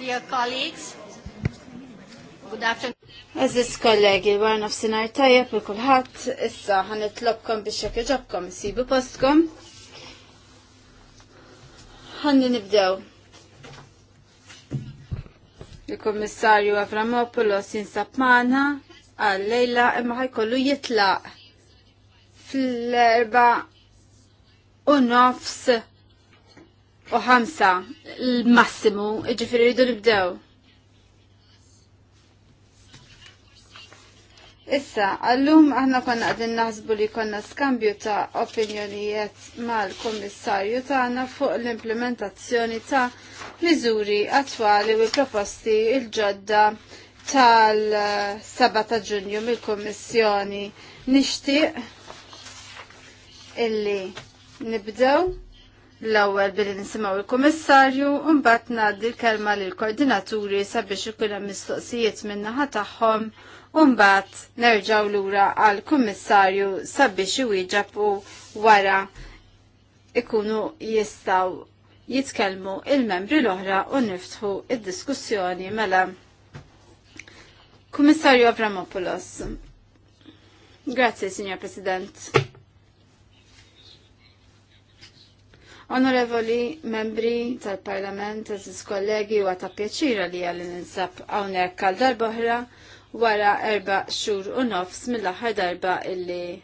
Dear colleagues, good afternoon. Eżis kollegi, warna f'sinar tajjeb u kulħadd issa ħanitlobkom biex jekk iġobkom sibu postkom. Ħanni nibdew. Il-Kommissarju Avramopoulos jinsab magħna għal-lejla imma ħajkollu jitlaq fl-erba' u nofs u ħamsa l-massimu, ġifiri rridu nibdew. Issa, għallum aħna konna għadin naħsbu li konna skambju ta' opinjonijiet mal-Komissarju tagħna fuq l-implementazzjoni ta' miżuri attwali u proposti il-ġodda tal-7 ta' ġunju mill-Kommissjoni. Nixtieq illi nibdew l-ewwel billi nisimgħu il-Kummissarju u mbagħad ngħaddi l-kelma lill koordinaturi sabiex ikun hemm mistoqsijiet min-naħa tagħhom u mbagħad nerġgħu lura għall-Kummissarju sabiex iwieġeb u wara ikunu jistgħu jitkellmu il-membri l-oħra u niftħu id-diskussjoni mela. Kummissarju Avramopoulos. Grazie, signor President. Onorevoli membri tal-Parlament, aziz kollegi u għata pjaċira li għalli ninsab għawnek għal darba wara erba xur u nofs mill-aħħar darba illi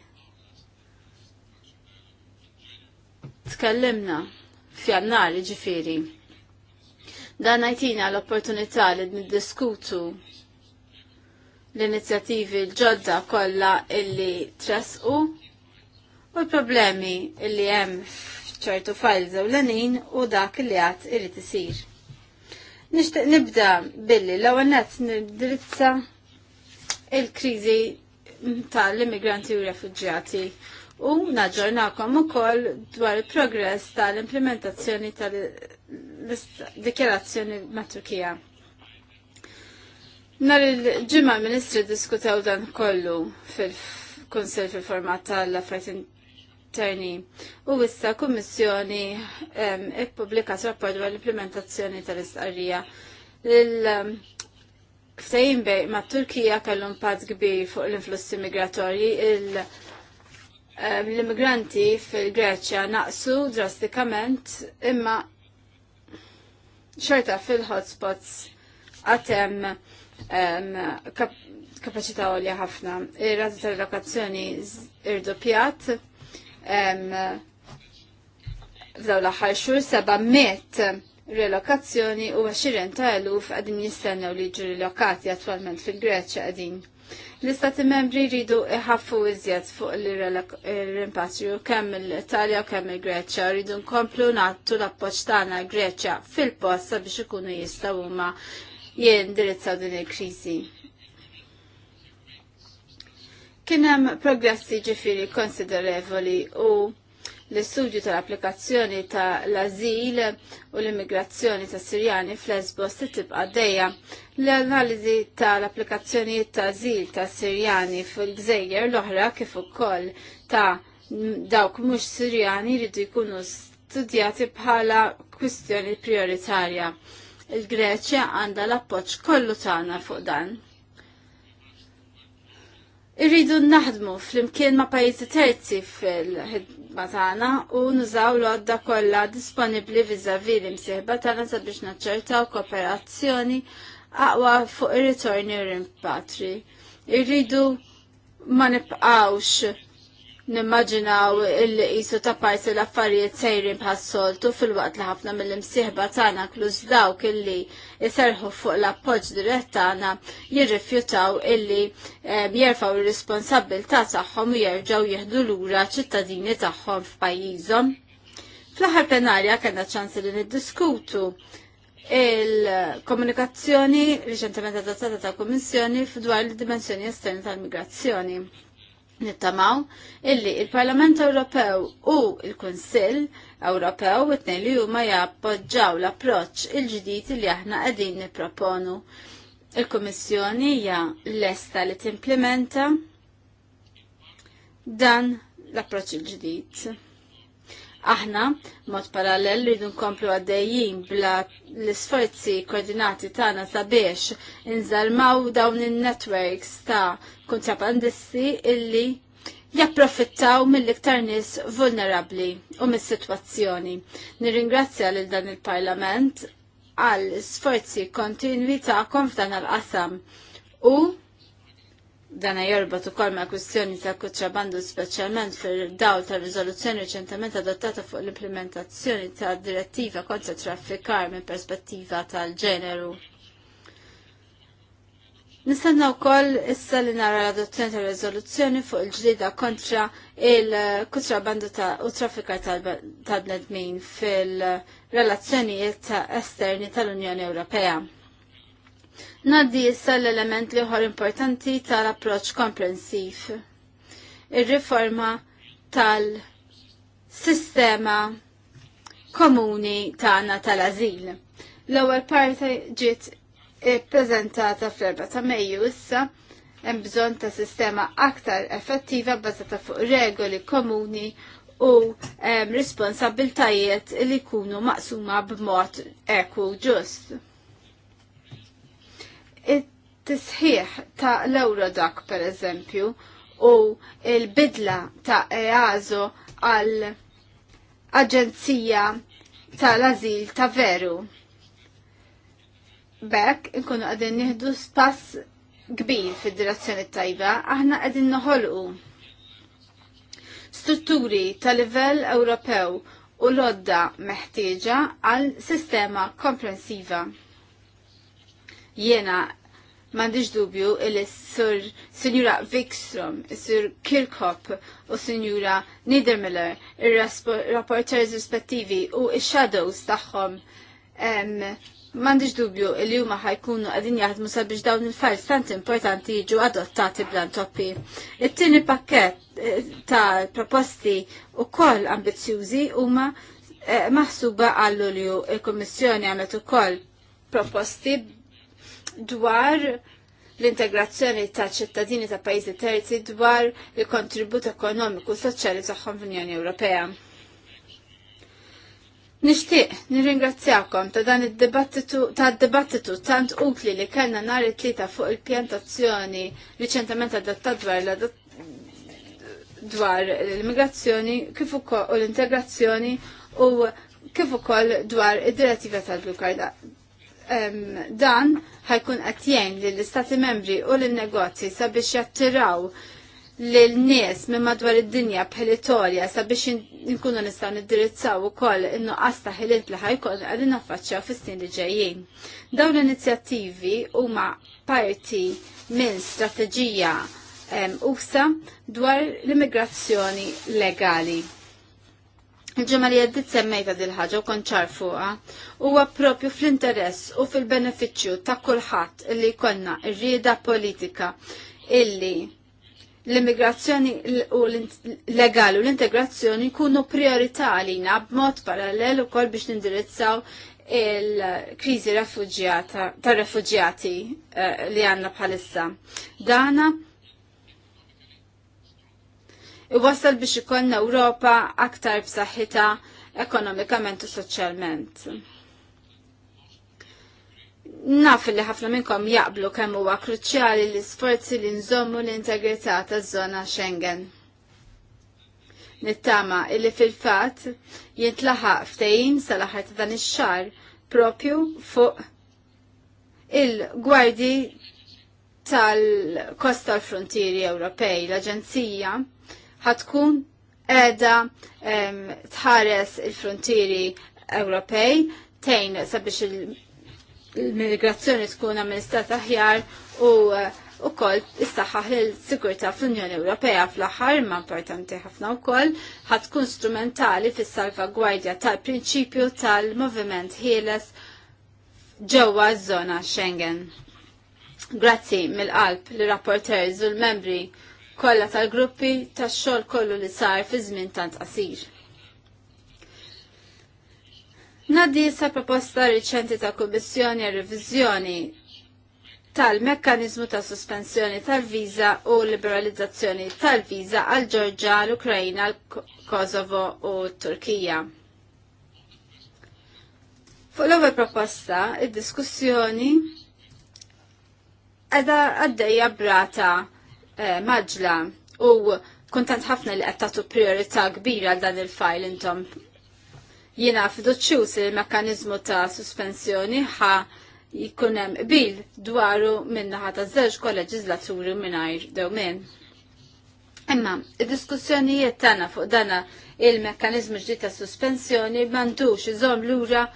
tkellimna f'jannar ġifiri. Dan għajtina l-opportunità li niddiskutu l-inizjativi l-ġodda kollha illi trasqu u l-problemi illi hemm ċertu fajl żewlanin u dak li għad irrit isir. Nixtieq nibda billi l-ewwel nett nidrizza il-kriżi tal-immigranti u refuġjati u naġġornakom ukoll dwar il-progress tal-implementazzjoni tal-dikjarazzjoni ma' Turkija. Nar il-ġimma ministri diskutaw dan kollu fil-Konsil fil-format tal-affarijiet interni. U issa kummissjoni ippubblikat rapport dwar l-implementazzjoni tal-istqarrija. Ftejn bej ma' Turkija kellu impatt kbir fuq l-influssi migratorji l-immigranti fil-Greċja naqsu drastikament imma xorta fil-hotspots għatem kapacita għolja ħafna. Ir-razza tal-lokazzjoni pjat, f'daw l-aħħar xhur seba' met relokazzjoni u 20 ta' eluf għadin jistennew li ġu relokati attwalment fil-Greċja għadin. L-istati membri jridu iħaffu iżjed fuq l-rimpatriu kemm l-Italja u kemm il-Greċja rridu nkomplu nattu l-appoġġ tagħna greċja fil-post sabiex ikunu jistgħu huma jindirizzaw din il-kriżi. Kienem progressi ġifiri konsiderevoli u l-istudju tal-applikazzjoni ta' l-azil u l-immigrazzjoni ta' Sirjani fl se tibqa' dejja. L-analiżi tal-applikazzjonijiet ta' azil ta' Sirjani fil-Gżejjer l-oħra kif ukoll ta' dawk mhux Sirjani jridu jkunu studjati bħala kwistjoni prioritarja. Il-Greċja għandha l-appoġġ kollu tagħna fuq dan. Irridu naħdmu fl-imkien ma' pajjiżi terzi fil-ħidma tagħna u nużaw l għadda kollha disponibbli viżavi l-imsieħba tagħna sabiex naċċertaw kooperazzjoni aqwa fuq ir-ritorni u rimpatri. Irridu ma nibqgħux nimmaġinaw il-qisu ta' pajsi l-affarijiet sejrin bħas-soltu fil-waqt li ħafna mill-imsieħba tagħna kluż dawk illi jiserħu fuq l-appoġġ dirett tagħna jirrifjutaw illi eh, jerfgħu r responsabbiltà tagħhom u jerġgħu jieħdu lura ċittadini tagħhom f'pajjiżhom. Fl-aħħar plenarja kellna ċans li niddiskutu il-komunikazzjoni riċentement adattata ta' Kommissjoni f'dwar il-dimensjoni esterna tal-migrazzjoni. Nittamaw illi il-Parlament Ewropew u il-Konsil Ewropew it-tnejn li huma jappoġġaw l-approċċ il-ġdid li aħna qegħdin nipproponu. Il-Kummissjoni hija lesta li timplementa dan l-approċċ il-ġdid. Aħna, mod parallel, rridu nkomplu għaddejjin bla l-isforzi koordinati tagħna sabiex inżarmaw dawn in-networks ta' kontrabandisti illi japprofittaw mill-iktar nies vulnerabbli u mis-sitwazzjoni. Nirringrazzja lil dan il-Parlament għal sforzi kontinwi ta' konfdan għal-qasam u dana jorbot ukoll ma' kwistjoni ta' kutrabandu speċjalment fil daw ta' riżoluzzjoni reċentament adottata fuq l-implementazzjoni ta' direttiva kontra traffikar minn perspettiva tal-ġeneru. Nistenna wkoll issa li nara l-adozzjoni ta' riżoluzzjoni fuq il-ġlida kontra il-kontrabandu ta' u traffikar tal-bnedmin fil-relazzjonijiet ta' esterni tal-Unjoni Ewropea. Naddi issa l-element li ħor importanti tal-approċ komprensiv. Ir-riforma tal-sistema komuni tagħna tal-azil. L-ewwel parti ġiet ippreżentata fl-4 ta' Mejju issa hemm bżonn ta' sistema aktar effettiva bbażata fuq regoli komuni u responsabiltajiet li jkunu maqsuma b'mod eku ġust it-tisħiħ ta' l-Eurodac per eżempju u il-bidla ta' EASO għal Aġenzija tal-Azil ta' Veru. Bek, nkunu għadin nieħdu spass kbir fid-direzzjoni tajba, aħna għadin noħolqu strutturi ta' livell Ewropew u lodda meħtieġa għal sistema komprensiva. Jena mandiġ dubju il sur Sinjura Wikstrom, sur Kirkop u Sinjura Niedermiller, il-rapporters rispettivi u il-shadows tagħhom. Mandiġ dubju il huma ħajkunu għadin jaħdmu sabiex dawn il-fajl tant importanti jiġu adottati blan toppi. It-tieni pakket eh, ta' proposti u koll ambizjużi huma eh, maħsuba għall li il-Kommissjoni u ukoll proposti dwar l-integrazzjoni ta' ċittadini ta' pajjiżi terzi dwar il-kontribut ekonomiku soċjali tagħhom fl-Unjoni Ewropea. Nixtieq nirringrazzjakom ta' dan id-dibattitu ta' dibattitu tant utli li kellna nhar it-tlieta fuq il-pjantazzjoni riċentement adattat dwar l dwar l-immigrazzjoni kif ukoll l-integrazzjoni u kif ukoll dwar id-direttiva tal-Blue dan ħajkun qed jgħin lill-Istati Membri u lin-negozji sabiex jattiraw lil-nies minn madwar id-dinja bħelitorja sabiex nkunu nistgħu niddirizzaw ukoll in-nuqqas ta' ħiliet li ħajkun għadin naffaċċjaw fis-snin li ġejjin. Dawn l-inizjattivi huma parti minn strateġija usa dwar l-immigrazzjoni legali. Ġemma li għaddit semmejta dil-ħagġa u konċar fuqa, huwa għapropju fl-interess u fil-beneficju ta' kulħadd li konna rrieda politika illi l-immigrazzjoni u legali u l-integrazzjoni kunu priorità għalina b'mod parallel kol biex nindirizzaw il-krizi ta' refugjati eh, li għanna bħalissa. Dana iwassal biex ikollna Ewropa aktar b'saħħitha ekonomikament u soċjalment. Naf li ħafna minnkom jaqblu kemm huwa kruċjali l-isforzi li nżommu l-integrità taż-żona Schengen. Nittama illi fil-fatt jintlaħaq ftehim sal-aħħar ta' dan ix-xahar propju fuq il-gwardji tal-Kosta l-Frontieri Ewropej, l-Aġenzija ħatkun edha tħares il-frontieri Ewropej tejn sabiex il-migrazzjoni tkun amministrata aħjar u u is istaxħaħ il sigurta fl-Unjoni Ewropea fl aħħar ma importanti ħafna u koll ħatkun strumentali fis salvagwardja tal-prinċipju tal-moviment ħieles ġewwa z-zona Schengen. Grazzi mill-qalb l rapporters u l-membri Kolla tal-gruppi tax-xogħol kollu li sar fi żmien tant qasir. Naddi sa proposta riċenti ta' Kummissjoni e revizjoni tal-mekkanizmu ta' sospensjoni tal-viza u liberalizzazzjoni tal-viza għal Ġorġa, l-Ukrajna, l-Kosovo u Turkija. Fuq l-ewwel proposta, id-diskussjoni għadha għaddejja brata Eh, maġla u kontant ħafna li qed tagħtu priorità kbira għal dan il-fajl intom. Jina fiduċjuż il l-mekkaniżmu ta' suspensjoni ħa jkun hemm qbil dwaru min-naħa ta' żewġ koleġislaturi mingħajr dewmien. Imma, id-diskussjonijiet tagħna fuq dana il-mekkanizmu ġdid ta' suspensjoni mandux iżom lura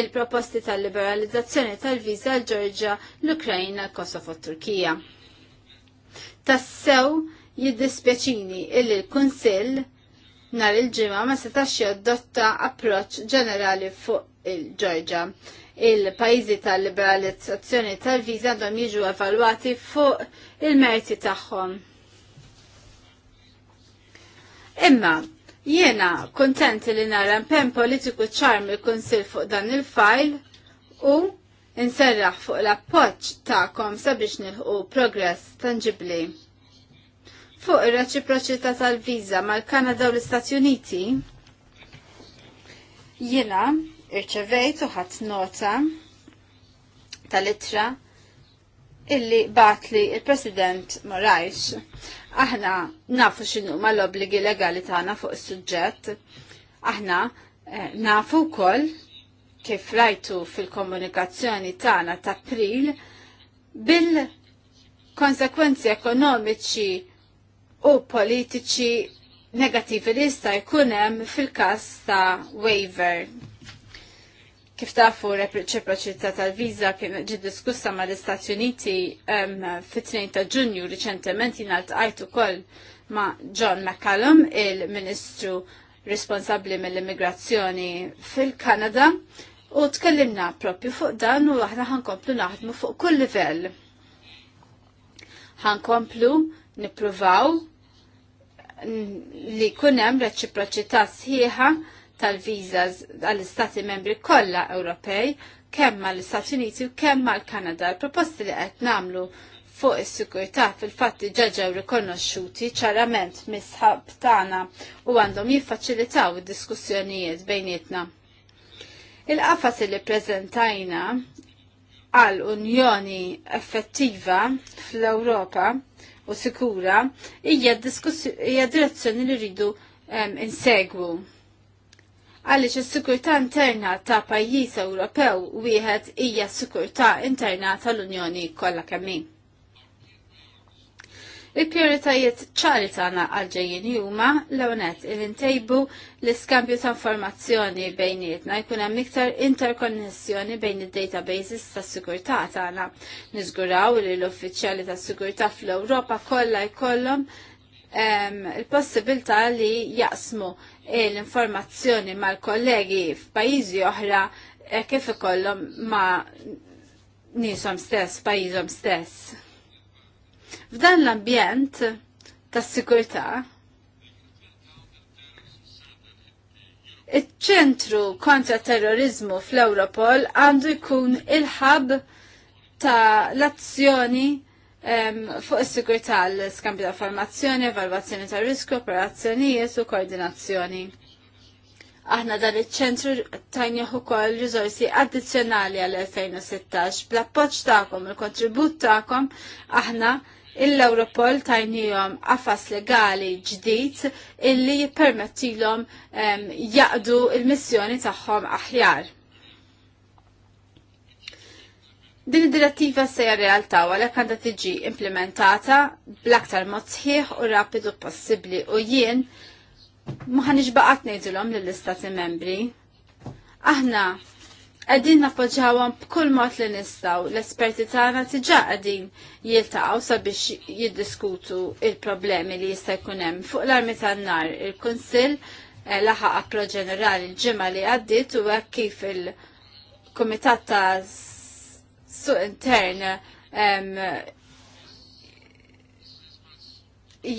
il-proposti tal-liberalizzazzjoni tal viza għal Ġorġa, l-Ukrajna, Kosovo, Turkija tassew jiddispjaċini illi l-Kunsill nhar il-ġimgħa ma setax jadotta approċċ ġenerali fuq il-Ġorġa. Il-pajjiżi tal-liberalizzazzjoni tal-viża għandhom jiġu evalwati fuq il-merti tagħhom. Imma, Jiena kontenti li nara pen politiku ċarm il kunsill fuq dan il-fajl u inserraħ fuq l-appoġġ tagħkom sabiex nilħu progress tangibbli. Fuq ir-reċiproċità tal-viża mal-Kanada u l-Istati Uniti, jiena irċevejt u ħadd nota tal-ittra illi batli il-President Morajx. Aħna nafu x'inhu mal-obbligi legali tagħna fuq is-suġġett. Aħna eh, nafu wkoll kif rajtu fil-komunikazzjoni tagħna ta' April bil-konsekwenzi ekonomiċi u politiċi negativi li jista' jkun hemm fil-każ ta' waiver. Kif tafu reċiproċità tal-viża kien ġi diskussa mal istati Uniti fit-2 ta' Ġunju riċentement jien ukoll ma' John McCallum, il-Ministru responsabbli mill-immigrazzjoni fil-Kanada U tkellimna propju fuq dan u aħna ħankomplu naħdmu fuq kull livell. Ħankomplu nippruvaw li kunem reċiproċità sħiħa tal-vizas għall-Istati membri kollha Ewropej kemm mal-Istati Uniti u kemm mal-Kanada. Il-proposti li qed nagħmlu fuq is-sigurtà fil-fatt ġeġew rikonoxxuti ċarament misħab tagħna u għandhom jiffaċilitaw id-diskussjonijiet bejnietna. Il-qafas li prezentajna għal unjoni effettiva fl-Europa u sikura hija direzzjoni li rridu insegwu. Għaliex is-sikurtà interna ta' pajjiż Ewropew wieħed hija s sikurtà interna tal-Unjoni kollha kemm Il-prioritajiet ċari tagħna għalġejjin huma l-ewnet il-intejbu l-iskambju ta' informazzjoni bejnietna jkun hemm iktar interkonnessjoni bejn id-databases tas-sigurtà tagħna. Niżguraw li l-uffiċjali tas-sigurtà fl-Ewropa kollha jkollhom il-possibilità li jaqsmu l-informazzjoni mal-kollegi f'pajjiżi oħra eh, kif ikollhom ma' nisom stess, pajizom stess. F'dan l-ambjent tas sikurità iċ-ċentru kontra terrorizmu fl-Europol għandu jkun il-ħab ta' l-azzjoni fuq is-sigurtà l-skambju ta' formazzjoni, evalwazzjoni ta' riskju, operazzjonijiet u koordinazzjoni. Aħna dan iċ-ċentru tajnieħ ukoll riżorsi addizzjonali għal 2016 bl-appoġġ tagħkom, il-kontribut tagħkom aħna l-Europol tajnijom għafas legali ġdid illi jipermettilom jaqdu il-missjoni tagħhom aħjar. Din id-direttiva sejja realtà għalhekk għandha tiġi implementata bl-aktar mod u rapidu possibbli u jien ma ħanix baqgħet ngħidulhom lill-istati membri. Aħna Għadin nappoġġawhom b'kull mod li nistgħu. L-esperti tagħna diġà qegħdin jiltaqgħu sabiex jiddiskutu il-problemi li jista' jkun hemm fuq l-armi tan-nar. Il-Kunsill eh, laħaq appro ġenerali l-ġimgħa li għaddiet u hekk kif il-Kumitat ta' Suq Intern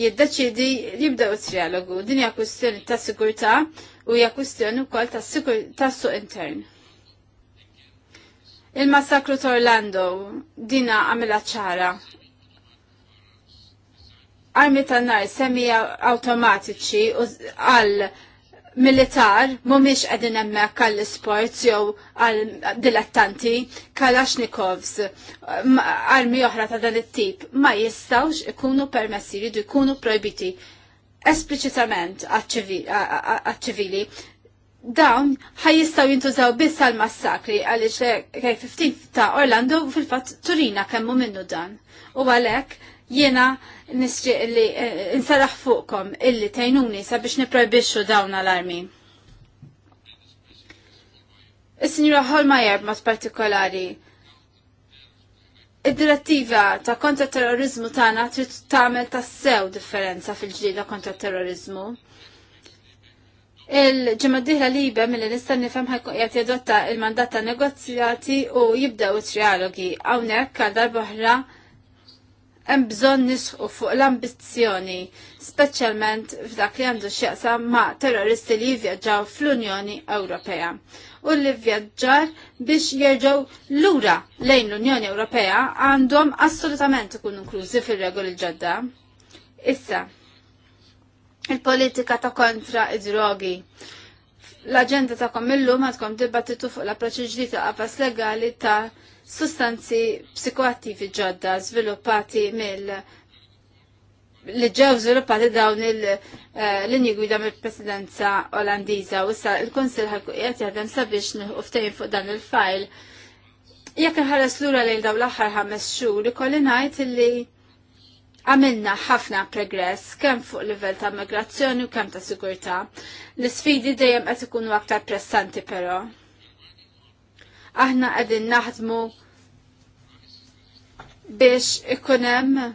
jiddeċidi jibdew it-trialogu. Din hija kwistjoni ta' sigurtà u hija kwistjoni wkoll ta' suq intern. Il-massakru ta' Orlando dina għamela ċara. Armi tan nar semija automatiċi għal militar mumiex għedin emmek għall sports jew għal dilettanti kalashnikovs armi oħra ta' dan it-tip ma jistawx ikunu permessi jridu jkunu projbiti esplicitament għal-ċivili dawn jistaw jintużaw biss għal massakri għaliex kif 15 ta' Orlando fil-fatt Turina kemmu minnu dan. U għalhekk jiena nisġi li eh, nsaraħ fuqkom illi tajnuni sabiex niprojbixxu dawn l-armi. Is-Sinjura Holmajer mod partikolari id-direttiva ta' kontra terrorizmu tagħna trid tagħmel sew differenza fil-ġdida kontra terrorizmu. terrorizmu Il-ġemma diħla libe mill-li nistan nifem ħajkun jgħat jadotta il-mandat negozjati u jibdaw trialogi. Għawnek għal boħra hemm bżonn nisħu fuq l-ambizzjoni, speċjalment f'dak li għandu x'jaqsam ma' terroristi li jivvjaġġaw fl-Unjoni Ewropea u li vjaġġar biex jerġgħu lura lejn l-Unjoni Ewropea għandhom assolutament ikun inklużi fir-regoli ġodda. Issa, il-politika ta' kontra id-drogi. L-agenda ta' kommillu illum tkom dibattitu fuq l-approċċ ta' qafas legali ta' sustanzi psikoattivi ġodda sviluppati mill li ġew żviluppati dawn il-linji eh, gwida mill-presidenza Olandiża u issa l-Kunsill ħakku qiegħed jaħdem sabiex uftejn fuq dan il-fajl. Jekk inħares lura lejn dawn l-aħħar ħames xhur ikolli ngħid illi għamilna ħafna progress kemm fuq livell ta' migrazzjoni u kemm ta' sigurtà. L-isfidi dejjem qed ikunu aktar pressanti però. Aħna qegħdin naħdmu biex ikun hemm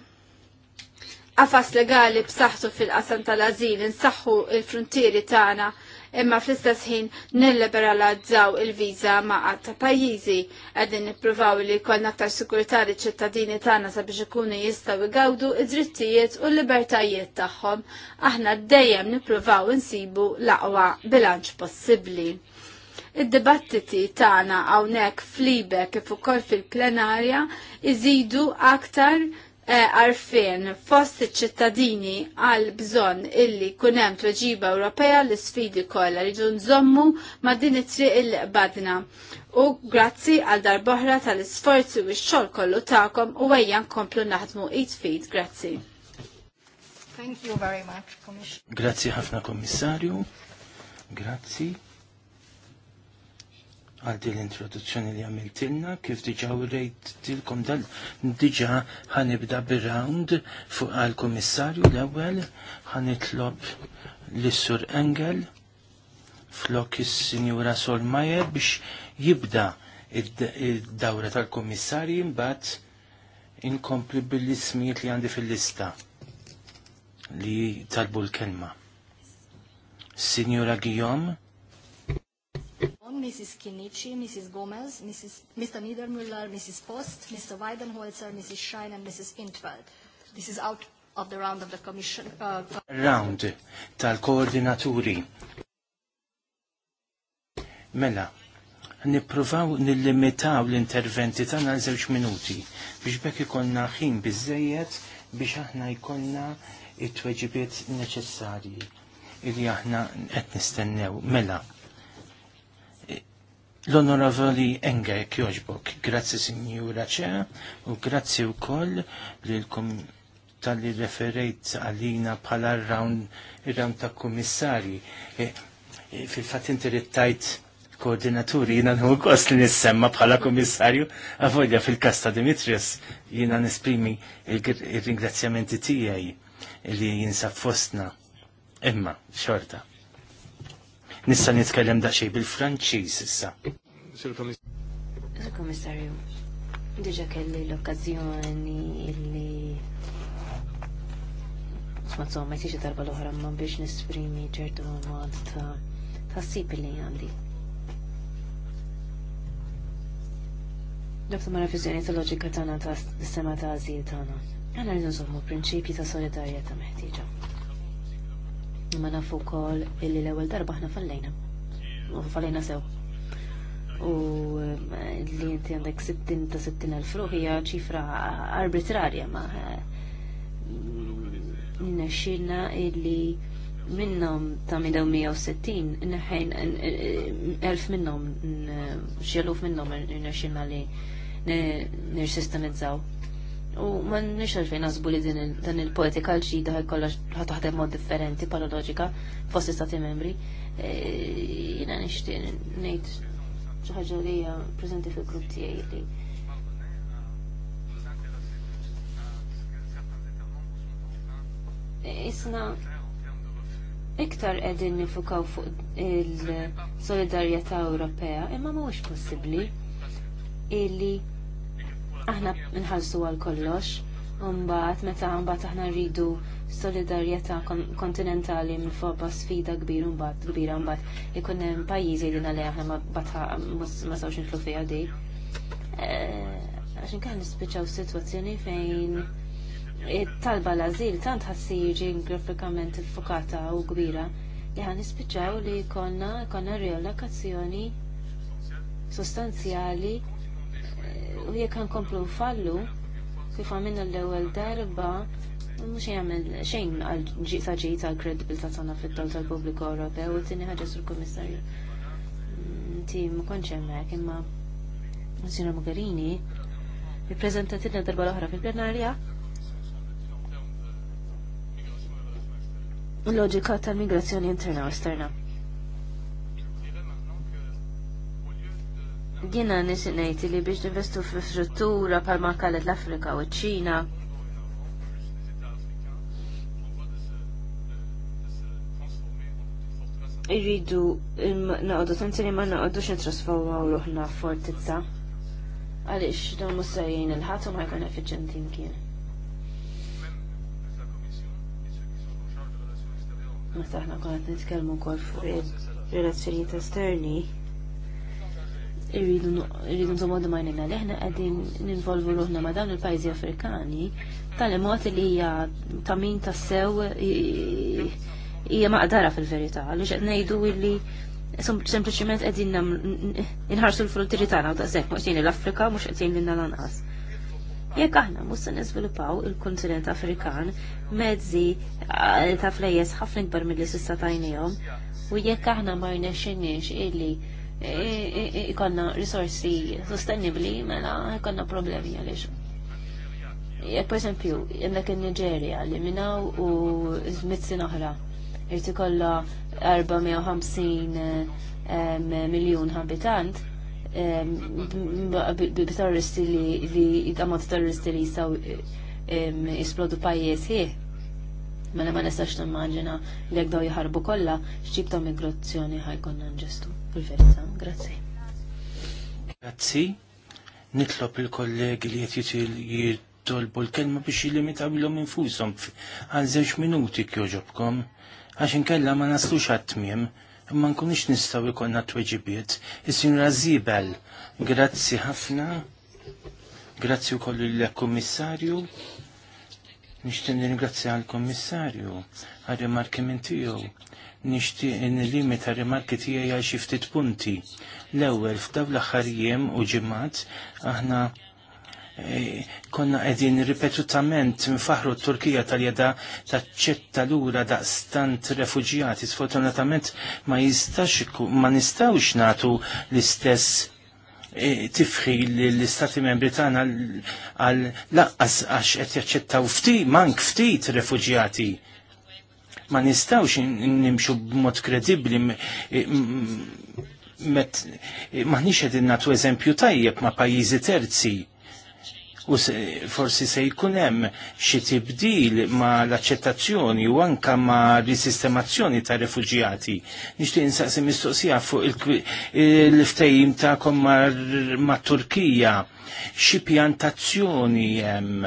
qafas legali b'saħħtu fil-qasam tal-azil, insaħħu il fruntieri tagħna imma fl-istess ħin nilliberalizzaw il-viża ma' qatt ta' pajjiżi qegħdin nippruvaw li jkollna aktar sikurità li ċittadini tagħna sabiex ikunu jistgħu jgawdu id-drittijiet u l-libertajiet tagħhom. Aħna dejjem nippruvaw insibu l-aqwa bilanċ possibbli id-dibattiti tagħna hawnhekk flibek kif ukoll fil-plenarja iżidu aktar Eh, għarfien fost ċittadini għal bżonn illi kunem tweġiba Ewropea l sfidi kollha li nżommu ma' din it-triq il-badna. U grazzi għal darboħra tal-isforzi u x-xogħol kollu tagħkom u ejja nkomplu naħdmu it fid grazzi. Thank you very much, Grazzi ħafna Komissarju. Grazzi. Għaddi l-introduzzjoni li għamiltilna, kif diġa u rejt tilkom dal diġa ħanibda bir-round fuq għal komissarju l-ewwel ħanitlob l-Sur Engel flok is-Sinjura Solmajer biex jibda id-dawra tal komissarju mbagħad inkompli bil-ismijiet li għandi fil-lista li talbu l-kelma. Sinjura Guillaume, Mrs. Kinnici, Mrs. Gomez, Mrs. Mr. Niedermüller, Mrs. Post, Mr. Weidenholzer, Mrs. Schein, and Mrs. Intveld. This is out of the round of the commission. Uh, round tal-koordinaturi. Mela, nipprovaw nillimitaw l-interventi tagħna għal żewġ minuti biex bekk ikollna ħin biżejjed biex aħna jkollna it-tweġibiet neċessarji illi aħna qed nistennew mela L-Onorevoli Enge Kjoġbok, grazzi Signora Ċea u grazzi u koll tal-li referejt għalina bħala r-round ta' komissari. E, e, fil-fat inti koordinaturi jina nħu kos li nissemma bħala komissarju għavolja fil-kasta Dimitrios jina nesprimi il-ringrazzjamenti tijaj li jinsab fostna imma xorta nista' nitkellem daqsxejn bil-Franċiż issa. Komissarju, diġa kelli l-okkazjoni li smazzom ma jtiex darba l-oħra ma biex nisprimi ċertu mod ta' tassib li għandi. Dabta Mara Fizjoni, ta' loġika tagħna ta' sema ta' għażil tagħna. Għana rridu nżommu prinċipji ta' solidarieta meħtieġa. Ma nafu kol illi l-ewel darba ħna fallejna. U fallejna sew. U eh, li jinti għandek 60 ta' 60 elf ruħija ċifra arbitrarja ma eh, nxilna illi minnom ta' 160 neħħejn eh, elf minnom xeluf minnom nxilna li nirsistemizzaw. U ma nix għalfejn għazbu li din il-poetika l-ġida ħajkollax ħataħdem mod differenti pala loġika fost stati membri. E, jina nixtieq nejt ċaħġa li hija fil-grupp tijaj li Isna iktar qegħdin nifukaw fuq il-solidarjetà Ewropea imma mhuwiex possibbli illi aħna nħalsu għal kollox, mbagħad meta mbagħad aħna rridu solidarjetà kontinentali minn foba sfida kbir mbagħad kbira mbagħad ikun hemm pajjiżi li nagħlej aħna ma sawx nitlu fiha di. Eh, għax inkar nispiċċaw sitwazzjoni fejn talba l-azil tant ħassi ħassir grafikament infokata u kbira li ħan nispiċċaw li konna konna riallokazzjoni sostanzjali u jekk komplu fallu, kif għamilna l-ewwel darba mhux jagħmel xejn għal tal ġejt ta' kredibilità fit fid tal publiku Ewropew u t-tini ħaġa sur komissarju mm, Ti ma kontx hemmhekk imma Sina Mogherini ippreżentatilna darba l-oħra fil-plenarja l-loġika tal-migrazzjoni interna u esterna. Jina nixtieq li biex nivestu fi struttura bħalma kallet l-Afrika u ċ-Ċina. Irridu naqogħdu li ma naqogħdux nitrasformaw ruħna fortizza. Għaliex dawn mhux se il-ħadd ma jkun effiċjenti kien. Ma taħna kont nitkelmu kol fuq il ta' sterni irridu nżommu ma' majnina li ħna għedin ninvolvu ruħna ma dawn il-pajzi afrikani tal-imot li hija tamin tassew hija maqdara fil-verità li xed ngħidu li sempliċiment qegħdin inħarsu l-frontieri tagħna u daqshekk mhux l-Afrika mhux qed lilna lanqas. Jekk aħna mhux se niżviluppaw il-kontinent Afrikan mezzi eh, ta' flejjes ħafna ikbar mill-li s'issa tajnihom u jekk aħna ma rnexxinniex illi ikonna risorsi sostenibli mela ikonna problemi għaliex. Jek per esempio, jendak in nigeria li minaw u zmitsi oħra irti kolla 450 miljon habitant b-terroristi li id-għamot terroristi li jisaw jisplodu pajjiż ħieħ. Mela ma nistax nimmaġina li jekk jħarbu kollha xċibta ta' migrazzjoni ħajkonna nġestu fil-verità. Grazzi. Grazzi. Nitlob il-kollegi li qed jitolbu l-kelma biex jillimitaw l-om infushom għal żewġ minuti kjoġobkom għax inkella ma naslux għat-tmiem imma nkunix nistgħu jkollna tweġibiet. Is-Sinjura Zibel, grazzi ħafna. Grazzi wkoll il-Kummissarju. Nixtieq nirringrazzja għall-Kummissarju għal-rimarkiment tiegħu nixtieq limita rimarki tiegħi għal xiftit ftit punti. L-ewwel f'dawn l-aħħar jiem u ġimat, aħna e, konna qegħdin ripetutament mfaħru t-Turkija tal-jeda taċċetta lura daqstant refuġjati. Sfortunatament ma jistax ma nistawx nagħtu l-istess e, tifħi l-istati membri tagħna għal laqqas għax qed jaċċettaw ftit mank ftit refuġjati ma nistawx nimxu b'mod kredibbli met maħniex qegħdin nagħtu eżempju tajjeb ma' pajjiżi terzi u forsi se jkun hemm xi tibdil ma' l-aċċettazzjoni u anka ma' risistemazzjoni ta' refuġjati. Nixtieq insaqsi mistoqsija fuq il ta' tagħkom ma' Turkija xi pjantazzjoni hemm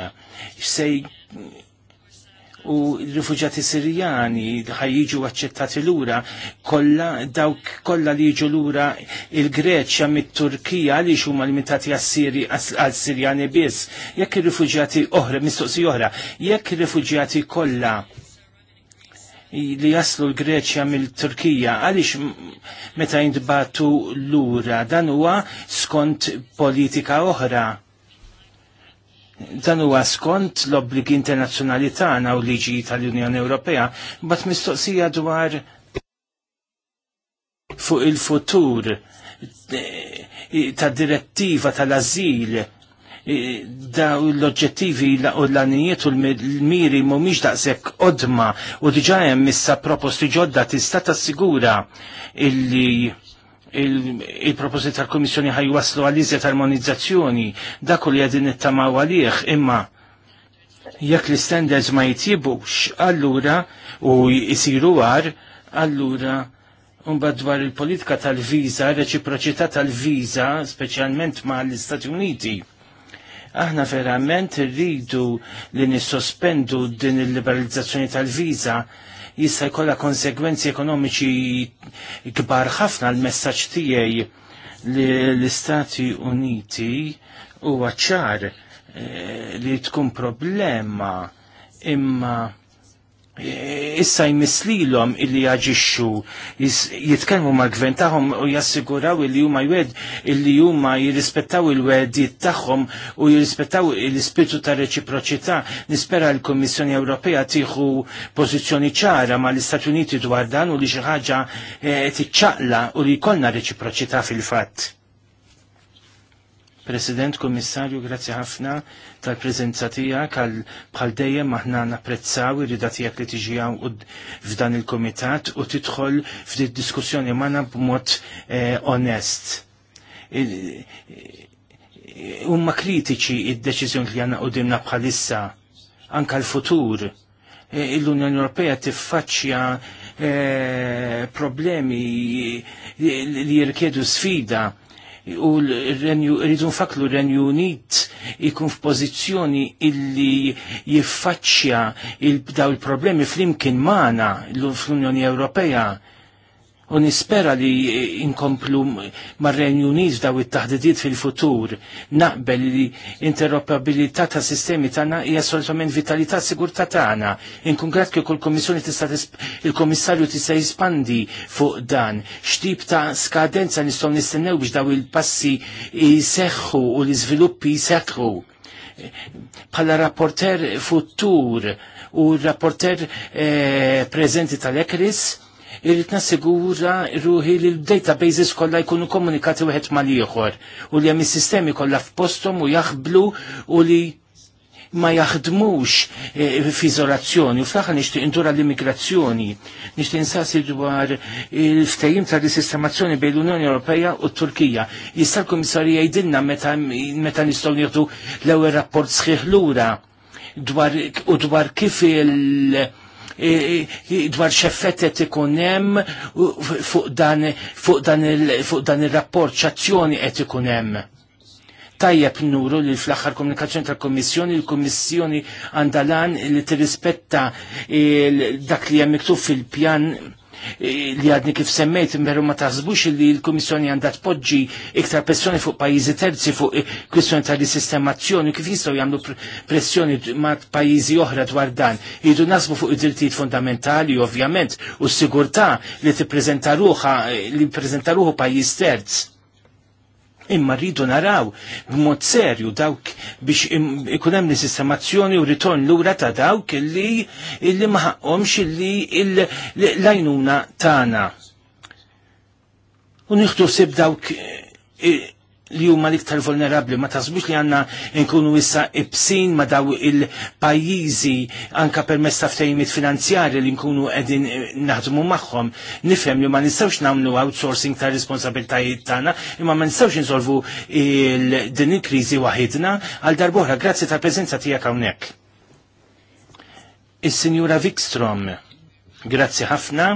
u rifugjati Sirjani ħaj jiġu aċċettati lura kollha dawk kollha li jiġu lura il-Greċja mit-Turkija li huma limitati għal Sirjani biss. Jekk ir-rifuġjati oħra, mistoqsi oħra, jekk ir-rifuġjati kollha li jaslu l-Greċja mill-Turkija, għaliex meta jintbatu lura dan huwa skont politika oħra dan huwa skont l-obbligi internazzjonali tagħna u liġi tal-Unjoni Ewropea, bat mistoqsija dwar fuq il-futur tad direttiva tal-azil daw l-oġġettivi u l-għanijiet u l-miri mumiġ daqsek odma u diġajem hemm issa proposti ġodda tista' tassigura illi il-proposit tal-Komissjoni ħaj waslu għal-iżjed armonizzazzjoni, dak li għadin nittamaw għalih, imma jekk l-standards ma jitjibux, allura u jisiru għar, allura Unbad dwar il-politika tal-viza, reċiproċità tal-viza, specialment ma l-Istati Uniti. Aħna verament rridu li nissospendu din il-liberalizzazzjoni tal-viza jista' jkollha konsegwenzi ekonomiċi kbar ħafna l-messaġġ tiegħi li l-Istati Uniti huwa ċar eh, li tkun problema imma issa jmislilhom illi jaġixxu jitkellmu mal-gvern tagħhom u jassiguraw illi huma jwed illi huma jirrispettaw il-wedjiet tagħhom u jirrispettaw l-ispirtu ta' reċiproċità. Nispera l-Kummissjoni Ewropea tieħu pożizzjoni ċara mal-Istati Uniti dwar dan u li xi ħaġa eh, tiċċaqla u li jkollna reċiproċità fil-fatt President Kommissarju, grazzi ħafna tal-prezenza tiegħek għal bħal dejjem aħna napprezzaw ir-rida tiegħek li tiġi f'dan il-kumitat u tidħol f'din diskussjoni magħna b'mod eh, onest. Huma kritiċi id-deċiżjoni li għandna dimna bħalissa anka l-futur. Eh, L-Unjoni Ewropea tiffaċċja eh, problemi li jirkjedu sfida u l-Renju, rridu nfaklu l-Renju Unit ikun f'pożizzjoni illi jiffaċċja il daw il-problemi fl-imkien maħna l-Unjoni Ewropea u nispera li inkomplu mar-renjuniż daw it-taħdidiet fil-futur naqbel li interoperabilità ta' sistemi tagħna hija assolutament vitalità sigurtà tagħna. Inkun grat kieku kull kommissjoni tista' il kummissarju tista' jispandi fuq dan x'tip ta' skadenza nistgħu nistennew biex daw il-passi jseħħu u l-iżviluppi jseħħu. Bħala rapporter futur u rapporter eh, preżenti tal-Ekris, irrid nasigura ruħi li l-databases kollha jkunu komunikati wieħed mal-ieħor u li hemm is-sistemi kollha f'posthom u jaħblu u li ma jaħdmux eh, f'izolazzjoni u fl-aħħar nixtieq intura l-immigrazzjoni. Nixtieq insasi dwar il-ftehim ta' disistemazzjoni bejn l-Unjoni Ewropea u t-Turkija. Jista' l-Kummissarija jidilna meta nistgħu nieħdu l-ewwel rapport sħiħ lura dwar u dwar kif il- dwar xeffettet ikun hemm fuq dan il-rapport x'azzjoni qed ikun hemm. Tajjeb nuru li fl-axar komunikazzjoni tal-Kommissjoni, il-Kommissjoni għandalan li tirrispetta dak li hemm miktub fil-pjan li għadni kif semmejt imberu ma taħsbux li l-Komissjoni għandha tpoġġi iktar pressjoni fuq pajjiżi terzi fuq kwistjoni tal disistemazzjoni kif jistgħu jagħmlu pressjoni ma' pajjiżi oħra dwar dan. Jridu nasbu fuq id-drittijiet fundamentali ovvjament u s-sigurtà li tippreżenta ruħa li ppreżenta ruħu pajjiż terz imma rridu naraw b'mod serju dawk biex ikun hemm sistemazzjoni u ritorn lura ta' dawk illi illi ma ħaqhomx illi l-għajnuna tagħna. U nieħdu sib dawk li huma l-iktar vulnerabli, ma tasbux li għanna nkunu issa ibsin ma daw il-pajjiżi anka permess ta' ftejmit finanzjari li nkunu qegħdin eh, naħdmu magħhom. Nifhem li ma nistgħux nagħmlu outsourcing ta' responsabiltajiet tagħna, imma ma nistgħux insolvu din il-kriżi waħidna għal darbohra grazzi tal preżenza tiegħek hawnhekk. Is-Sinjura Vikstrom, grazzi ħafna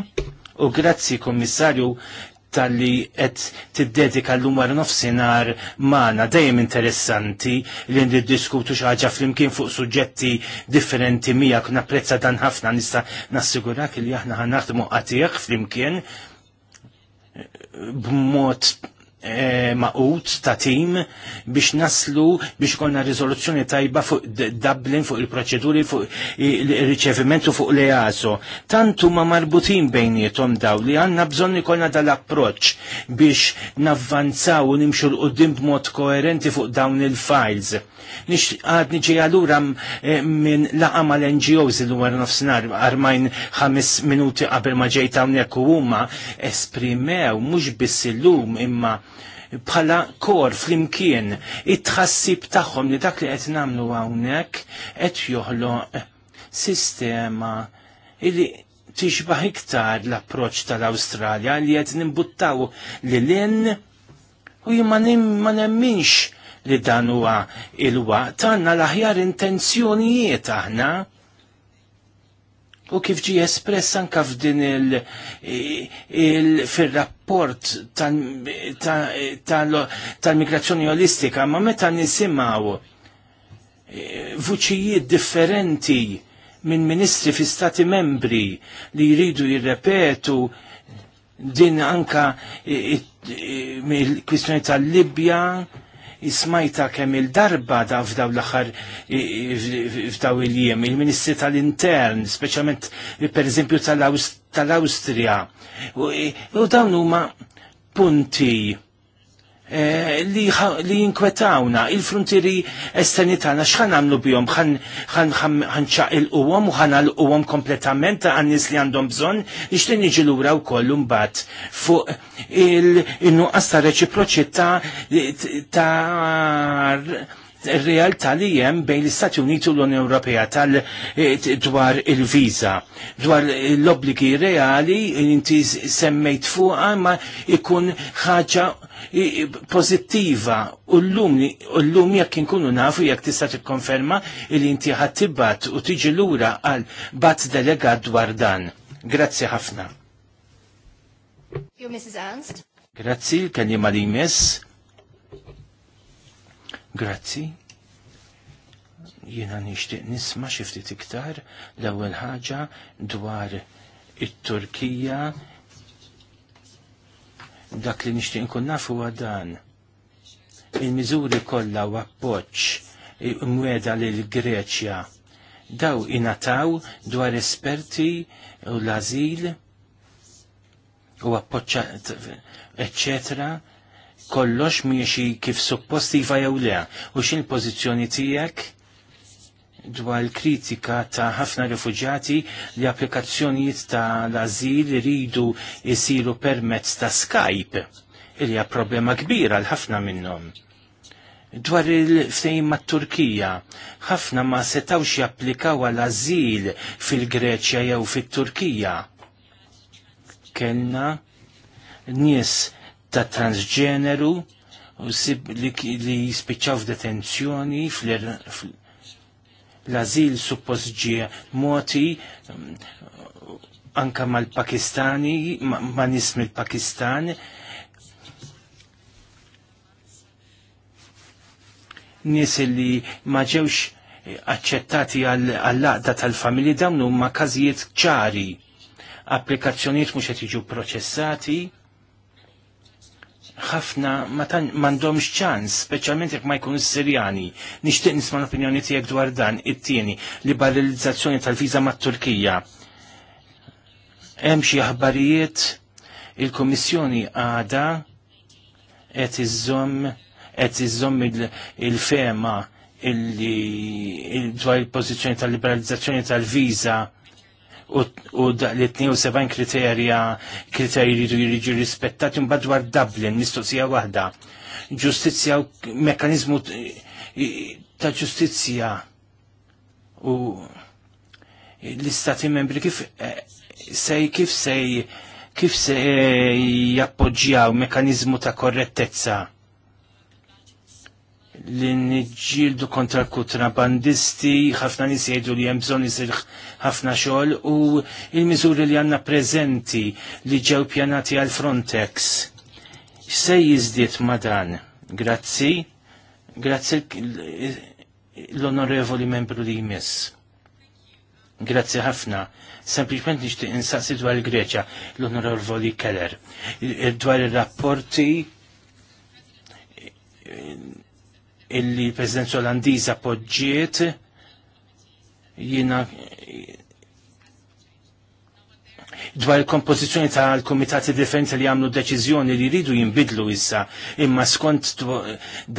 u grazzi Kommissarju tal-li qed tiddedika l-lum nofsinar nofsinhar magħna dejjem interessanti li niddiskutu xi ħaġa flimkien fuq suġġetti differenti kuna prezza dan ħafna nista' nassigurak li aħna ħanaħdmu qatih flimkien b'mod Eh, maqut ta' tim biex naslu biex konna rizoluzzjoni tajba fuq Dublin, fuq il-proċeduri, fuq il-riċevimentu fuq l-EASO. Tantu ma marbutin bejnietom daw li għanna bżonni konna dal-approċ biex navvanzaw u nimxu l-qoddim b'mod koerenti fuq dawn il-files. Nix għadni ġej għalura eh, minn laqama mal ngos il għar nofsnar armajn ħames minuti qabel ma ġejta tawnek u huma esprimew mhux biss illum imma bħala kor flimkien it-tħassib tagħhom li dak li qed nagħmlu hawnhekk qed joħloq sistema li tixbaħ iktar l-approċċ tal-Awstralja li qed nimbuttaw lil in u jimma ma nemminx li dan huwa il-waqt għandna l-aħjar intenzjonijiet aħna u kif ġi espress anka f'din il, rapport tal-migrazzjoni holistika olistika, ma meta nisimaw eh, vuċijiet differenti minn ministri fi stati membri li jridu jirrepetu din anka eh, eh, il-kwistjoni tal-Libja, Ismajta kemm il-darba da f'daw l-aħħar f'daw il-jiem, il-Ministri tal-Intern, speċjalment pereżempju tal-Awstrija. U dawn huma punti Eh, li, jinkwetawna il-frontieri esterni tagħna x'ħan nagħmlu bihom ħan ċaqilquhom u ħan għalquhom kompletament ta' għannis li għandhom bżonn nixtieq niġi lura wkoll imbagħad fuq il-nuqqas ta' reċiproċità ta' realtà li hemm bejn l-Istati Uniti u l-Unjoni Ewropea tal eh, dwar il visa dwar l-obbligi reali inti semmejt fuqha ma ikun ħaġa pozittiva u l-lum jekk inkunu nafu jekk tista' tikkonferma li inti ħadd u tiġi lura għal bat delegat dwar dan. Grazzi ħafna. Grazzi, l-kelliema li jmiss. Grazzi. Jiena nixtieq nisma' xi ftit iktar l-ewwel ħaġa dwar it-Turkija dak li nixtieq nkun naf huwa dan. Il-miżuri kollha u appoġġ mweda lil Greċja daw inataw dwar esperti u l-azil u appoċċa eccetera kollox miexi kif suppost iva, jew le u xin pozizjoni tiegħek dwar kritika ta' ħafna rifugjati li applikazzjonijiet ta' l-azil ridu jisiru permezz ta' Skype. Ilja problema kbira l-ħafna minnhom. Dwar il-ftejn ma' Turkija, ħafna ma setawx japplikaw għal azil fil-Greċja jew fit-Turkija. Kellna nies ta' transġeneru u sib li, li jispiċċaw f'detenzjoni fl-azil suppost ġie moti um, anka mal-Pakistani, ma, nismi l-Pakistan, nis li ma ġewx accettati għall-laqda tal-familji dawn huma każijiet ċari applikazzjonijiet mhux qed jiġu proċessati ħafna m'għandhomx ċans, speċjalment jekk ma s Sirjani. Nixtieq nisman l-opinjoni tiegħek dwar dan it-tieni liberalizzazzjoni tal-viża mat-Turkija. Hemm xi aħbarijiet il-Kummissjoni għada qed iżomm qed iżomm il-fema il dwar il-pożizzjoni tal-liberalizzazzjoni tal-viża u li 72 kriterja kriterji li jiriġi rispettati mbagħad dwar Dublin mistoqsija waħda. Ġustizzja u mekanizmu ta' ġustizja u l-istati membri kif eh, sej kif sej kif se eh, jappoġġjaw mekanizmu ta' korrettezza li nġildu kontra bandisti, ħafna nisjedu li hemm bżonn isir ħafna xogħol u il-miżuri li għandna prezenti li ġew pjanati għal Frontex. Se jiżdied ma dan. Grazzi. Grazzi l-onorevoli membru li jmiss. Grazzi ħafna. Sempliċement nixtieq insaqsi dwar il-Greċja l-Onorevoli Keller. Dwar ir-rapporti illi president Olandiża poġġiet dwar il-kompożizzjoni tal-komitati differenti li għamlu deċiżjoni li jridu jinbidlu issa imma skont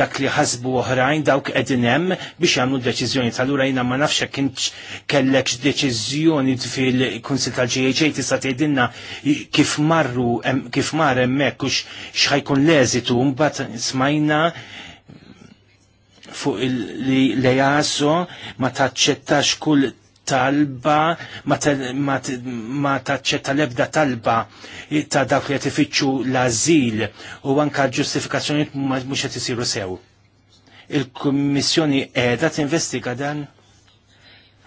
dak li ħasbu oħrajn dawk qegħdin hemm biex jagħmlu deċiżjoni tal-ura jiena ma nafx hekk kienx kellekx deċiżjoni fil-Kunsil tal-GHA tista' tgħidilna kif marru kif mar hemmhekk u x'ħajkun l-eżitu mbagħad smajna fuq li lejaso ma taċċettax kull talba, ma taċċetta l-ebda talba ta' dak li jtifittxu l-azil u anka ġustifikazzjoni mux jatisiru sew. Il-Kommissjoni edha tinvestiga dan?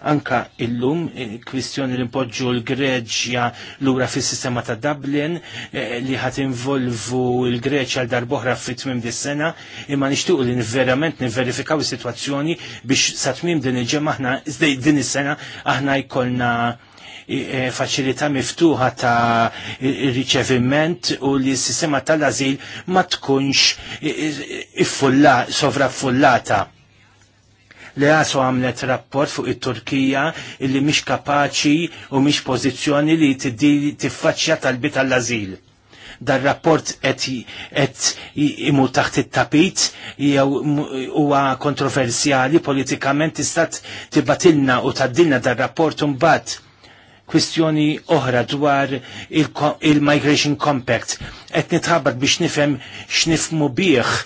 anka illum eh, kwistjoni li npoġġu l-Greċja lura fis-sistema ta' Dublin eh, li ħat involvu l-Greċja għal darboħra fit tmim dis sena imma nishtuq li verament nivverifikaw is-sitwazzjoni biex sa tmim din il-ġemma aħna din is-sena aħna jkollna eh, faċilità miftuħa ta' riċeviment u li s-sistema tal-azil ma tkunx iffulla sovraffullata li għasu għamlet rapport fuq it-Turkija illi mhix kapaċi u mhix pożizzjoni li tiffaċċja talbi tal-azil. Dar rapport qed imu taħt it-tapit jew huwa kontroversjali politikament tista' tibatilna u taddilna dar rapport imbagħad kwistjoni oħra dwar il-Migration Compact. Et nitħabbat biex nifem xnifmu bieħ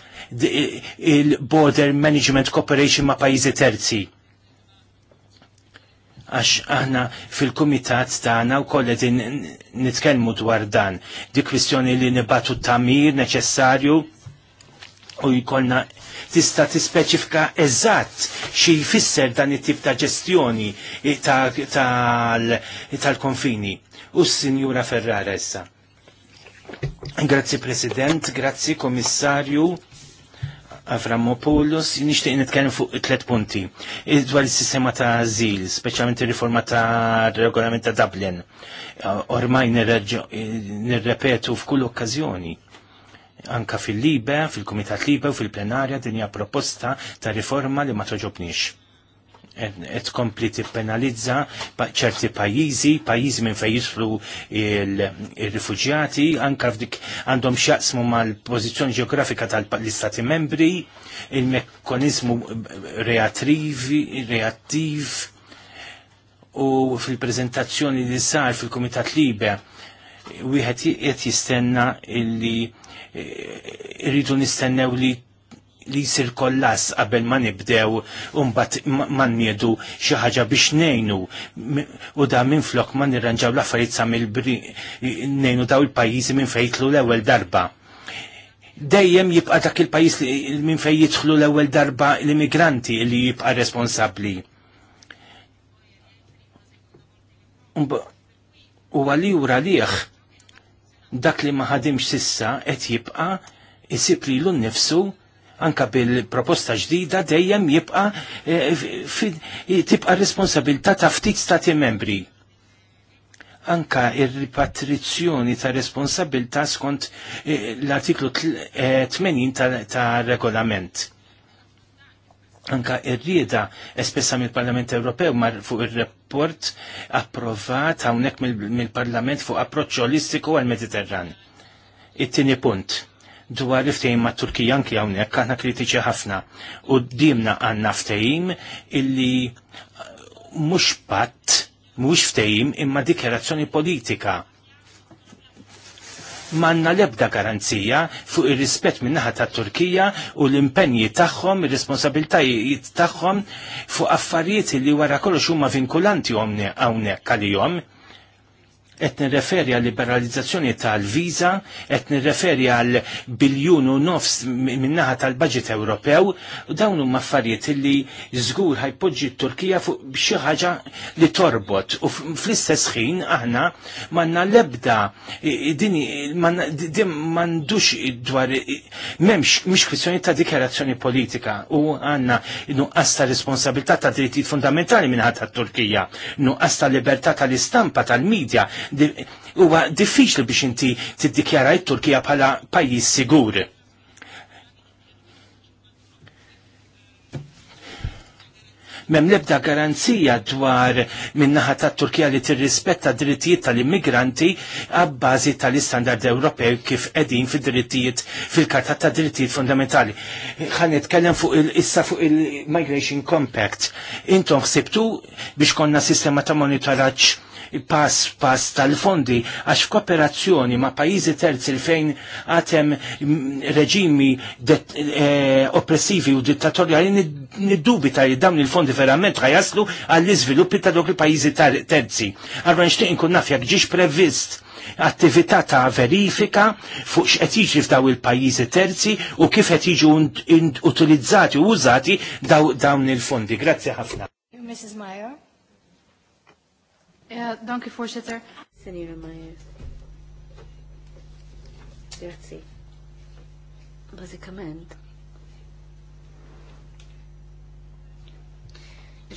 il-border management cooperation ma' pajizi terzi. Għax aħna fil-kumitat tagħna wkoll qegħdin nitkellmu dwar dan. Di kwistjoni li nibatu tamir neċessarju u jkollna tista tispeċifika eżatt xi jfisser dan it-tip ta' ġestjoni tal-konfini. U s-Sinjura Ferrara issa. Grazzi President, grazzi Komissarju Avramopoulos, nishtiq nitkellem fuq tliet punti. Dwar is-sistema ta' żil, speċjalment ir-riforma ta' regolament ta' Dublin. Ormai nirrepetu f'kull okkażjoni anka fil-libe, fil-Kumitat Libe u fil-Plenarja din hija proposta ta' riforma li ma toġobniex qed kompli tippenalizza ċerti pajjiżi, pajjiżi minn fejn jisflu il-rifuġjati, anka f'dik għandhom x'jaqsmu mal-pożizzjoni ġeografika tal-istati membri, il-mekkanizmu reattiv u fil-prezentazzjoni li sar fil-Kumitat Libe wieħed jħet jistenna illi eh, rridu nistennew li li jisir kollas qabel ma nibdew unbat ma nniedu xi ħaġa biex nejnu u da minn flok ma nirranġaw l-affarijiet sa mill-bri nejnu daw il-pajjiżi minn fejtlu l-ewwel darba. Dejjem jibqa' dak il-pajjiż minn fejn jidħlu l-ewwel darba l-immigranti li jibqa' responsabbli. U għalli u għalih dak li ma ħadimx sissa qed jibqa' li lilu nnifsu anka bil-proposta ġdida dejjem jibqa eh, tibqa responsabilità ta' ftit stati membri. Anka ir-ripatrizzjoni ta' responsabilità skont eh, l-artiklu 80 eh, ta', regolament anka irrieda espessa mill-Parlament Ewropew mar fuq ir-rapport approvat hawnhekk mill-Parlament fuq approċċ olistiku għall-Mediterran. It-tieni punt dwar il-ftejim ma' Turkija anki hawnhekk aħna kritiċi ħafna. U dimna għandna ftejim illi uh, mhux patt, mhux ftejim imma dikjarazzjoni politika. Manna lebda garanzija fuq ir-rispett min-naħa ta' Turkija u l-impenji tagħhom, ir-responsabiltajiet tagħhom fuq affarijiet li wara kollox huma vinkulanti hawnhekk għalihom qed nirreferi għal liberalizzazzjoni tal viza qed nirreferi għal biljun u nofs minnaħa tal-budget Ewropew, u dawn huma affarijiet li żgur ħajpoġġi t-Turkija fuq xi ħaġa li torbot. U fl-istess ħin aħna manna lebda din m'għandux dwar m'hemmx mhix kwistjoni ta' dikjarazzjoni politika u għandna nuqqas ta' responsabilità ta' drittijiet fundamentali minnaħa tat-Turkija, nuqqas ta' libertà tal-istampa tal-medja, huwa diffiċli biex inti tiddikjara t-Turkija bħala pajjiż sigur. Mem lebda garanzija dwar minnaħa ta' Turkija li tirrispetta drittijiet tal-immigranti għabbażi tal-istandard Ewropew kif edin fil-drittijiet fil-karta ta' drittijiet fundamentali. Ħan nitkellem fuq il-issa fuq il-Migration Compact. Intom ħsibtu biex konna sistema ta' monitoraġġ pass pass tal-fondi għax kooperazzjoni ma' pajjiżi terzi li fejn għatem reġimi eh, oppressivi u dittatorjali niddubita li dawn il-fondi verament ħajaslu għall-iżviluppi ta' dok il-pajjiżi terzi. Allora nixtieq inkun naf jekk ġiex previst attività ta' verifika fuq x'qed jiġri f'daw il-pajjiżi terzi u kif qed jiġu utilizzati u użati dawn il-fondi. Grazzi ħafna. Mrs. Meyer. Ja, dank u voorzitter. Senjora Maier. Grazie. Bazzikament,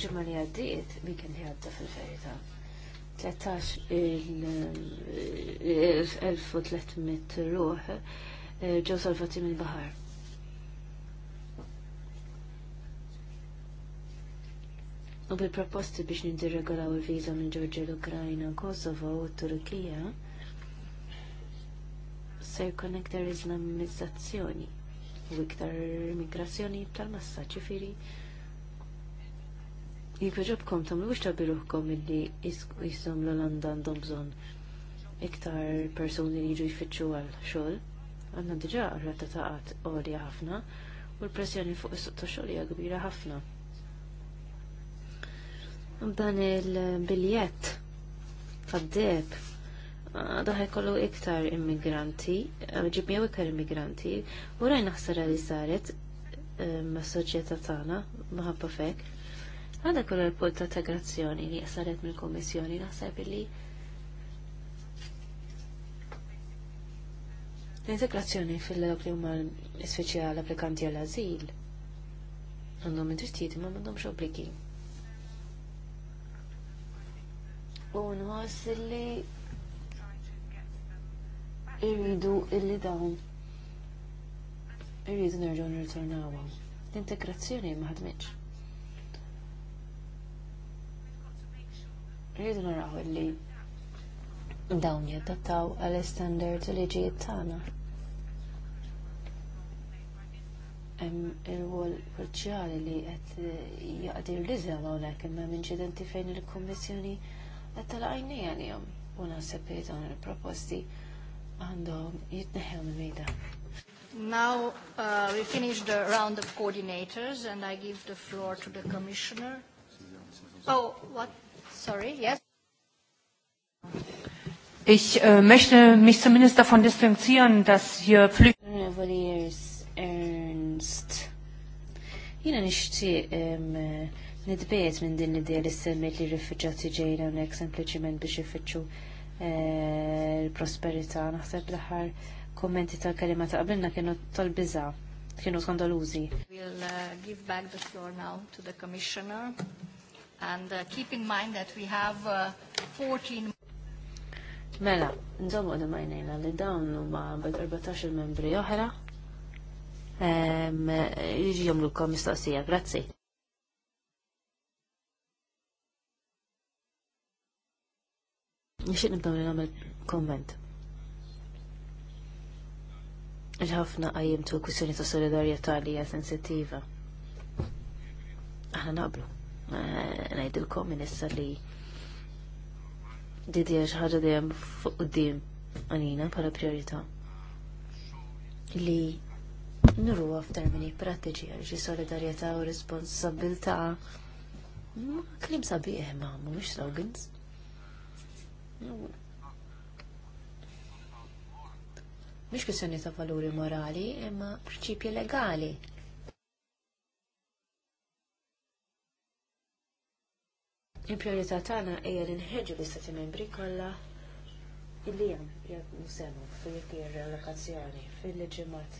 ġemma li għaddiet ħadda fil-verita. 13.300 ruħ ġo salvati mill-bahar. u bil-proposti biex nindirregolaw il-viza minn Ġorġja l-Ukrajna, Kosovo u Turkija se jkun iktar islamizzazzjoni u iktar immigrazzjoni tal-massa ċifiri. Jikveġobkom tam li tabiruħkom illi jisom l-Olanda għandhom bżon iktar personi li jiġu jfittxu għal xogħol. Għandna diġà rata ta' qatt għolja ħafna u l-pressjoni fuq is-suq ta' hija kbira ħafna b'dan il-biljett tad-deb ah, daħi kollu iktar immigranti, ah, ġibjew iktar immigranti, u raj naħsar li saret eh, ma' soċieta tagħna maħabba fek. Għadha kollu l-punt ta' integrazzjoni li saret mill-Kummissjoni naħsar li L-integrazzjoni fil lok li huma speċjal applikanti għal-azil għandhom id-drittijiet ma m'għandhomx obbligi. u nħoss li irridu illi dawn irridu nerġu nirtornawha. L-integrazzjoni ma Irridu naraw illi dawn jadattaw għal standard li liġijiet tagħna. Hemm il-wol kruċjali li qed jaqdi l-iżel hawnhekk imma minn ġidenti fejn il-Kummissjoni għattala għajni għalihom u naħseb li dawn il-proposti għandhom jitneħew mill-mejda. Now uh, we finish the round of coordinators and I give the floor to the commissioner. Oh, what? Sorry, yes. Ich uh, möchte mich zumindest davon distanzieren, dass hier Flüchtlinge. Ernst. Jina nixtieq nidbiet minn din l-idea li semmit li rifugġati ġejna hawnhekk sempliciment biex ifittxu eh, l prosperita Naħseb l ħar kommenti ta' kelima ta' qabilna kienu tal biza kienu skandalużi. We'll uh, give back the floor now to the commissioner and uh, keep in mind that we have uh, 14 Mela, nżomu għadu majnejna li dawn ma' bed 14 membri oħra. Jiġi jomlu kom mistoqsija, grazzi. Nixtieq nibdaw li nagħmel komment. Il-ħafna qajjimtu tu kwistjoni ta' solidarjetà li hija sensittiva. Aħna naqblu. Eh, ngħidilkom minn issa li di dija xi ħaġa dejjem fuq quddiem għalina bħala priorita. Li għaf termini prattiċi għal solidarjetà u responsabilta' Klim sabiħ ma' mux slogans. Mhix kwistjoni ta' valuri morali, imma prinċipji legali. Il-priorità tagħna hija li nħeġġu li stati membri kollha il hemm jekk nsemu fil-kir relokazzjoni fil leġimat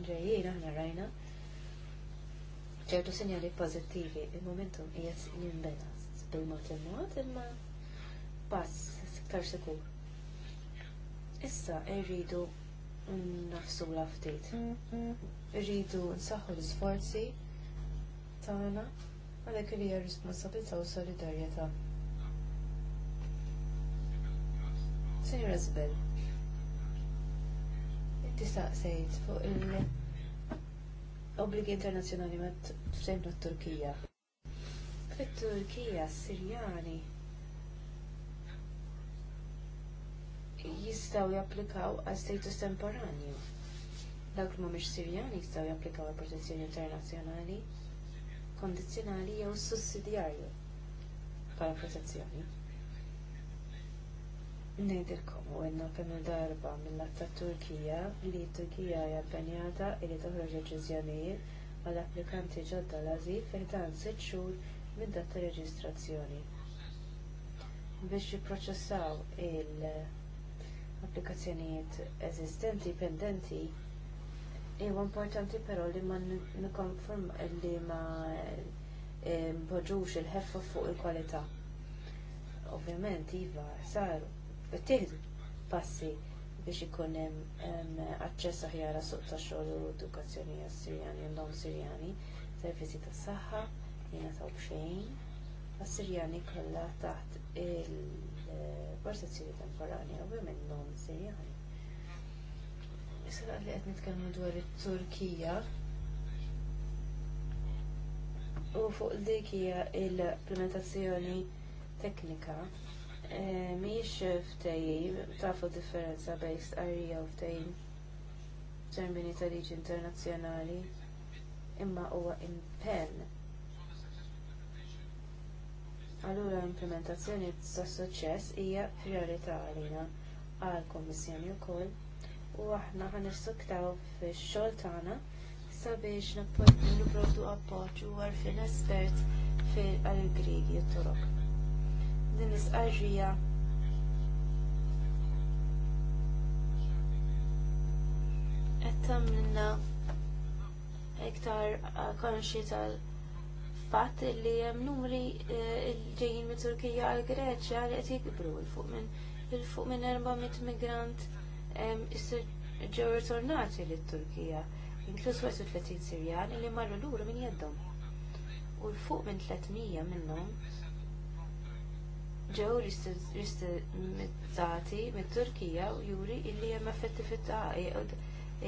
Inġajjina, aħna rajna ċertu sinjali pożittivi, il-momentum qiegħed jinbena bil mot il-mod imma pass iktar sikur. Issa irridu nafsu l ftit. Irridu nsaħħu l-isforzi tagħna għalhekk li hija responsabilità u solidarjetà. Sinjora Zbel, inti staqsejt fuq il-obbligi internazzjonali mat-Turkija. Fit-Turkija, Sirjani, jistgħu japplikaw għal status temporanju. Dawk li mhumiex Sirjani jistgħu japplikaw għal protezzjoni internazzjonali, kondizzjonali jew sussidjarju bħala protezzjoni. Ngħidilkom u għedna kemm darba mill-att Turkija li Turkija hija ppenjata li toħroġ deċiżjonijiet għal applikanti ġodda l fil dan sitt xhur minn dat reġistrazzjoni biex jipproċessaw il- applikazzjonijiet eżistenti, pendenti, Iwa importanti però li ma nikonform li ma eh, mpoġux il-ħeffa fuq il-kwalità. Ovvjament, Iva, t bittieħdu passi biex ikun hemm aċċess aħjar suq ta' xogħol u edukazzjoni għas-Sirjani għandhom Sirjani, servizzi tas saħħa, jiena taw xejn, għas-Sirjani kollha taħt il- Forsi forsazzjoni temporanja u minn non Sirjani. Issa li qed nitkellmu dwar it-Turkija u fuq dik hija l-implementazzjoni teknika eh, miex ftejim, tafu differenza bejn stqarrija u ftejim termini ta' liġi internazzjonali imma huwa impenn Allura implementazzjoni ta' suċċess hija priorità għalina għal kummissjoni wkoll u aħna ħanistuktaw fix-xogħol tagħna sabiex nipprovdu appoġġ u għarfien espert fil-Griegi u Turok. Din l-isqarrija qed tagħmilna iktar konxi tal- fatt li hemm numri ġejjin mit Turkija għal Greċja li qed jikbru il fuq minn il fuq minn 400 migrant ġew ritornati lit Turkija, inkluż 30 Sirjan li marru lura minn jeddhom. U l fuq minn 300 minnhom ġew ristimizzati mit Turkija u juri li hemm effettività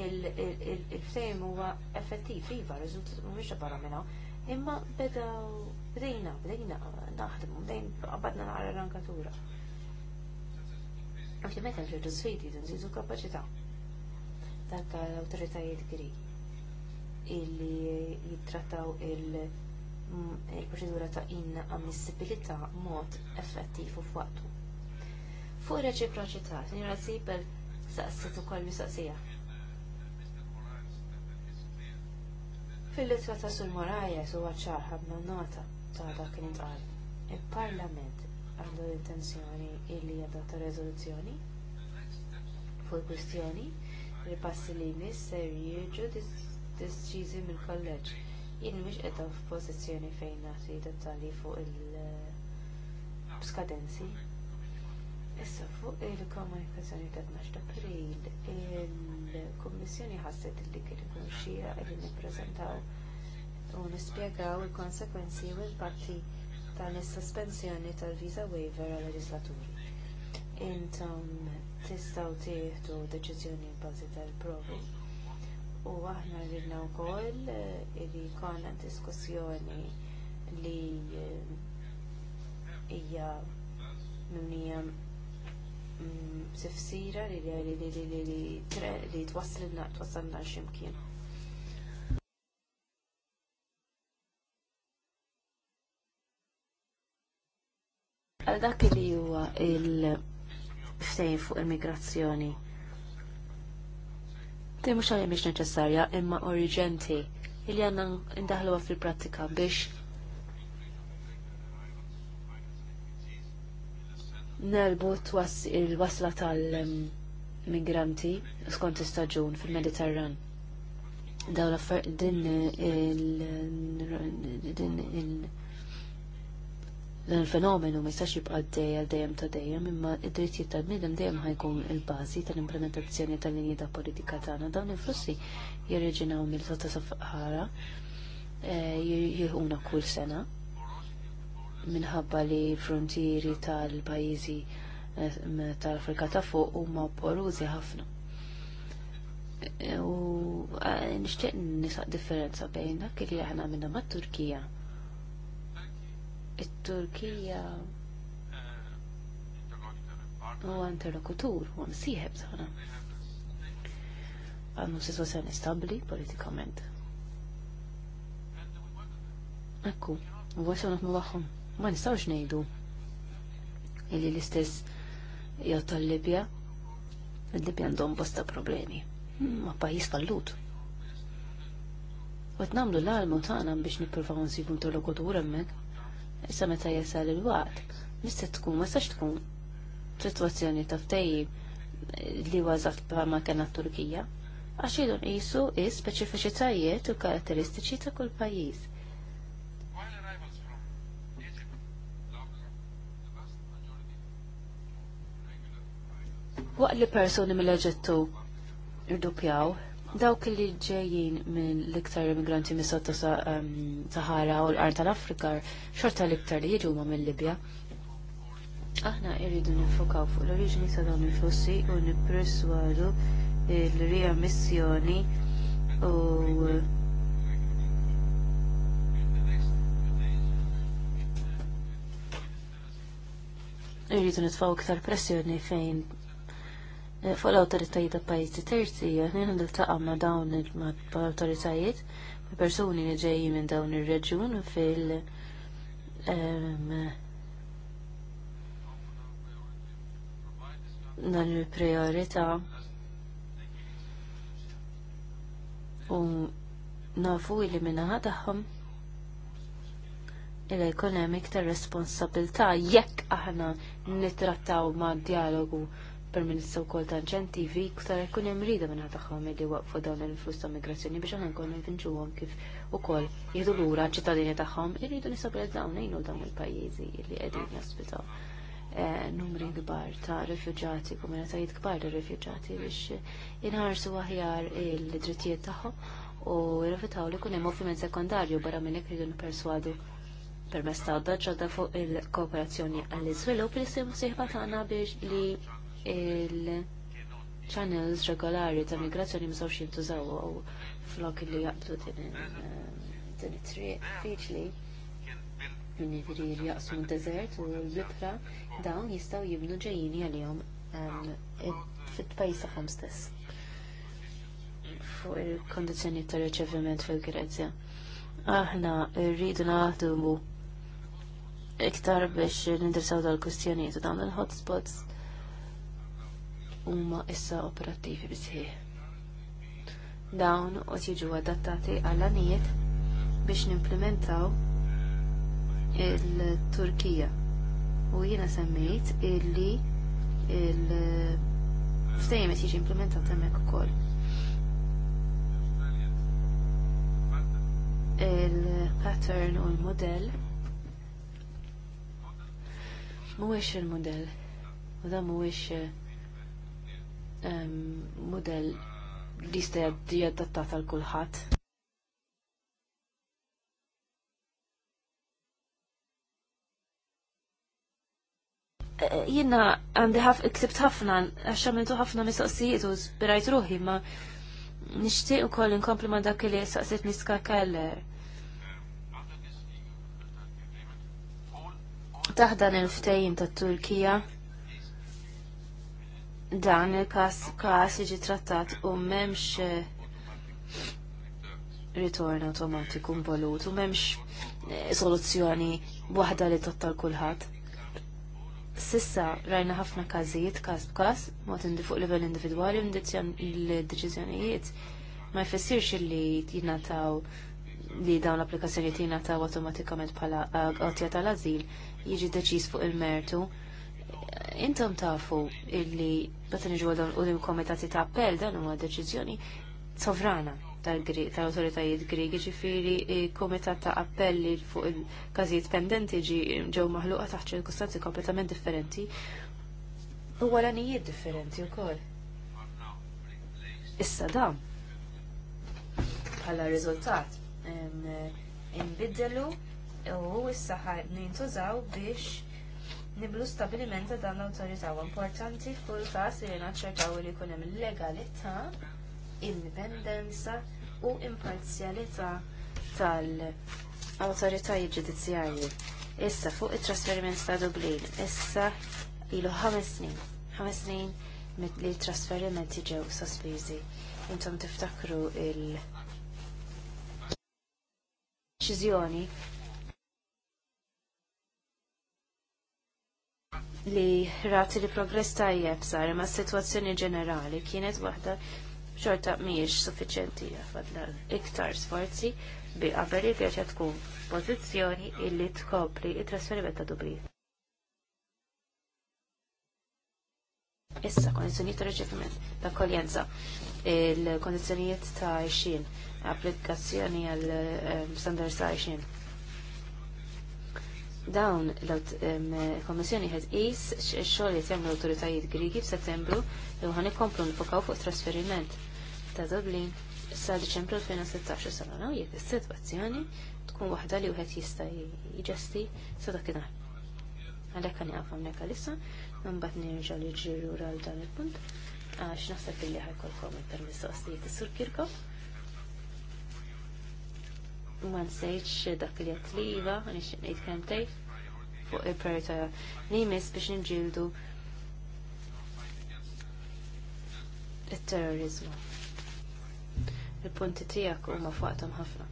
il ftehim huwa effettiv iva, riżultat mhumiex barra minnhom. Imma bedaw, bdejna, bdejna, naħdem, bdejna, għabadna naqra l-ankatura. Għaxi meta ġertu sfidi, nżidu kapacita. Dak l-autoritajiet gri illi jittrattaw il-proċedura ta' inna ammissibilità mod effettiv u f'waqtu. Fuq reċiproċità, sinjora Sibel saqsitu ukoll mistoqsija. Fil-litra ta' Sumarajes huwa ċar ħabna nota ta' dak li ntqal. Il-Parlament għandu l-intenzjoni illi jadotta rezoluzzjoni fuq il-kwistjoni li passi li jmiss ser jiġu deċiżi mill-kolleġġ. Jien mhux qiegħda f'pożizzjoni fejn nagħti dettalji fuq il-skadenzi. Issa fuq il-komunikazzjoni ta' 12 April il-Kummissjoni ħasset li kien ikun xira li nippreżentaw u nispjegaw il-konsekwenzi u l-parti tal-sospensjoni tal-visa waiver għal leġislaturi. Intom tistgħu tieħdu deċiżjoni bbażi tal-provi. U aħna rridna wkoll eh, li jkollna diskussjoni li eh, hija mimnija sifsira li li li li li li li twassilna twassalna x'imkien. Għal dak li huwa il-ftejn fuq immigrazzjoni. Dej mhux għalhekk neċessarja imma oriġenti li għandna indaħluha fil-prattika biex nelbu il-wasla tal-migranti skont istaġun fil-Mediterran. Daw la affar din il- dan il-fenomenu ma jistax jibqa' dej għal ta' dejjem, imma id-drittijiet tal-bniedem dejjem ħajkun il-bażi tal-implementazzjoni tal-linji ta' politika tagħna. Dawn il-flussi jirriġinaw mill-sotta Sahara eh, jieħuna kull sena minħabba li frontieri tal pajizi eh, tal-Afrika ta' fuq huma porużi ħafna. Eh, u eh, nixtieq nisaq differenza bejn dak li aħna minna mat-Turkija. It-Turkija huwa interlokutur, huwa msieħeb tagħna. Għandu sitwazzjoni stabbli politikament. Ekku, u għaxu naħmu magħhom ma nistawx nejdu illi l-istess tal libja il-Libja għandhom bosta problemi ma pajis fallut u namlu l-almu tagħna biex nippruvaw nsibu interlokutur hemmhekk issa meta jasal il-waqt mista tkun ma sax tkun situazzjoni ta' ftejjim li ważat bħalma kena Turkija għax jidun qisu is speċifiċitajiet u karatteristiċi ta' kull pajjiż Waqt li persuni mill-Eġittu irdupjaw, dawk li ġejjin minn l-iktar immigranti mis sotto Sahara u l art tal-Afrika xorta l-iktar li jiġu ma mill-Libja. Aħna irridu nifokaw fuq l-oriġini ta' dawn il-flussi u nipperswadu l-rija missjoni u irridu nitfaw iktar pressjoni fejn Eh, fuq l-autoritajiet ta' pajjiżi terzi, jien niltaqa' ma' dawn l-autoritajiet ma' persuni li ġejjin minn dawn ir-reġjun fil- ehm, dan il-priorità u nafu li minnaħa tagħhom il jkun hemm iktar responsabilità jekk aħna nittrattaw ma' dialogu permezz wkoll ta' inċentivi iktar jkun hemm rida minn tagħhom li waqfu dawn il flus ta' migrazzjoni biex aħna nkunu nfinġuhom kif ukoll jieħdu lura ċittadini tagħhom irridu nisabret dawn ngħinu dawn il-pajjiżi li qegħdin jospitaw eh, numri kbar ta' rifuġati, komunitajiet kbar ta' rifuġati biex inħarsu aħjar il-drittijiet tagħhom u jirrifitaw li kun hemm moviment sekondarju barra minn hekk jridu nipperswadu permess ta' ġodda fuq il-kooperazzjoni għall-iżvilupp li simu siħba tagħna biex li il-channels regolari ta' migrazzjoni ma' sawx jintużaw u flok li jaqbdu eh, din it-triq fiċli minn jifiri li jaqsmu d-desert u l-bibra dawn jistaw jibnu ġejjini għal-jom eh, fit pajsa tagħhom stess fuq il-kondizjoni ta' riċeviment fil-Grezja. Aħna rridu naħdu iktar biex nindirsaw dal kustjoni ta' dawn il-hotspots huma issa operattivi bisħieħ. Dawn qed jiġu adattati għal anijiet biex nimplementaw il-Turkija u jiena semmejt illi il-ftejjem qed jiġi implementat hemmhekk ukoll. il-pattern u l-modell mhuwiex il-modell u da mhuwiex model li jista' jgħaddi adattat għal kulħadd. Eh, eh, jiena għandi iksibt ħafna, għax għamiltu ħafna mistoqsijiet u sbirajt ruħi, ma nixtieq ukoll inkompli ma dak li saqsiet Niska Keller. Taħdan il-ftejn tat Turkija dan il-kas kas jiġi trattat u memx eh, ritorn automatiku involut u memx eh, soluzzjoni waħda li tattal kulħadd. Sissa rajna ħafna każijiet każ b'każ mod indi fuq livell individwali l-deċiżjonijiet ma jfissirx li jingħataw li dawn l-applikazzjonijiet jingħataw awtomatikament bħala qotja eh, tal azil jiġi deċiż fuq il-mertu intom tafu illi bata nġu dawn u komitati ta' appell dan huwa deċiżjoni sovrana tal-autoritajiet Grigi ġifiri komitat ta' appelli fuq il-każijiet pendenti ġi ġew maħluqa taħt ċirkustanzi kompletament differenti u għalanijiet differenti wkoll. Issa dam bħala riżultat inbiddelu u issa nintużaw biex niblu stabiliment ta' dan l-autorità u importanti f'kull każ li naċċertaw li jkun hemm legalità, indipendenza u imparzjalità tal-awtoritajiet ġudizzjarji. Issa fuq it-trasferiment ta' Dublin, issa ilu ħames snin, ħames snin li trasferimenti ġew sospiżi. Intom tiftakru il ċiżjoni li rati li progress tajjeb sar ma s-situazzjoni ġenerali kienet waħda xorta miex suffiċenti għafadla iktar sforzi bi qabel li bieċa tkun pozizjoni illi tkopri il-trasferiment ta' dubri. Issa, kondizjoniet ta' reċeviment, ta' koljenza, il-kondizjoniet ta' xin, applikazzjoni għal ehm, standard ta' xin dawn l kommissjoni ħed is xogħol li jagħmlu l-awtoritajiet Grigi f'Settembru jew ħan ikomplu nfokaw fuq trasferiment ta' Dublin sa' Diċembru 2016 sena jekk is-sitwazzjoni tkun waħda li wieħed jista' jġesti sa dak kien Għalhekk għan jaqaf nek għalissa, mbagħad nirġa' li ġirura għal dan il-punt għax naħseb illi ħajkolkom il-permiss għastijiet is-Sur Kirkov ma nsejċ dak li għatliva, iva, nixtieq ngħid kemm tgħid fuq il-priorità li jmiss biex niġġieldu it-terrorizmu. Il-punti tijak tiegħek huma fuqhom ħafna.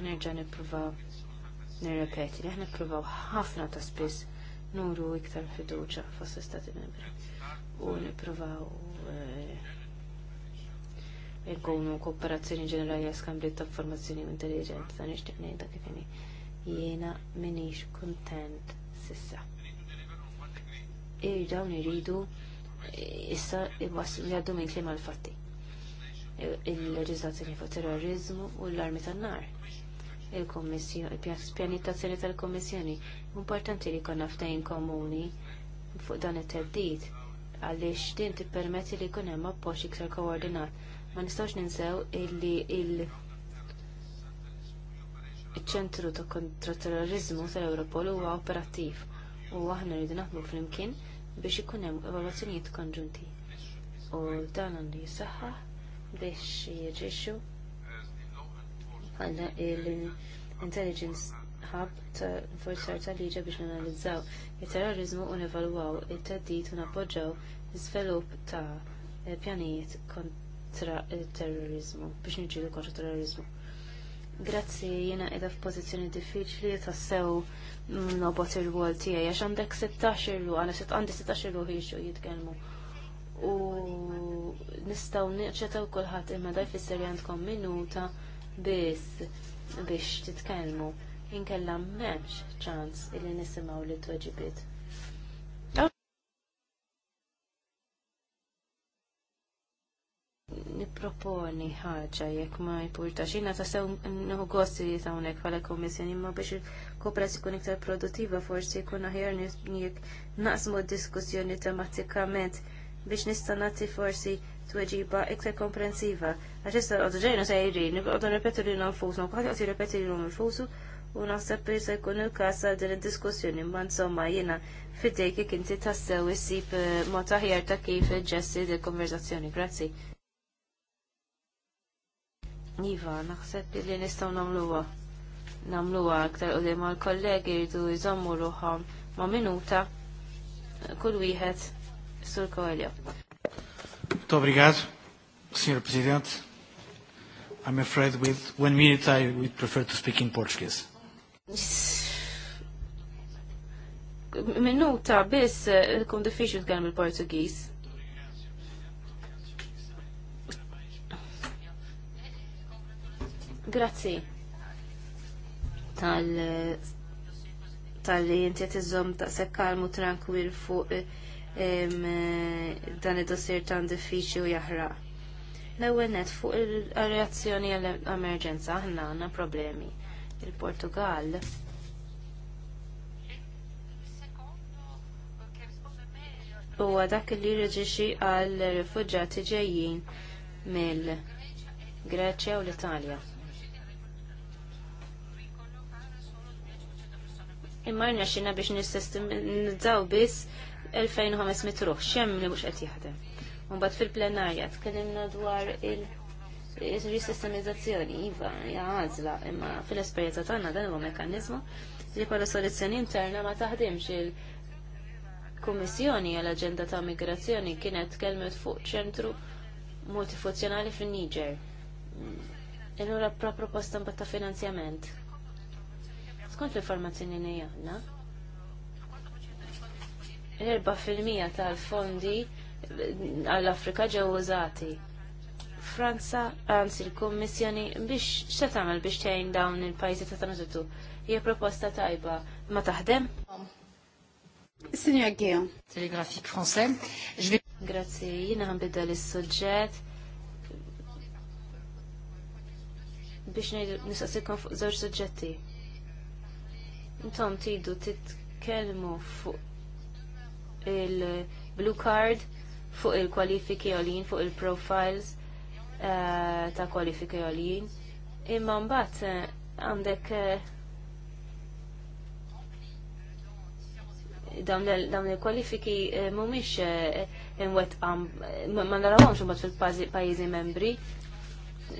Ħnerġa' nippruvaw nirrepeti, aħna nippruvaw ħafna ta' spis nuru iktar fiduċa fost l-Stati Membri u nippruvaw eh, jkunu kooperazzjoni ġenerali għaskambri ta' formazzjoni u intelligenza nixtieq ngħidha kif inhi. Jiena m'iniex kuntent sissa. Iri dawn iridu issa jgħaddu minn klima l fatti Il-leġiżlazzjoni fuq terrorizmu u l-armi tan-nar. il il-pjanitazzjoni tal komissjoni importanti li konna ftejn komuni fuq dan it-teddid għaliex din tippermetti li jkun hemm appoġġ iktar koordinat Ma nistax ninsew illi il ċentru ta' kontraterrorizmu tal-Europol huwa operattiv u aħna rridu naħdmu flimkien biex ikun hemm evalwazzjonijiet konġunti. U dan għandu jisaħħaħ biex jirġixxu għandna l-intelligence hub ta' forzar ta' liġa biex nanalizzaw il-terrorizmu un-evaluaw il-teddit un-appoġaw l-iżvilupp ta' pjanijiet terrorizmu, biex li kontra terrorizmu. Grazzi, jena edha f'pozizjoni diffiċli tassew nobot il-wol tijaj, għax għandek 16 irru, għana għandi 16 irru ħiġu jitkelmu. U nistaw nċetaw kolħat imma daj fisser għandkom minuta biss biex titkelmu. Inkella memx ċans li nisimaw li t-tweġibiet. niproponi ħaġa jekk ma jpurtax. xina ta' sew nħu gosti li ta' unek pala komissjoni imma biex il-kooperazzjoni kun iktar produttiva forsi jkun aħjar jekk naqsmu diskussjoni tematikament biex nista' nagħti forsi tweġiba iktar komprensiva. Għaxista issa għadu ġejna sejri, għadu nirrepetu li ma għadu għadu jirrepeti li nfusu u naħseb li se jkun il-każ għal din id-diskussjoni imma insomma jiena fidejk kif inti tassew issib eh, mod aħjar ta' kif ġessi il konverzazzjoni. Grazzi. Iva, naħseb li nistaw namluwa. Namluwa aktar u li ma l-kollegi rridu jżommu ruħom ma minuta kull wieħed sur koelja. Obrigado, Sr. President. I'm afraid with one minute I would prefer to speak in Portuguese. Minuta biss kun diffiċli għan il-Portugiż. Grazzi tal-li jinti tizzom ta' sekkalmu tranquil fuq dan id-dossier tan diffiċi u jahra. L-ewwel net fuq il-reazzjoni għall-emerġenza aħna għandna problemi. Il-Portugal huwa dak li jirreġixi għal rifuġġati ġejjin mill-Greċja u l-Italja. imma xina biex nissestimizzaw biss 2500 ruħ xem li mhux qed jaħdem. Mbagħad fil-plenarja tkellimna dwar il- Risistemizzazzjoni, iva, jgħazla, imma fil-esperienza tagħna dan huwa mekkaniżmu li kolla soluzzjoni interna ma taħdimx il- Kummissjoni għal aġenda ta' migrazzjoni kienet kelmet fuq ċentru multifunzjonali fin niger Illura pra proposta mbatta finanzjament skont l-informazzjoni li għandna. L-4% tal-fondi eh, għall-Afrika ġew użati. Franza anzi l-Kummissjoni biex se tagħmel biex tgħin dawn il-pajjiżi ta' tranzitu, Hija proposta tajba ma taħdem? Signor Gio. Telegrafik Français. Grazzi, jiena ħanbidda l-suġġett. biex nisqasikom fuq żewġ suġġetti intom tidu titkellmu fuq il-blue card, fuq il-kwalifiki għolin, fuq il-profiles eh, ta' kwalifiki għolin. Imma mbagħad eh, għandek eh, dawn il-kwalifiki mhumiex imwet ma narawhomx imbagħad fil-pajjiżi membri.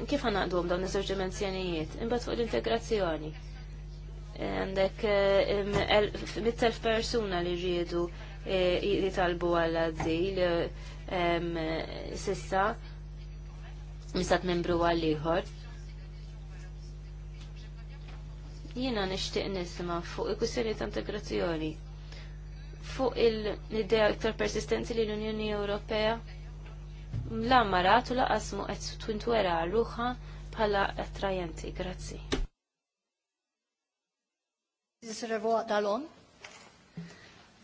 Kif ħanaqduhom dawn is żewġ Imbagħad fuq l-integrazzjoni għandek eh, mit-telf persuna li ġiedu eh, jitalbu għal azzil sissa misat membru għal ieħor. Jiena nixtieq nisma' fuq il-kwistjoni ta' integrazzjoni fuq l-idea iktar persistenti li l-Unjoni Ewropea la marat u laqas mu qed twintwera ruħa bħala attrajenti. Grazzi.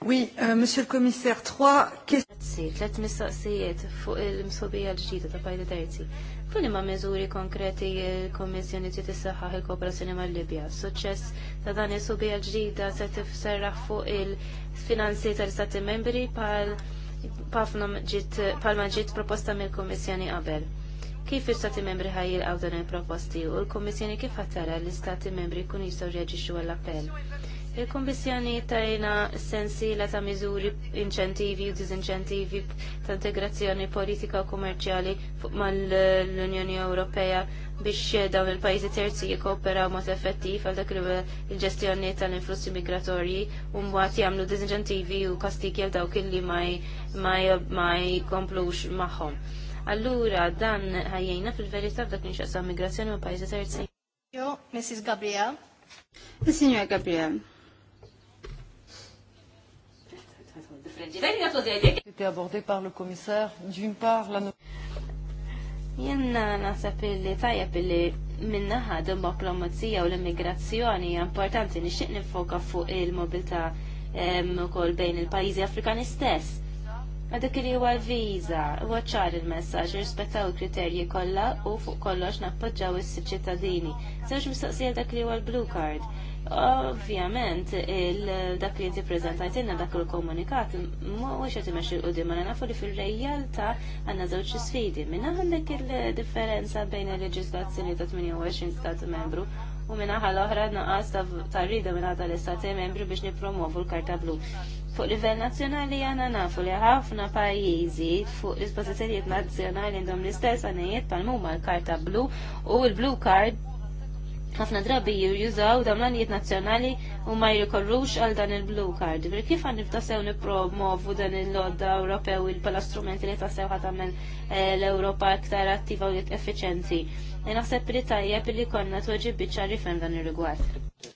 Oui, euh, Monsieur le Commissaire, trois questions. Tlet fuq il-msobija l-ġdida ta' pajda terzi. Fulli ma' meżuri konkreti il-Kommissjoni ti tissaħħaħ il-kooperazzjoni mal libja Suċċess ta' dan il subija ġdida se tifserraħ fuq il-finanzi tal-Stati membri pal ġit proposta mill-Kommissjoni qabel kif l-istati membri għaw dan il-proposti u l-Kommissjoni kif ħattara l-istati membri kun jistgħu reaġixxu għall-appell. Il-Kommissjoni tajna sensiela ta' miżuri inċentivi u dizinċentivi ta' integrazzjoni politika u komerċjali fuq mal-Unjoni Ewropea biex dawn il pajzi terzi jikkooperaw mod effettiv għal dak il-ġestjoni tal-influssi migratorji u mbagħad jagħmlu dizinċentivi u kastiki għal dawk li ma jkomplux magħhom allura dan ħajjejna fil-verità f'dak li xaqsa migrazzjoni ma' pajzi terzi. Jo, Mrs. Gabriel. Signor Gabriel. C'était abordé par le commissaire, d'une part, la Jenna nasab li tajab li minna diplomazija u l-immigrazzjoni importanti nixtieq nifoka fuq il-mobilità ukoll bejn il-pajjiżi Afrikani stess Ma dak li huwa viża, huwa ċar il-messaġġ irrispettaw il-kriterji kollha u fuq kollox nappoġġaw is-ċittadini. Sewx mistoqsija dak li huwa l-blue card. Ovvjament, dak li inti prezentajtina dak il-komunikat, mhuwiex qed imexxi l-qudim, għana nafu li fil rejjalta għandna żewġ sfidi. Minna għandek il-differenza bejn il-leġislazzjoni ta' 28 stat membru u minnaħa l-oħra naqas ta' rrida minn l-istati membri biex nipromovu l-karta blu. Fuq livell nazzjonali għana nafu li ħafna pajjiżi fuq l-ispozizjoniet nazzjonali għandhom l-istess għanijiet tal-mumma l-karta blu u l-blue card ħafna drabi jużaw dawn l-għanijiet nazzjonali u ma jirrikorrux għal dan il-blue card. Per kif għan niftasew nipromovu dan il-lodda Ewropew il-pala strumenti li tasew ħatamen eh, l-Europa aktar attiva u effiċenti. E naħseb li tajjeb li konna tweġi bieċa fem dan il-rigward.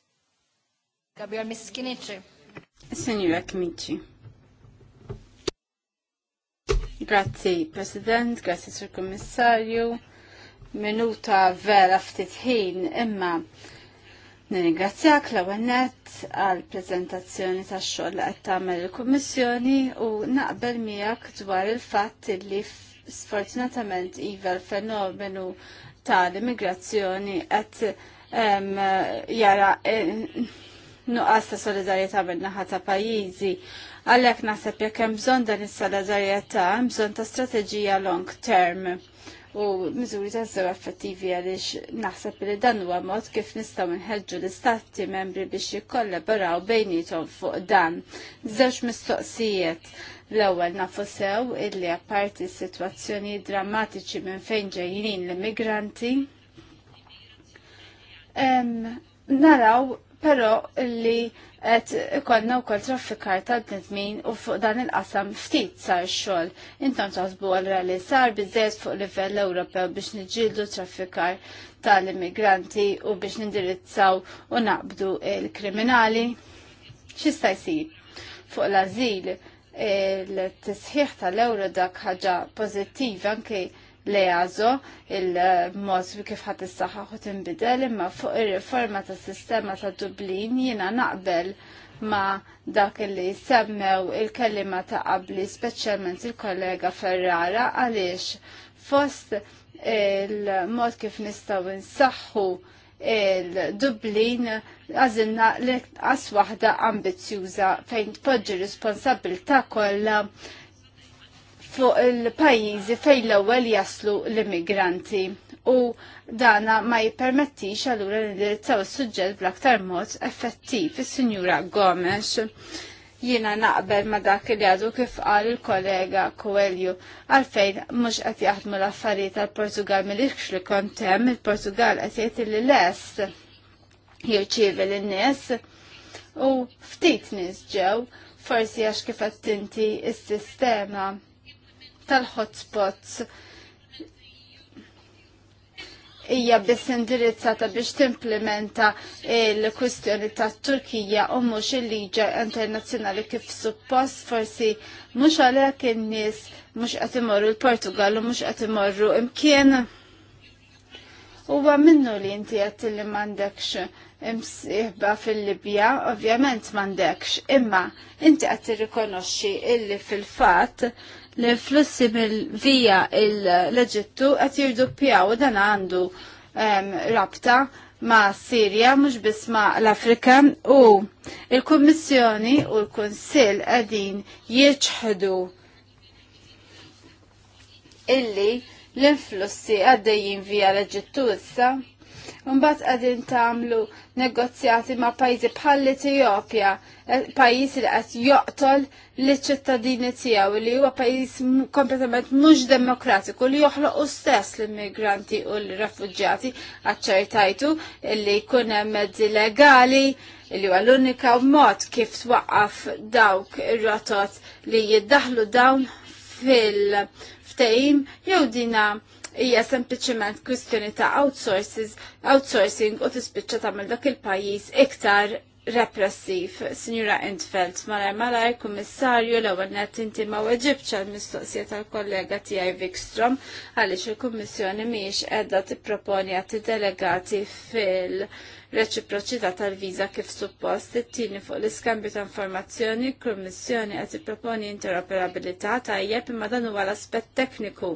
Gabriel Miskinici. Signora Kmici. Grazie President, grazie Sir Commissario minuta vera ftit ħin imma Nirringrazzjak l net għal prezentazzjoni ta' xogħol li qed tagħmel il-Kummissjoni u naqbel miegħek dwar il-fatt li sfortunatament iva l-fenomenu tal-immigrazzjoni qed jara e, nuqqas ta' solidarjetà min-naħa ta' pajjiżi. Għalhekk naħseb jekk hemm bżonn dan is-solidarjetà, hemm bżonn ta' strateġija long term u miżuri ta' sew effettivi għaliex naħseb li dan huwa mod kif nistgħu nħeġġu l-istati membri biex jikkollaboraw bejnietom fuq dan. Żewġ mistoqsijiet l-ewwel nafu sew illi apparti situazzjoni drammatiċi minn fejn ġejjin l-immigranti. Naraw però li qed ikollna wkoll traffikar ta' bnedmin u fuq dan il-qasam ftit sar xogħol. Intom taħsbu għal li sar biżejjed fuq livell Ewropew biex niġġieldu traffikar tal-immigranti u biex nindirizzaw u naqbdu il-kriminali. X'ista' jsir? Fuq l-azil il-tisħiħ tal-euro dak ħaġa pożittiva anke l il-mod kif ħat issaħħa saħħaħu tinbidel imma fuq ir-riforma tas-sistema ta' Dublin jiena naqbel ma dak li semmew il-kellima ta' qabli speċjalment il-kollega Ferrara għaliex fost il-mod kif nistgħu nsaħħu il-Dublin għazinna l-qas waħda ambizjuża fejn tpoġġi responsabilta kollha fuq il-pajjiżi fejn l-ewwel jaslu l-immigranti u dana ma jippermettix allura li indirizzaw is-suġġett bl-aktar mod effettiv is-Sinjura Gomes. Jiena naqbel ma dak li għadu kif qal il-kollega Coelho għalfejn mhux qed jaħdmu l-affarijiet tal-Portugal mill-ikx li kont hemm il-Portugal qed jgħid lest jirċievi l nies u ftit nies ġew forsi għax kif qed tinti s-sistema tal-hotspots hija biss indirizzata biex timplementa l-kwistjoni ta' Turkija u mhux il-liġa internazzjonali kif suppost forsi mhux għalhekk in-nies mhux qed imorru l-Portugal u mhux qed imorru imkien. Huwa minnu li inti qed li m'għandekx imsieħba fil-Libja, ovvjament m'għandekx, imma inti qed tirrikonoxxi illi fil-fatt li flussi mill-vija l-Eġittu qed jirduppjaw dan għandu rabta ma' Sirja mhux biss ma' l-Afrika u il-Kummissjoni u l-Kunsill qegħdin jiġħdu illi l-influssi għaddejjin via l-Eġittu issa Mbagħad qegħdin tagħmlu negozjati ma' pajjiżi bħal Etjopja, eh, pajjiż li qed joqtol liċ-ċittadini tiegħu li huwa pajjiż kompletament mhux demokratiku li joħloq stess l-immigranti u l-refuġjati aċċertajtu li jkun hemm mezzi legali li huwa l-unika mod kif twaqqaf dawk ir-rotot li jiddaħlu dawn fil-ftehim jew dina hija sempliċement kwistjoni ta' outsources, outsourcing u tispiċċa tagħmel dak il-pajjiż iktar repressiv. Signora Entfeld, malaj malaj, kummissarju, l ewwel net inti ma weġibċa l-mistoqsija tal-kollega tijaj Vikstrom, għalix il-Kommissjoni miex edda t-proponi għati delegati fil-reċiproċità tal-viza kif suppost, t-tini fuq l-iskambju ta' informazzjoni, kummissjoni għati proponi interoperabilità tajjeb imma dan huwa l-aspett tekniku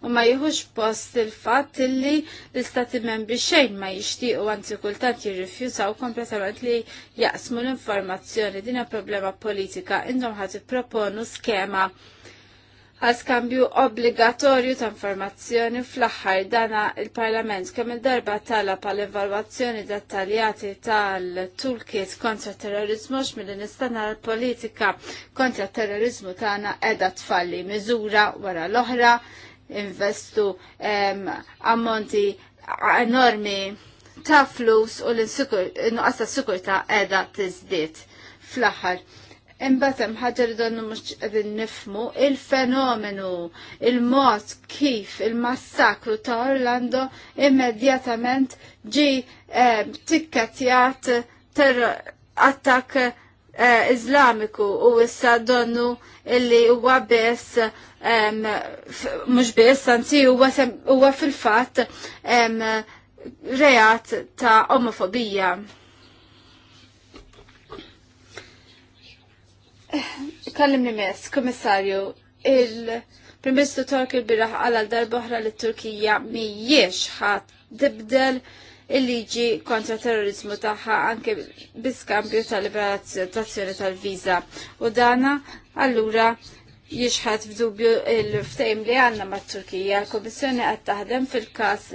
u ma jieħux post il-fatt li l-istati membri xejn ma jixtiequ anzi kultant jirrifjutaw kompletament li jaqsmu l-informazzjoni din problema politika indom ħati proponu skema għal skambju obbligatorju ta' informazzjoni fl-aħħar dana il-Parlament kemm il-darba tala pal evalwazzjoni dettaljati tal-toolkit kontra terrorizmu x'milli nistana l-politika kontra terrorizmu tagħna qiegħda tfalli miżura wara l-oħra investu ammonti enormi ta' flus u l-nuqqas ta' sukurta' edha tizdit fl-aħħar. Imbatem ħagġa li donnu mux għedin nifmu il-fenomenu, il-mod kif il-massakru ta' Orlando immedjatament ġi tikkatjat ter attak Eh, Iżlamiku u issa donnu illi huwa biss mhux biss anzi huwa fil-fatt reat ta' omofobija. Kallimni mess, komissarju, il primistu Torki Tork biraħ għal darboħra oħra li Turkija mhijiex ħadd dibdel il-liġi kontra terrorizmu tagħha anke biskambju tal-liberazzjoni tal viza U dana allura jixħat f'dubju il-ftejm li għanna ma' Turkija. L-Komissjoni għad taħdem fil-kas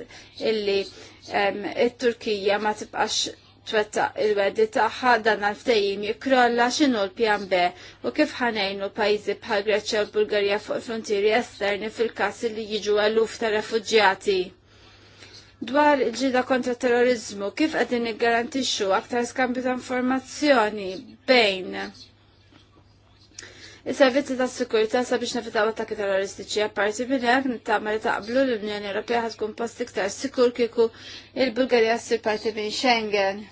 illi il-Turkija ma tibqax twetta il-wedi taħħa dan għal-ftejim jikrolla xinu l-pjan B u kif ħanajnu pajzi bħal Greċja u Bulgarija fuq frontieri esterni fil-kas li jiġu għalluf ta' refugġjati dwar il-ġida kontra terrorizmu, kif għadin niggarantixxu aktar skambju ta' informazzjoni bejn Is-servizzi ta' sikurità sabiex nefitaw attakki terroristiċi apparti minn hekk nittama li taqblu l-Unjoni Ewropea ħad tkun post iktar sikur kieku il-Bulgarija ssir parti minn Schengen.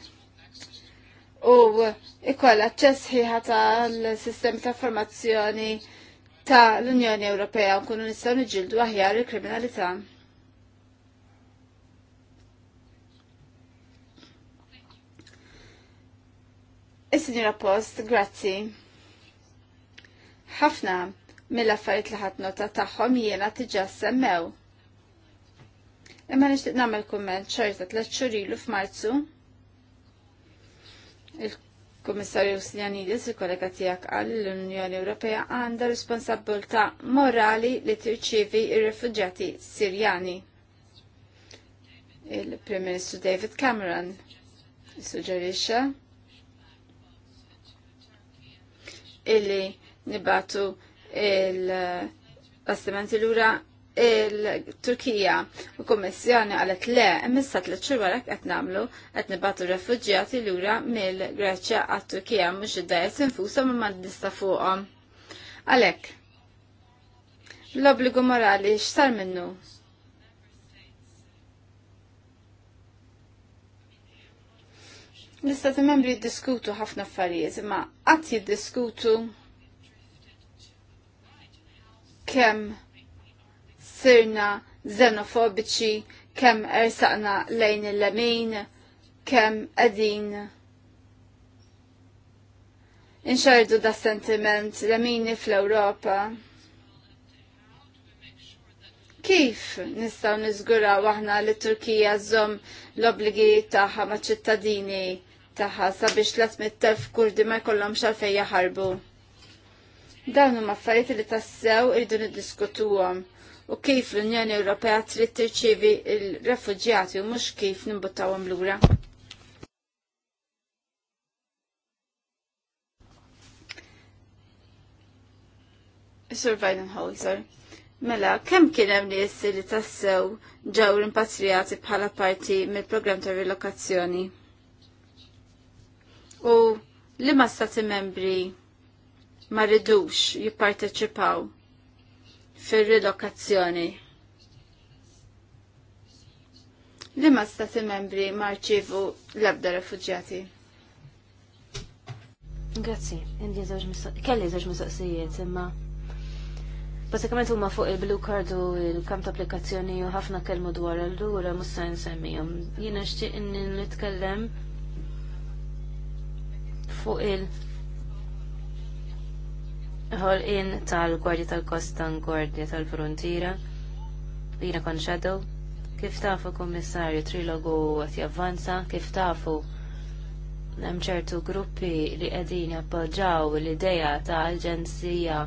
U ikoll aċċess ħieħa tal-sistemi ta' informazzjoni ta' l-Unjoni Ewropea nkunu nistgħu niġġieldu aħjar il-kriminalità. Is-Sinjura Post, grazzi. Ħafna mill-affarijiet li ħadd nota tagħhom jiena tiġà semmew. Imma nixtieq nagħmel kumment xorta tliet ilu f'Marzu. Il-Kummissarju Sinjanidis, il-kollega tiegħek qal li l-Unjoni Ewropea għandha responsabilità morali li tirċievi r refuġjati Sirjani. Il-Prim Ministru David Cameron suġġerixxa illi nibatu il bastiment l-ura il-Turkija u kommissjoni għalet le, emissa tlet xurwara qed namlu qed nibatu refuġjati lura mill-Greċja għat-Turkija mhux id-dajet infushom d dista fuqhom. Għalhekk, l-obbligu morali x'sar minnu? L-istati membri jiddiskutu ħafna affarijiet, imma qatt jiddiskutu kemm sirna xenofobiċi, kemm ersaqna lejn il-lemin, kemm qegħdin inxardu da sentiment lemini fl-Ewropa. Kif nistgħu niżguraw aħna li Turkija zom l-obligi tagħha maċ ċittadini taħħa sabiex 300.000 kurdi ma jkollhomx għalfej jaħarbu. Dawn huma affarijiet li tassew irdu niddiskutuhom u kif l-Unjoni Ewropea trid tirċievi l-refuġjati u mhux kif nimbuttawhom lura. Sur Weidenholzer, mela, kemm kien hemm nies li tassew ġew rimpatrijati bħala parti mill-programm ta' rilokazzjoni? u li ma stati membri ma ridux jipparteċipaw fil-rilokazzjoni. Li ma stati membri ma rċivu l-abda refugjati. Grazzi, indi zaġ kelli zaġ mistoqsijiet, imma Basikament huma fuq il-blue card u il-kam ta' applikazzjoni u ħafna kelmu dwar l-lura musa nsemmihom. Jiena xtieq nitkellem fuq il- in tal-Gwardja tal-Kosta Gwardja tal kosta gwardja tal frontira jina kon shadow kif tafu kommissarju trilogu għat javvanza kif tafu hemm ċertu gruppi li qegħdin jappoġġaw l-idea ta' aġenzija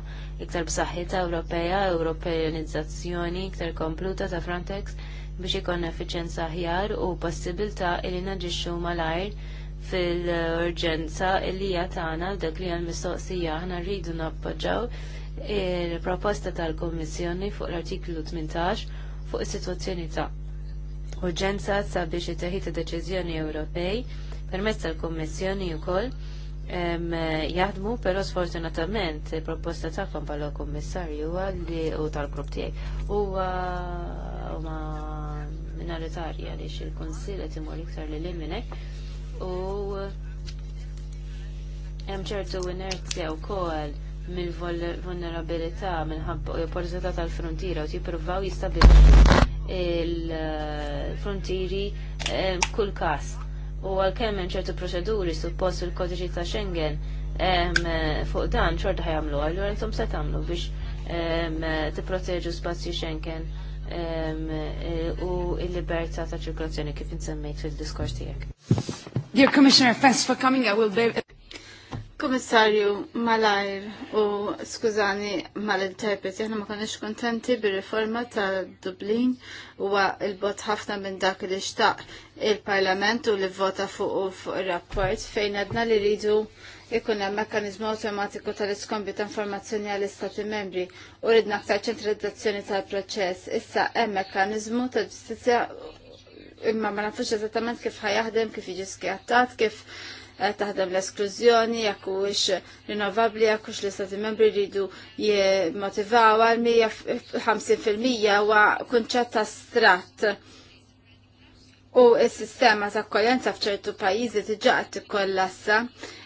iktar b'saħħitha Ewropea, Ewropeanizzazzjoni iktar kompluta ta' Frontex biex ikun effiċjenza aħjar u possibilità li naġixxu malajr fil-urġenza illi jatana dak li għal-mistoqsija ħna rridu nappoġġaw il-proposta tal-Kommissjoni fuq l-artiklu 18 fuq is-sitwazzjoni ta' urġenza sabiex it-teħid ta' deċiżjoni Ewropej permezz tal-Kommissjoni wkoll jaħdmu però sfortunatament il-proposta tagħkom bħala kummissarju li u tal-grupp tiegħi huwa ma minoritarja għaliex il-Kunsill qed imur iktar lil minnek u eh, hemm ċertu inerzja wkoll mill-vulnerabilità minħabba u porżità tal-frontiera u tippruvaw jistabilixxu il-frontieri eh, kull każ. U għalkemm hemm ċertu proċeduri suppost il-kodiċi ta' Schengen eh, fuq dan xorta ħajamlu, għal intom se tagħmlu biex tipproteġu spazju Schengen E, u l-libertà ta' ċirkolazzjoni kif insemmejt fil-diskors tiegħek. Dear Commissioner, thanks for coming. I will be Komissarju Malajr u skużani mal-interpreti, aħna ma konniex kontenti bir-riforma ta' Dublin u il-bot ħafna minn dak li xtaq il-Parlament u li vota fuq fuq il-rapport fejn għadna li rridu ikun hemm mekkaniżmu awtomatiku tal-iskombju ta' informazzjoni għall istati membri u ridna aktar ċentralizzazzjoni tal-proċess. Issa hemm mekkaniżmu ta' ġustizzja imma ma nafux eżattament kif ħajaħdem, kif jiġi skjattat, kif eh, taħdem l-esklużjoni, jekk huwiex rinnovabbli, jekk hux l-istati membri jridu jimmotivaw għal 150% huwa kunċett astratt U s-sistema ta' kojenza f'ċertu pajjiżi diġà qed tikkollassa,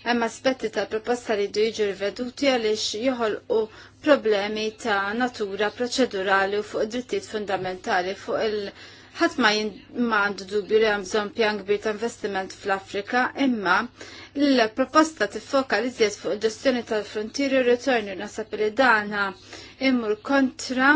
hemm aspetti tal-proposta li jdu jiġu riveduti għaliex joħolqu problemi ta' natura proċedurali u fuq drittijiet fundamentali fuq il- ħadd ma għandu dubju li hemm bżonn pjan kbir ta' investiment fl-Afrika, imma l-proposta tiffoka li fuq il-ġestjoni tal frontiri u ritorni nasab li dana imur kontra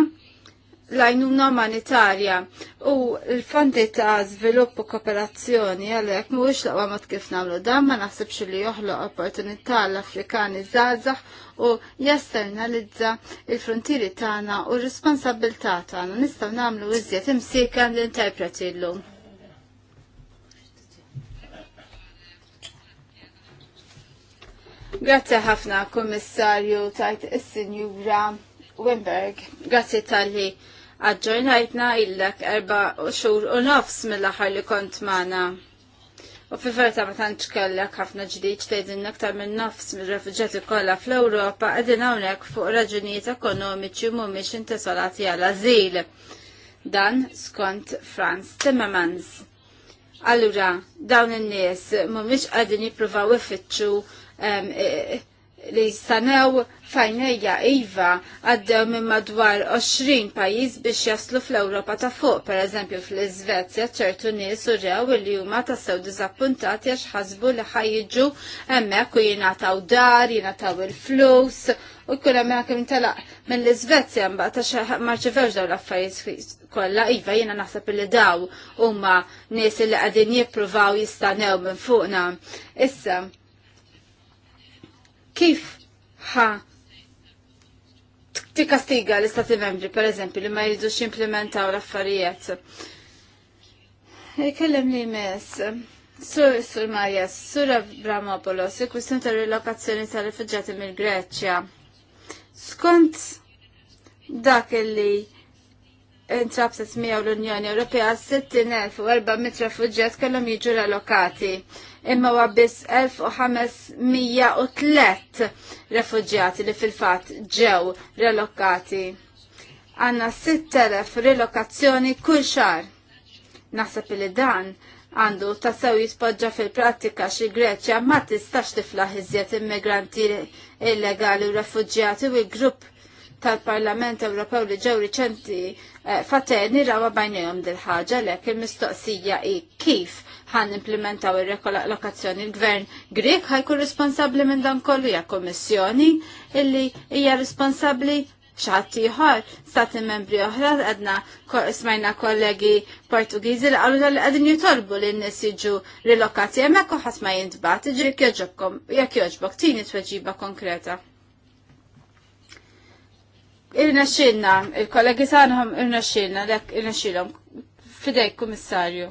l ajnuna umanitarja u l-fondi ta' sviluppu kooperazzjoni għalek mhuwiex laqwa mod kif nagħmlu dan ma naħsibx li joħloq opportunità l-Afrikani żgħażagħ u jesternalizza il frontiri tagħna u r-responsabilità tagħna nistgħu nagħmlu iżjed imsika l-interpreti llum. Grazie ħafna, Kummissarju, tajt is-Sinjura Wimberg. Grazie tal-li Aġġornajtna illek erba xhur u nofs mill-aħħar li kont maħna. U fi verta ma tantx kellek ħafna ġdid tgħidilna aktar minn nofs mir-refuġjati kollha fl-Ewropa qegħdin hawnhekk fuq raġunijiet ekonomiċi mhumiex intesolati għal ażil. Dan skont Franz Timmermans. Allura, dawn in-nies mhumiex qegħdin jippruvaw ifittxu e, li jistanew fajnejja Iva għaddew minn madwar 20 pajjiż biex jaslu fl-Ewropa ta' fuq, per eżempju fl-Iżvezja ċertu nies rew li huma tassew diżappuntati għax ħasbu li ħajġu hemmhekk u jingħataw dar, jingħataw il-flus u jkun hemm hekk intelaq mill-Iżvezja mbagħad ma rċevewx dawn l-affarijiet kollha iva jiena naħseb li daw huma nies li qegħdin jippruvaw jistanew minn fuqna. Issa, kif ħa tikastiga l-istati membri, per eżempju, li ma jridux ximplementaw l-affarijiet. Kellem li mes, Sur, sur Marja, sur Abramopoulos, il-kwistjoni ta' relokazzjoni tal-rifugġati mill greċja Skont dak li intrabset miegħu l-Unjoni Ewropea 60,400 rifugġat kellhom jiġu relokati imma huwa biss 1503 refugjati li fil-fatt ġew relokati. Għanna 6000 relokazzjoni kull xar. Naħseb li dan għandu tasaw jispoġġa fil-prattika xi Greċja ma tistax tiflaħ iżjed immigranti illegali u refuġjati u l-grupp tal-Parlament Ewropew li ġew riċenti eh, fatejni rawa bajnejhom dil ħaġa lek il-mistoqsija i kif ħan implementaw il-rekolokazzjoni. Il-gvern Grek ħajkun responsabli minn dan kollu ja kommissjoni illi hija responsabli ċat ieħor stati membri oħra għadna smajna kollegi Portugiżi li qalu li qegħdin jitolbu li n-nies rilokati hemmhekk u ħadd ma jintbagħt, jiġri jek jekk jogħġbok tieni tweġiba konkreta. il xilna, il-kollegi sanħom il xilna, il xilhom Fidej, komissarju.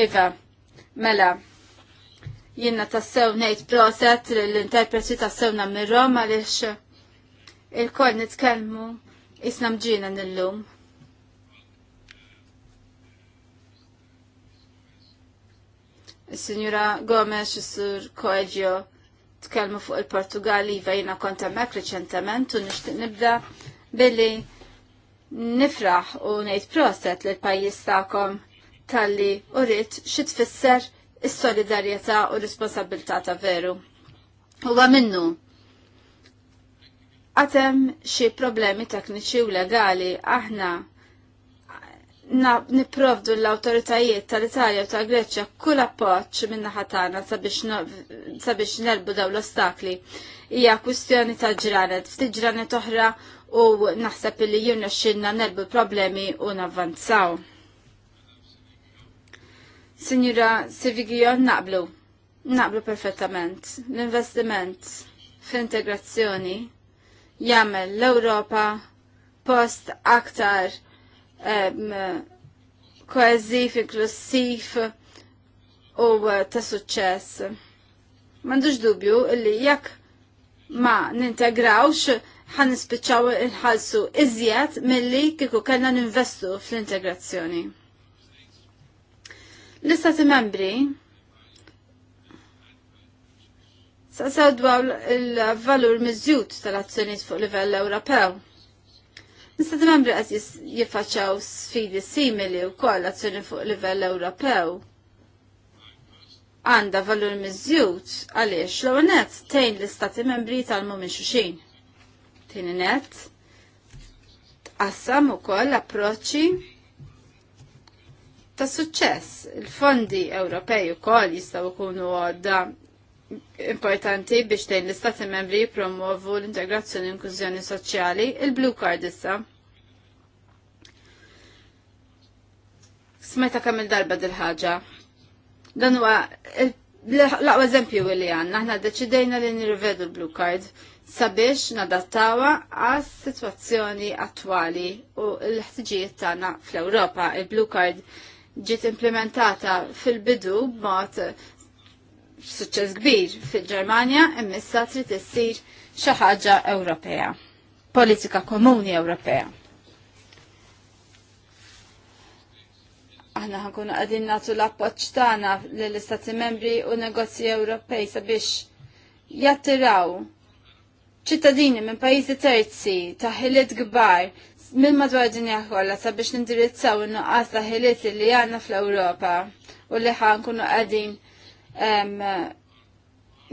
Eva, mela, jenna tassew nejt proset l-interpreti tassew roma għalix il-kol nitkelmu isna mġina nillum. Il-Sinjura Gomes, il-Sur Koegio, tkellmu fuq il-Portugali, iva, jina konta mek riċentement u nixtieq nibda billi nifraħ u ngħid proset lil pajjiż tal-li u rrit xi tfisser is-solidarjetà u responsabilità ta' veru. Huwa minnu għatem xie problemi tekniċi u legali aħna niprovdu l-autoritajiet tal-Italja u tal-Greċja kull appoċ minna ħatana sabiex nelbu daw l-ostakli. Hija kwistjoni ta' ġranet, ftit ġranet oħra u naħseb li jirna xinna nerbu problemi u navvanzaw. Signora Sivigio, naqblu, naqblu perfettament. L-investiment f'integrazzjoni jagħmel l-Ewropa post aktar um, inklusiv u eh, ta' suċċess. M'għandux dubju illi jekk ma nintegrawx ħan nispiċċaw il-ħalsu iżjed milli kieku kellna ninvestu fl-integrazzjoni. L-istati membri saqsaw dwar il-valur miżjud tal-azzjoniet fuq livell Ewropew. L-istati membri qed jiffaċċaw sfidi simili wkoll azzjoni fuq livell Ewropew għanda valur miżjud għaliex l-għonet tejn l-istati membri tal-mumin xuxin. Tieni tqassam ukoll approċċi ta' suċċess. Il-fondi Ewropej ukoll jistgħu jkunu għodda importanti biex tejn l-istati membri jipromuovu l-integrazzjoni u inklużjoni soċjali, il-blue card issa. Smeta kemm il-darba dil-ħaġa. Dan huwa L-aqwa eżempju li għanna, ħna deċidejna li nirvedu l-blue card sabiex nadattawa għas situazzjoni attwali u l-ħtiġijiet tagħna fl-Ewropa. Il-blue card ġiet implementata fil-bidu b'mod suċċess kbir fil-Ġermanja imma issa trid issir xi ħaġa Ewropea, politika komuni Ewropea. aħna ħankunu għadin natu l-appoċ tagħna lill-Istati Membri u negozji Ewropej sabiex jattiraw ċittadini minn pajjiżi terzi ta' gbar kbar minn madwar dinja kollha sabiex nindirizzaw in-nuqqas ta' li għandna fl-Ewropa u li ħankunu qegħdin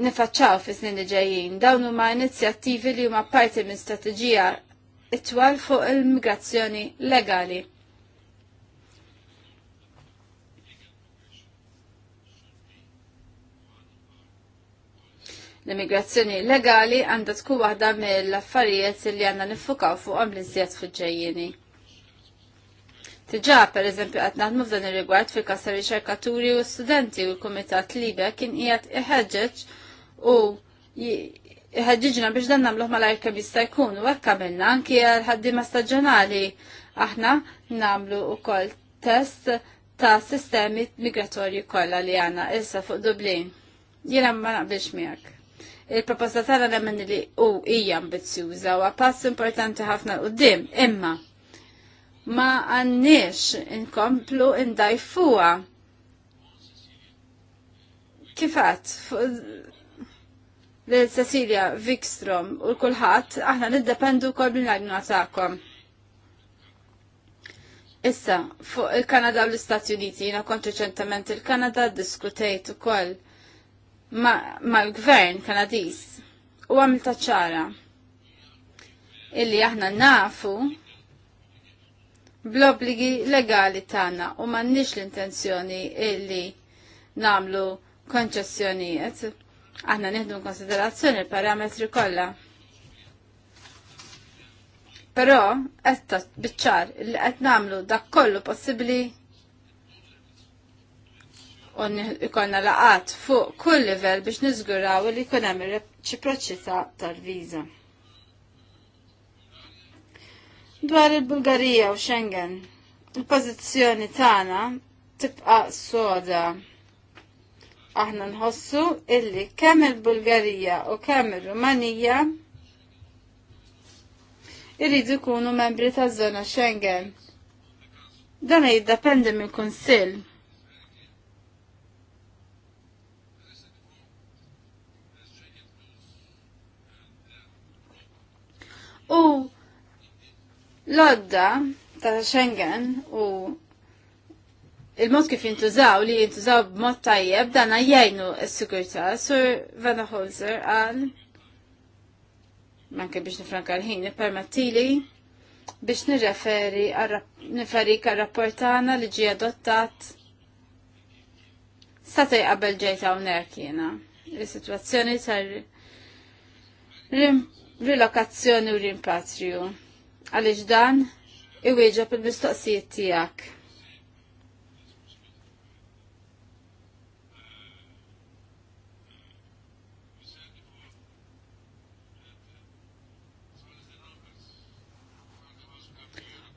nifacċaw fi snin li ġejjin. Dawn huma inizjattivi li huma parti minn strateġija itwal fuq il-migrazzjoni legali L-immigrazzjoni legali għandha tkun waħda mill-affarijiet li għandna nifukaw fuqhom l-iżjed fil-ġejjini. Tiġa, per eżempju, għat naħdmu f'dan ir-rigward fil-kas riċerkaturi u studenti u l-Kumitat Libe kien qiegħed iħeġġeġ u iħeġġiġna biex dan nagħmluh malajr kemm jista' jkun u hekk għamilna anki għal ħaddiema staġjonali aħna nagħmlu wkoll test ta' sistemi migratorji kollha li għandna issa fuq Dublin. Jiena ma naqbilx miegħek il-proposta tagħna nemmen li u hija ambizzjuża u pass importanti ħafna qudiem, imma ma għandniex inkomplu indajfuha. Kifat, lil Cecilia Wikstrom u l-kulħadd aħna niddependu wkoll minn għajnuna tagħkom. Issa, fuq il-Kanada u l-Istati Uniti, jina kont reċentament il-Kanada diskutejt ukoll koll mal-gvern ma kanadis u għamil taċċara illi aħna nafu bl-obligi legali tagħna u m'għandniex l-intenzjoni illi namlu konċessjonijiet. Aħna nieħdu konsiderazzjoni l-parametri kollha. Però qed biċċar li qed nagħmlu dak kollu possibbli ikonna laqat fuq kull livell biex niżguraw li jkun hemm ir-reċiproċità tal-viża. Dwar il-Bulgarija u Schengen, il-pożizzjoni tagħna tibqa' soda. Aħna nħossu illi kemm il-Bulgarija u kemm ir-Rumanija irridu jkunu membri taż-żona Schengen. Dan jiddependi mill-Kunsill. U l-odda ta' Schengen u il-mod kif jintużaw li jintużaw b'mod tajjeb dana jgħinu s-sigurta. Sur Vanna Holzer għal manke biex nifranka l-ħin permettili biex nirreferi niferik għal-rapportana li ġi adottat satej qabel ġejta unek jena. Il-situazzjoni tar rilokazzjoni u rimpatriju. Għaliex dan iwieġeb il-mistoqsijiet tiegħek.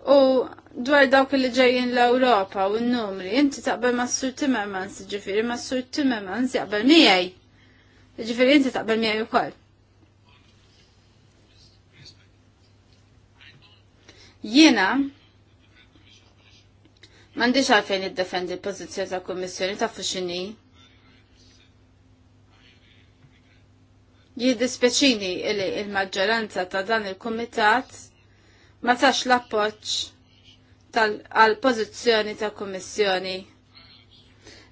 U dwar dawk li ġejjin l-Ewropa u n-numri, inti taqbel ma' s-sur Timmermans, ġifiri ma' s-sur Timmermans jaqbel miegħi. Ġifiri inti taqbel miegħi wkoll. Jiena m'għandix għalfejn id-defendi l-pożizzjoni ta' kummissjoni ta' fuxini. Jiddispeċini li il-maġġoranza ta' dan il-kumitat ma tax l-appoġġ tal-pożizzjoni ta' kummissjoni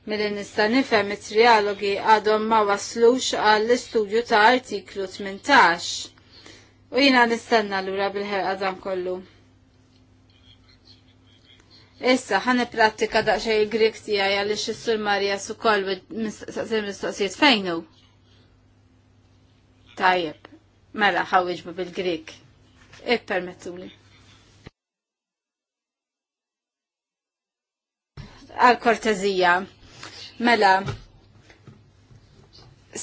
mill nista' nifhem it-trialogi għadhom ma waslux għall istudju ta' artiklu 18. U jina nistenna lura bil-ħerqa dan kollu. Issa, ħan pratika daċħe il-Grek tijaj għalli xissur Marja su kol mistaqsim mistoqsijiet fejnu. Tajjeb, mela ħawġbu bil-Grek. I e, permettu li. għal kortazija Mela,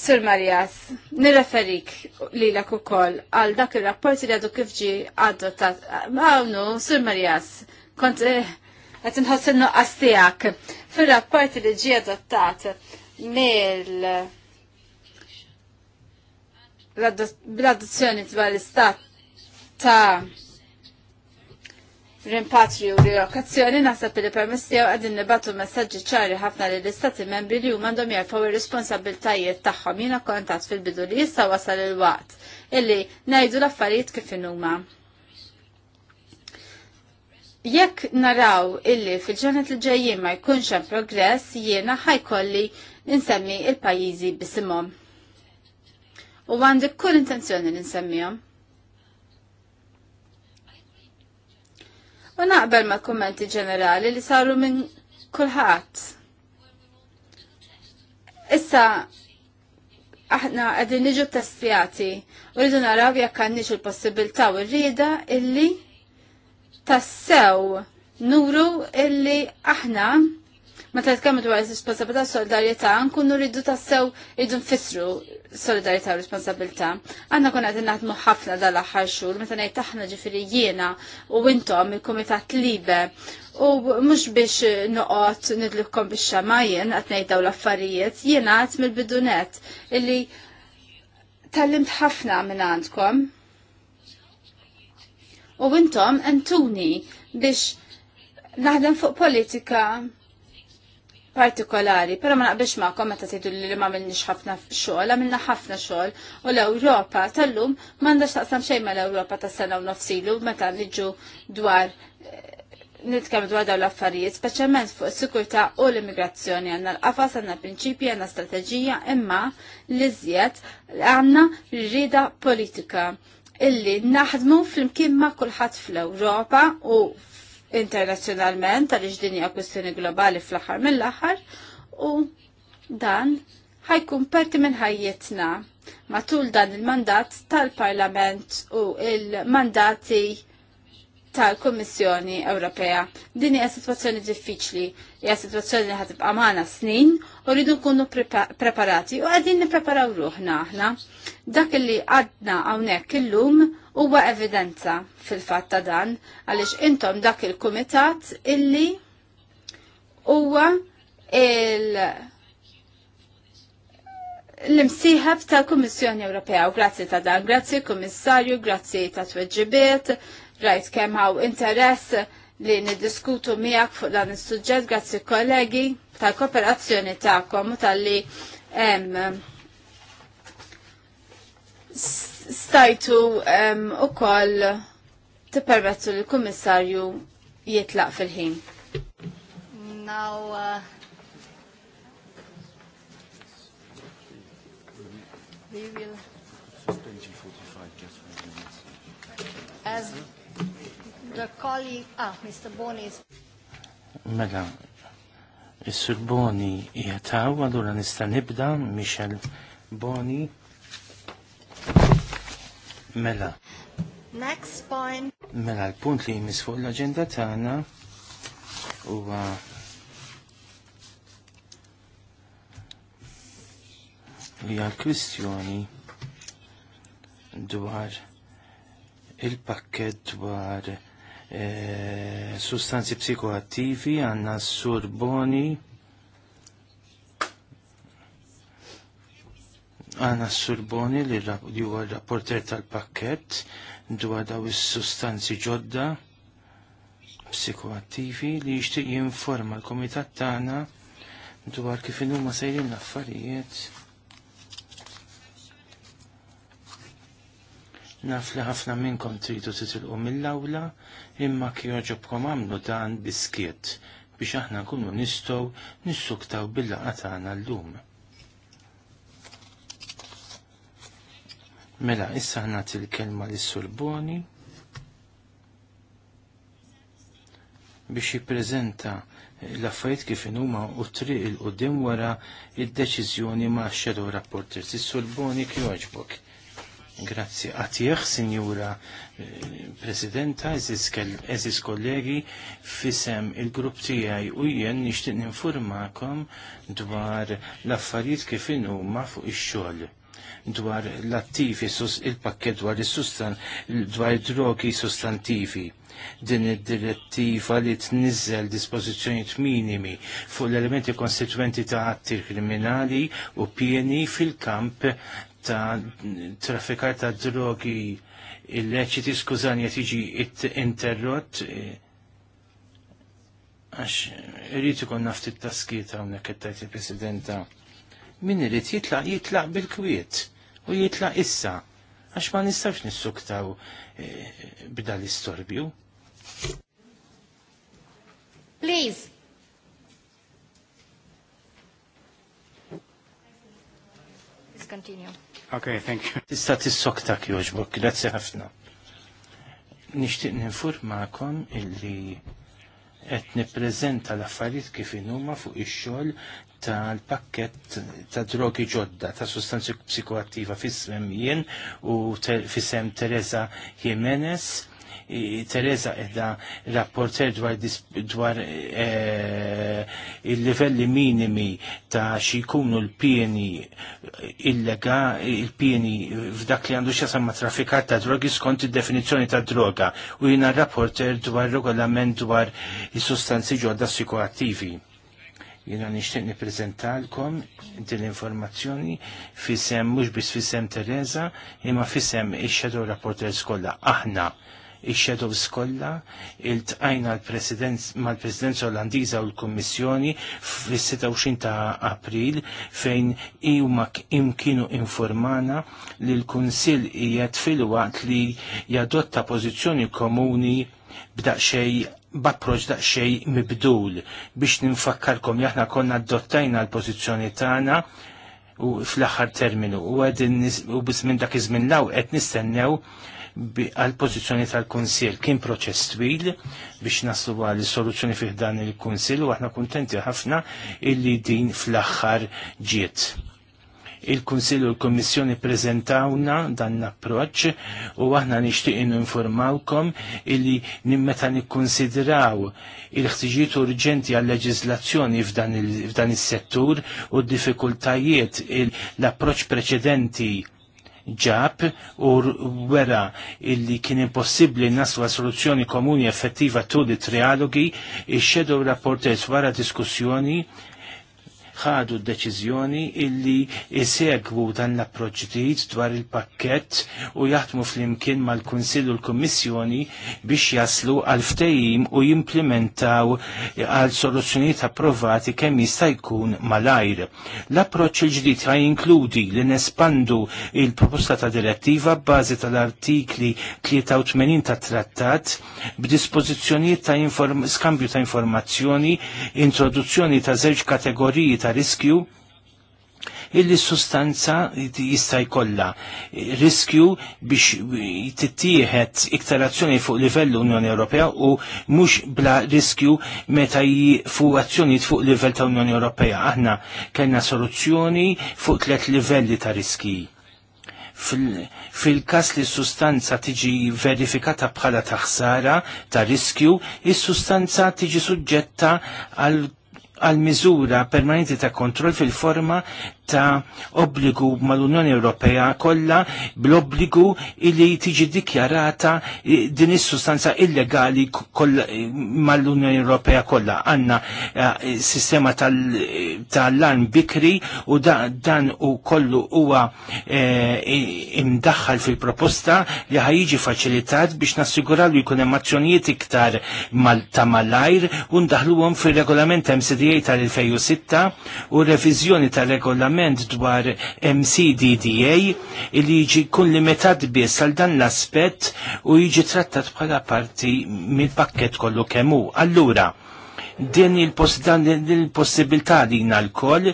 Sur Marjas, nirreferik li l ukoll għal dak il-rapport li għadu kif ġi għaddu ta' għawnu, Sur Marjas, kont eh, qed inħoss għastijak fil tiegħek. Fir-rapport li ġie adottat mill l-adozzjoni dwar l-istat ta' rimpatri u rilokazzjoni nasab li permessi għadin nibatu messagġi ċari ħafna li l-istati membri li huma għandhom jarfaw ir-responsabiltajiet tagħhom jiena kontat fil-bidu li jista' wasal il-waqt illi ngħidu l-affarijiet kif huma jekk naraw illi fil-ġenet l ġejjin ma jkunx hemm progress jiena ħajkolli insemmi il-pajjiżi bisimhom. U għandek kull intenzjoni li nsemmihom. U naqbel ma' kommenti ġenerali li saru minn kulħadd. Issa aħna qegħdin niġu testjati u rridu naraw jekk għandniex il-possibilità u rrida illi tassew nuru illi aħna meta tkellmu dwar responsabilità u solidarjetà nkunu rridu tassew irridu nfissru solidarieta u responsabilità. Għandna kun qegħdin naħdmu ħafna dal-aħħar xhur meta ngħid aħna ġifieri jiena u intom il-Kumitat Libe u mhux biex noqgħod nidlukkom bix-xamajjen qed ngħid dawn l-affarijiet, jiena qed mill-bidunet illi tallimt ħafna minn għandkom u intom entuni biex naħdem fuq politika partikolari, pero ma naqbix ma meta tgħidu li ma minnix ħafna xogħol, għamilna ħafna xogħol u l-Ewropa tal-lum m'għandax taqsam xejn mal-Ewropa tas-sena u nofsilu meta niġu dwar nitkellmu dwar dawn l-affarijiet, speċjalment fuq is-sikurtà u l-immigrazzjoni għandna l-qafas għandna prinċipji għandna strateġija imma li żjed għandna rida politika illi naħdmu flimkien ma' kulħadd fl-Ewropa u internazzjonalment għaliex din hija kwistjoni globali fl-aħħar mill-aħħar u dan ħajkun parti minn ħajjitna matul dan il-mandat tal-Parlament u il-mandati tal-Kommissjoni Ewropea. Din hija sitwazzjoni diffiċli, hija sitwazzjoni li ħatibqa' magħna snin u rridu nkunu preparati u għadin nipreparaw ruħna aħna. Dak li għadna hawnhekk illum huwa evidenza fil-fatt ta' dan għaliex intom dak il-kumitat illi huwa il l-imsieħab tal-Kummissjoni Ewropea u grazzi ta' dan, grazzi Kummissarju, grazzi ta' tweġibiet, rajt kemm hawn interess li niddiskutu miegħek fuq dan is-suġġett grazzi kollegi tal-kooperazzjoni tagħkom u tal-li stajtu ukoll tippermezzu li l-kummissarju jitlaq fil-ħin. Now, uh, we will... As the colleague, ah, Mr. Boni is... Mela, Is-sur Boni jataw, għallura nista nibda, Michel Boni. Mela. Next point. Mela, l-punt li jmiss fuq l-agenda tagħna huwa li għal-kwistjoni dwar il-pakket dwar Eh, sustanzi psikoattivi għanna surboni għanna surboni li huwa rapporter tal-pakket dwar daw is-sustanzi ġodda psikoattivi li jixtieq jinforma l-komitat tagħna dwar kif huma sejrin l-affarijiet. Naf li ħafna minnkom tridu titilqu mill-awla, imma kjoġobkom għamlu dan biskiet biex aħna nkunu nistgħu nissuktaw bil għatana tagħna llum. Mela issa ħna l-kelma lis surboni biex jippreżenta l-affarijiet kif inuma u triq il qoddim wara id-deċiżjoni ma' shadow rapporters. Is-Surboni kjoġbok. Grazzi. Għatieħ, Sinjura eh, Presidenta, eżis kollegi, fisem il-grupp tijaj u jien nishtiq ninformakom dwar l-affarijiet kif huma fuq ix-xogħol dwar l-attivi il-pakket dwar il-sustan dwar drogi sustantivi din id-direttiva li tniżel dispożizzjonijiet minimi fuq l-elementi konstituenti ta' atti kriminali u pieni fil-kamp ta' traffikar ta' drogi il-leċiti skużani qed jiġi interrott e, għax irrid ikun t taskiet hawnhekk qed il-Presidenta. Min irid jitlaq jitlaq bil-kwiet u jitlaq issa għax ma nistax nissuktaw e, b'dal istorbju. Please, continue. Okay, thank you. Tista tissoktak joġbok, grazzi ħafna. Nixtieq ninfurmakom illi qed nippreżenta l-affarijiet kif huma fuq ix-xogħol tal-pakket ta' drogi ġodda ta' sustanzi psikoattiva fis-sem jien u fis-sem Teresa Jimenez Teresa edha rapporter dwar, dwar eh, il-livelli minimi ta' xikunu l-pieni illega, il-pieni f'dak li għandu xasam ma' trafikat ta' drogi skont il-definizjoni ta' droga u jina rapporter dwar regolament dwar il-sustanzi ġodda psikoattivi. Jina nishtiq niprezentalkom din l-informazzjoni fisem, mux bis fisem Teresa, imma fisem il-Shadow rapporter skolla. Aħna ix-shadows kollha iltqajna mal-Presidenza Olandiża u l-Kummissjoni fis-26 ta' April fejn jumak kienu informana li l-Kunsill qiegħed filwaqt li jadotta pożizzjoni komuni b'daqsxejn b'approċ daqsxejn mibdul biex ninfakkarkom jahna konna adottajna l-pożizzjoni tagħna u fl-axar terminu u għedin u bismin dak iżmin law qed nistennew għal pożizzjoni tal-Kunsill kien proċess twil biex naslu għal soluzzjoni fih dan il-Kunsill u aħna kuntenti ħafna illi din fl-aħħar ġiet. Il-Kunsill u l-Kommissjoni prezentawna dan l-approċ u aħna nixtieq informawkom illi nimmeta nikkonsidraw il-ħtiġijiet urġenti għal leġiżlazzjoni f'dan is-settur u d-diffikultajiet l-approċ preċedenti ġab u wera illi kien impossibbli naswa soluzzjoni komuni effettiva tul it-trialogi, ix-shadow rapporters wara diskussjoni ħadu d-deċiżjoni illi isegwu dan l-approċċ ġdid dwar il-pakkett u jaħdmu flimkien mal-Kunsill u l-Kummissjoni biex jaslu għal ftehim u jimplementaw għal soluzzjonijiet approvati kemm jista' jkun malajr. L-approċċ il-ġdid jinkludi li nespandu il-proposta ta' direttiva bbażi tal-artikli 83 ta' trattat b'dispożizzjonijiet ta' skambju ta' informazzjoni, introduzzjoni ta' żewġ kategoriji ta' ta' riskju illi sustanza jista' jkollha riskju biex tittieħed iktar azzjoni fuq livell Unjoni Ewropea u mhux bla riskju meta jifu azzjonijiet fuq livell ta' Unjoni Ewropea. Aħna kellna soluzzjoni fuq tliet livelli ta' riski. Fil-kas li sustanza tiġi verifikata bħala ta' ħsara ta' riskju, il sustanza tiġi suġġetta għal għal mizura permanenti ta' kontroll fil-forma ta' obbligu mal-Unjoni Ewropea kollha bl-obbligu li tiġi dikjarata din is-sustanza illegali mal-Unjoni Ewropea kollha. Għandna eh, sistema tal-lan bikri u dan u kollu huwa eh, imdaħħal fil-proposta li ħajġi faċilitat biex nassiguraw li jkun hemm azzjonijiet iktar ta' malajr u ndaħluhom fir-regolament MCDA tal-2006 u reviżjoni tal-regolament regolament dwar MCDDA li jiġi kun limitat biss għal dan l-aspett u jiġi trattat bħala parti mill-pakket kollu kemmu. Allura, din il-possibilità din l koll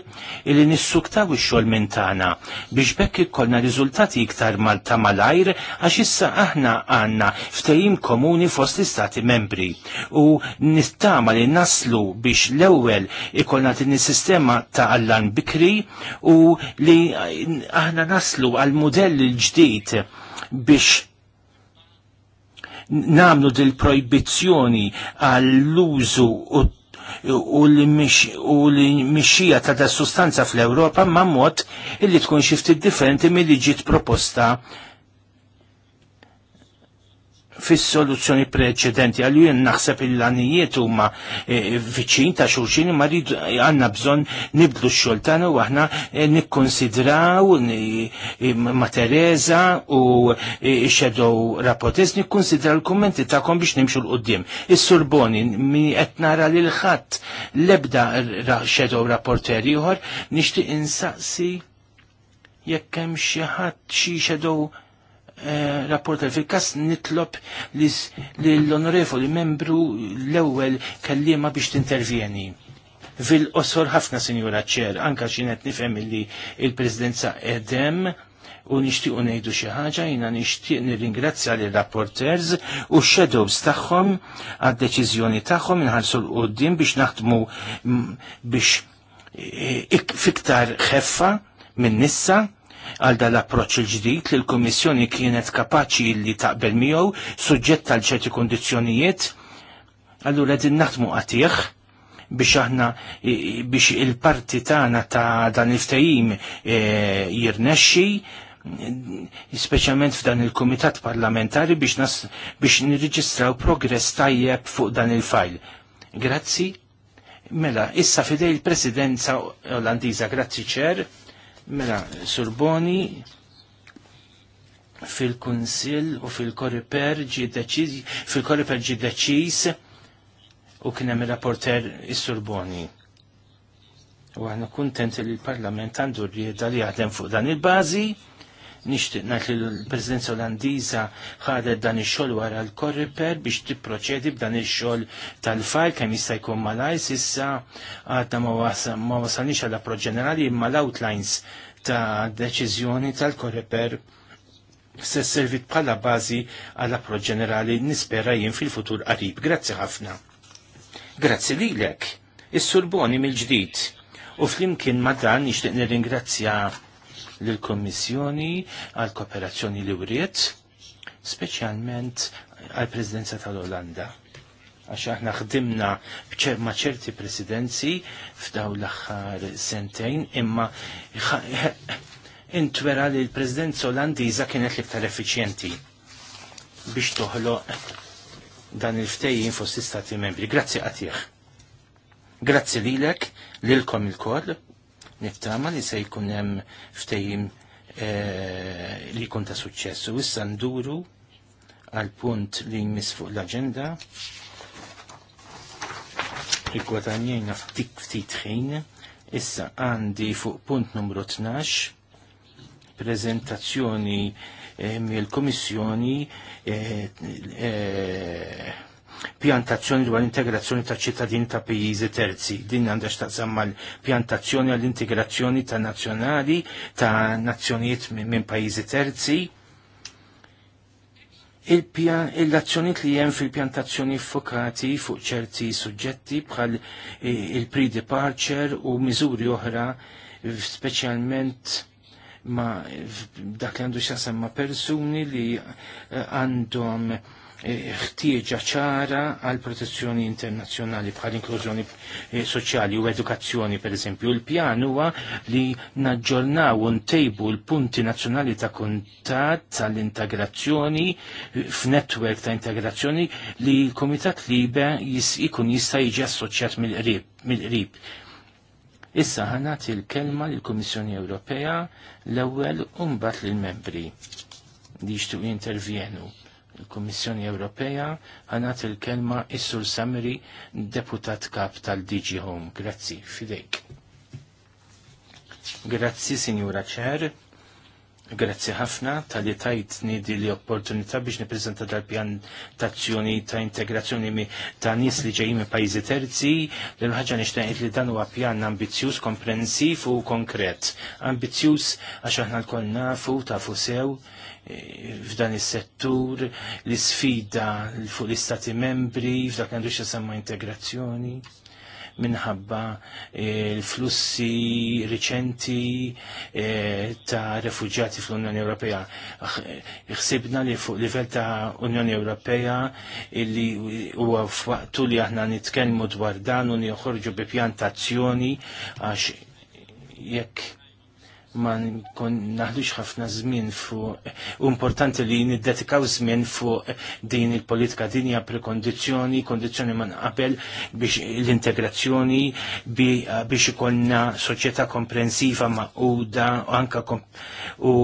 il nissuktaw ix-xogħol minn tagħna biex bekk ikollna riżultati iktar malta malajr għax issa aħna għandna ftejim komuni fost l-istati membri u nittama li naslu biex l-ewwel ikollna din is-sistema ta' allan bikri u li aħna naslu għal-modell il-ġdid biex namlu dil-projbizzjoni għall-użu u l mixija ta' da' sustanza fl-Europa ma' mod illi tkun xifti differenti mill liġit ġiet proposta fis-soluzzjoni preċedenti għal jien naħseb il-lanijiet huma e, viċin ta' xulxin ma rridu għandna bżonn nibdlu x-xogħol tagħna u aħna e, nikkonsidraw ma' Teresa u x-shadow rapporters nikkonsidraw l-kummenti tagħkom biex nimxu l qudiem Is-Sur Boni mi qed nara lil ħadd l-ebda shadow rapporter ieħor nixtieq insaqsi jekk hemm xi ħadd xi shadow Eh, Rapporta fil-kas nitlob li l-onorevoli membru l-ewwel kallima biex tintervjeni. Fil-qosor ħafna sinjura ċer, anka xinet nifhem li il-Presidenza edem u nixtiequ ngħidu xi ħaġa jiena nixtieq nirringrazzja lil rapporters u shadows tagħhom għad-deċiżjoni tagħhom inħarsu l-qudiem biex naħdmu biex eh, fiktar ħeffa minn nissa għal dal approċċ il-ġdid li l-Kummissjoni kienet kapaċi li taqbel miegħu suġġett għal ċerti kondizzjonijiet. Allura din naħdmu għatih biex aħna biex il-parti tagħna ta' dan il-ftehim e, jirnexxi speċjalment f'dan il-Kumitat Parlamentari biex nas biex nirreġistraw progress tajjeb fuq dan il-fajl. Grazzi. Mela, issa fidej il-Presidenza Olandiża, grazzi ċer. Mela, Surboni fil-Kunsil u fil-Koriper ġi deċiż, fil-Koriper ġi deċiż u kien hemm rapporter is-Surboni. U għana kuntent li l-Parlament għandu rrieda li jaħdem fuq dan il-bażi nixtieq ngħid li l-Presidenza Olandiża ħadet dan ix-xogħol wara l-korriper biex tipproċedi b'dan ix-xogħol tal-fajl kemm jista' jkun malajs issa għadna ma wasalniex għal approċ ġenerali imma l-outlines ta' deċiżjoni tal-korriper se servit bħala bażi għal approċ ġenerali nispera jien fil-futur qarib. Grazzi ħafna. Grazzi lilek. Is-Surboni mill-ġdid. U flimkien ma dan nixtieq nirringrazzja lill-Kommissjoni għal kooperazzjoni li wriet, speċjalment għal Presidenza tal-Olanda. Għax aħna ħdimna ma' ċerti presidenzi f'daw l-aħħar sentejn, imma intwera li l-Presidenza Olandiża kienet l-iktar effiċjenti biex toħloq dan il-ftejjin fost istati membri. Grazzi għatieħ. Grazzi lilek, lilkom il-koll Niftama li se jkun hemm ftehim eh, li jkun ta' suċċessu. Issa nduru għal punt li jmiss fuq l-aġenda. Igwadanjejna ftit ftit ħin. Issa għandi fuq punt numru 12 prezentazzjoni eh, mill-Komissjoni eh, pjantazzjoni dwar integrazzjoni ta' ċittadin ta' pajjiżi terzi. Din għandha x'taqsam mal-pjantazzjoni għall-integrazzjoni ta' nazzjonali ta' nazzjonijiet minn pajjiżi terzi. Il-azzjoniet li jem fil-pjantazzjoni fokati fuq ċerti suġġetti bħal eh, il-pre-departure u miżuri oħra specialment ma dak li għandu xasem ma persuni li eh, għandhom uh, Eh, ħtieġa ċara għal protezzjoni internazzjonali bħal inklużjoni eh, soċjali u edukazzjoni per eżempju. Il-pjan huwa li naġġornaw un ntejbu l-punti nazzjonali ta' kuntat tal-integrazzjoni eh, f'netwerk ta' integrazzjoni li l-Komitat Libe jkun jista' jiġi assoċjat mill-qrib. Issa ħanat il-kelma l-Komissjoni Ewropea l-ewwel u mbagħad lill-membri li jixtu intervjenu il-Kummissjoni Ewropea għanat il-kelma Issur Samri, deputat kap tal-DG Home. Grazzi, fidejk. Grazzi, Signora Ċer. Grazzi ħafna tal-li tajtni di li opportunità biex niprezenta dal-pjan tazzjoni ta' integrazzjoni ta' nis li ġejjin minn pajjiżi terzi, l ħaġa nixtieq li dan huwa pjan ambizjuż, komprensiv u konkret. Ambizjuż għax aħna lkoll nafu tafu sew f'dan is-settur, l-isfida fuq l-istati membri, f'dak għandu semma integrazzjoni minħabba eh, l-flussi riċenti eh, ta' refugġati fl-Unjoni Ewropea. Iħsibna li fuq livell ta' Unjoni Ewropea li huwa f'waqtu li aħna nitkellmu dwar dan u joħorġu bi pjantazzjoni għax jekk ma nkun naħdux ħafna żmien fuq u importanti li niddetikaw żmien fuq din il-politika din hija prekondizzjoni, kondizzjoni ma nqabel biex l-integrazzjoni biex ikonna soċjetà komprensiva ma u anka u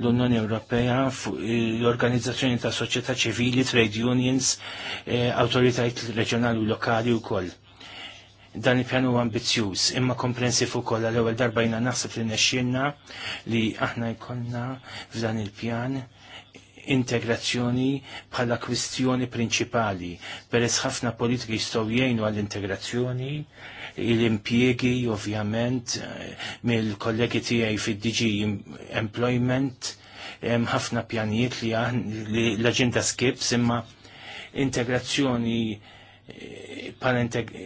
l-Unjoni Ewropea, l-Organizzazzjoni ta' Soċjetà Ċivili, Trade Unions, awtoritajiet eh, Autoritajiet Reġjonali u Lokali wkoll. Dan il-pjan huwa ambizjuż. imma komprensiv ukoll għal ewwel darba jiena naħseb li nesċinna li aħna jkollna f'dan il-pjan integrazzjoni bħala kwistjoni prinċipali. Peress ħafna politiki jistgħu jgħinu għall-integrazzjoni, l-impjiegi ovvjament mill-kollegi tiegħi fid-DG Employment, ħafna pjanijiet li, li l-aġenda skips imma integrazzjoni pan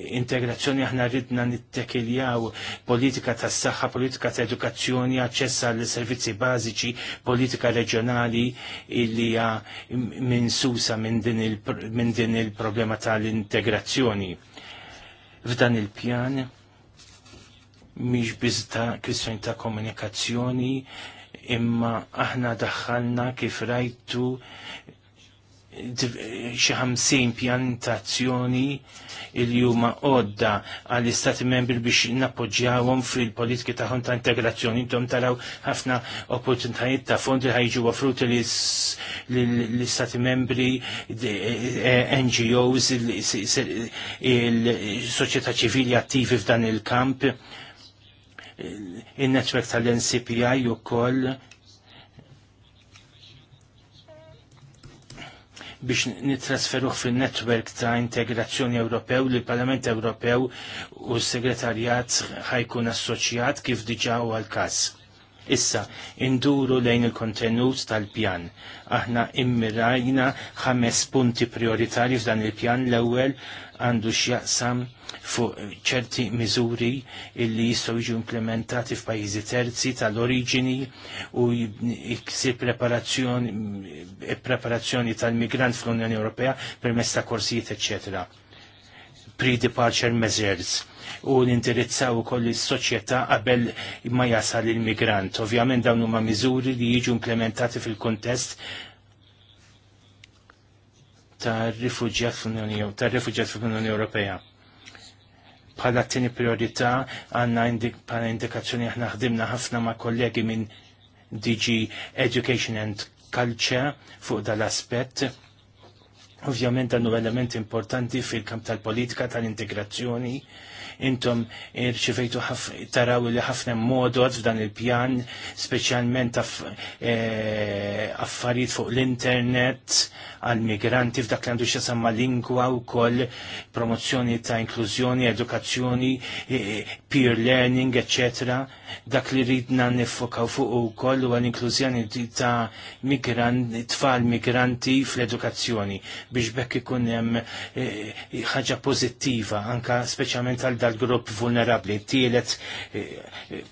integrazzjoni aħna ridna nittekiljaw politika tas saħħa politika ta' edukazzjoni, aċċess għall servizzi bażiċi, politika reġjonali illi hija minn susa minn din il-problema tal-integrazzjoni. F'dan il-pjan miex ta' kwistjoni ta' komunikazzjoni imma aħna daħħalna kif rajtu xi ħamsin pjantazzjoni il huma odda għall istati membri biex nappoġġjawhom fil-politiki tagħhom ta' integrazzjoni. Intom taraw ħafna opportunitajiet ta' fondi ħajġu offruti l-istati membri, e- e- NGOs, il-soċjetà ċivili attivi f'dan il-kamp, il-netwerk tal-NCPI u koll biex nitrasferuħ fin-netwerk ta' integrazzjoni Ewropew li l-Parlament Ewropew u s-Segretarjat ħajkun assoċjat kif diġa u għal-każ Issa, induru lejn il-kontenut tal-pjan. Aħna immirajna ħames punti prioritarji f'dan il-pjan l-ewwel għandu x'jaqsam fuq ċerti miżuri illi jistgħu jiġu implementati f'pajjiżi terzi tal-oriġini u jiksir preparazzjoni, preparazzjoni tal-migrant fl-Unjoni Ewropea permezz ta' korsijiet, eċċetera. Pre-departure measures u nindirizzaw ukoll is-soċjetà qabel ma jasal il-migrant. Ovvjament dawn huma miżuri li jiġu implementati fil-kuntest tar-rifuġjat fl-Unjoni tar-rifuġjat fl-Unjoni Ewropea. Bħala t-tieni priorità għandna bħala indikazzjoni aħna ħdimna ħafna ma' kollegi minn DG Education and Culture fuq dal-aspett Ovvjament għannu element importanti fil-kamp tal-politika tal-integrazzjoni intom irċivejtu taraw li ħafna modod f'dan il-pjan, speċjalment e, affarijiet fuq l-internet għal-migranti f'dak li għandu xasamma lingwa u koll promozzjoni ta' inklużjoni, edukazzjoni, e, e, peer learning, ecc. Dak li ridna nifokaw fuq u koll u għal-inklużjoni ta' tfal migranti fl-edukazzjoni biex bekk ikun hemm ħaġa pozittiva anka speċjalment għal dal-grupp vulnerabli. Tielet eh,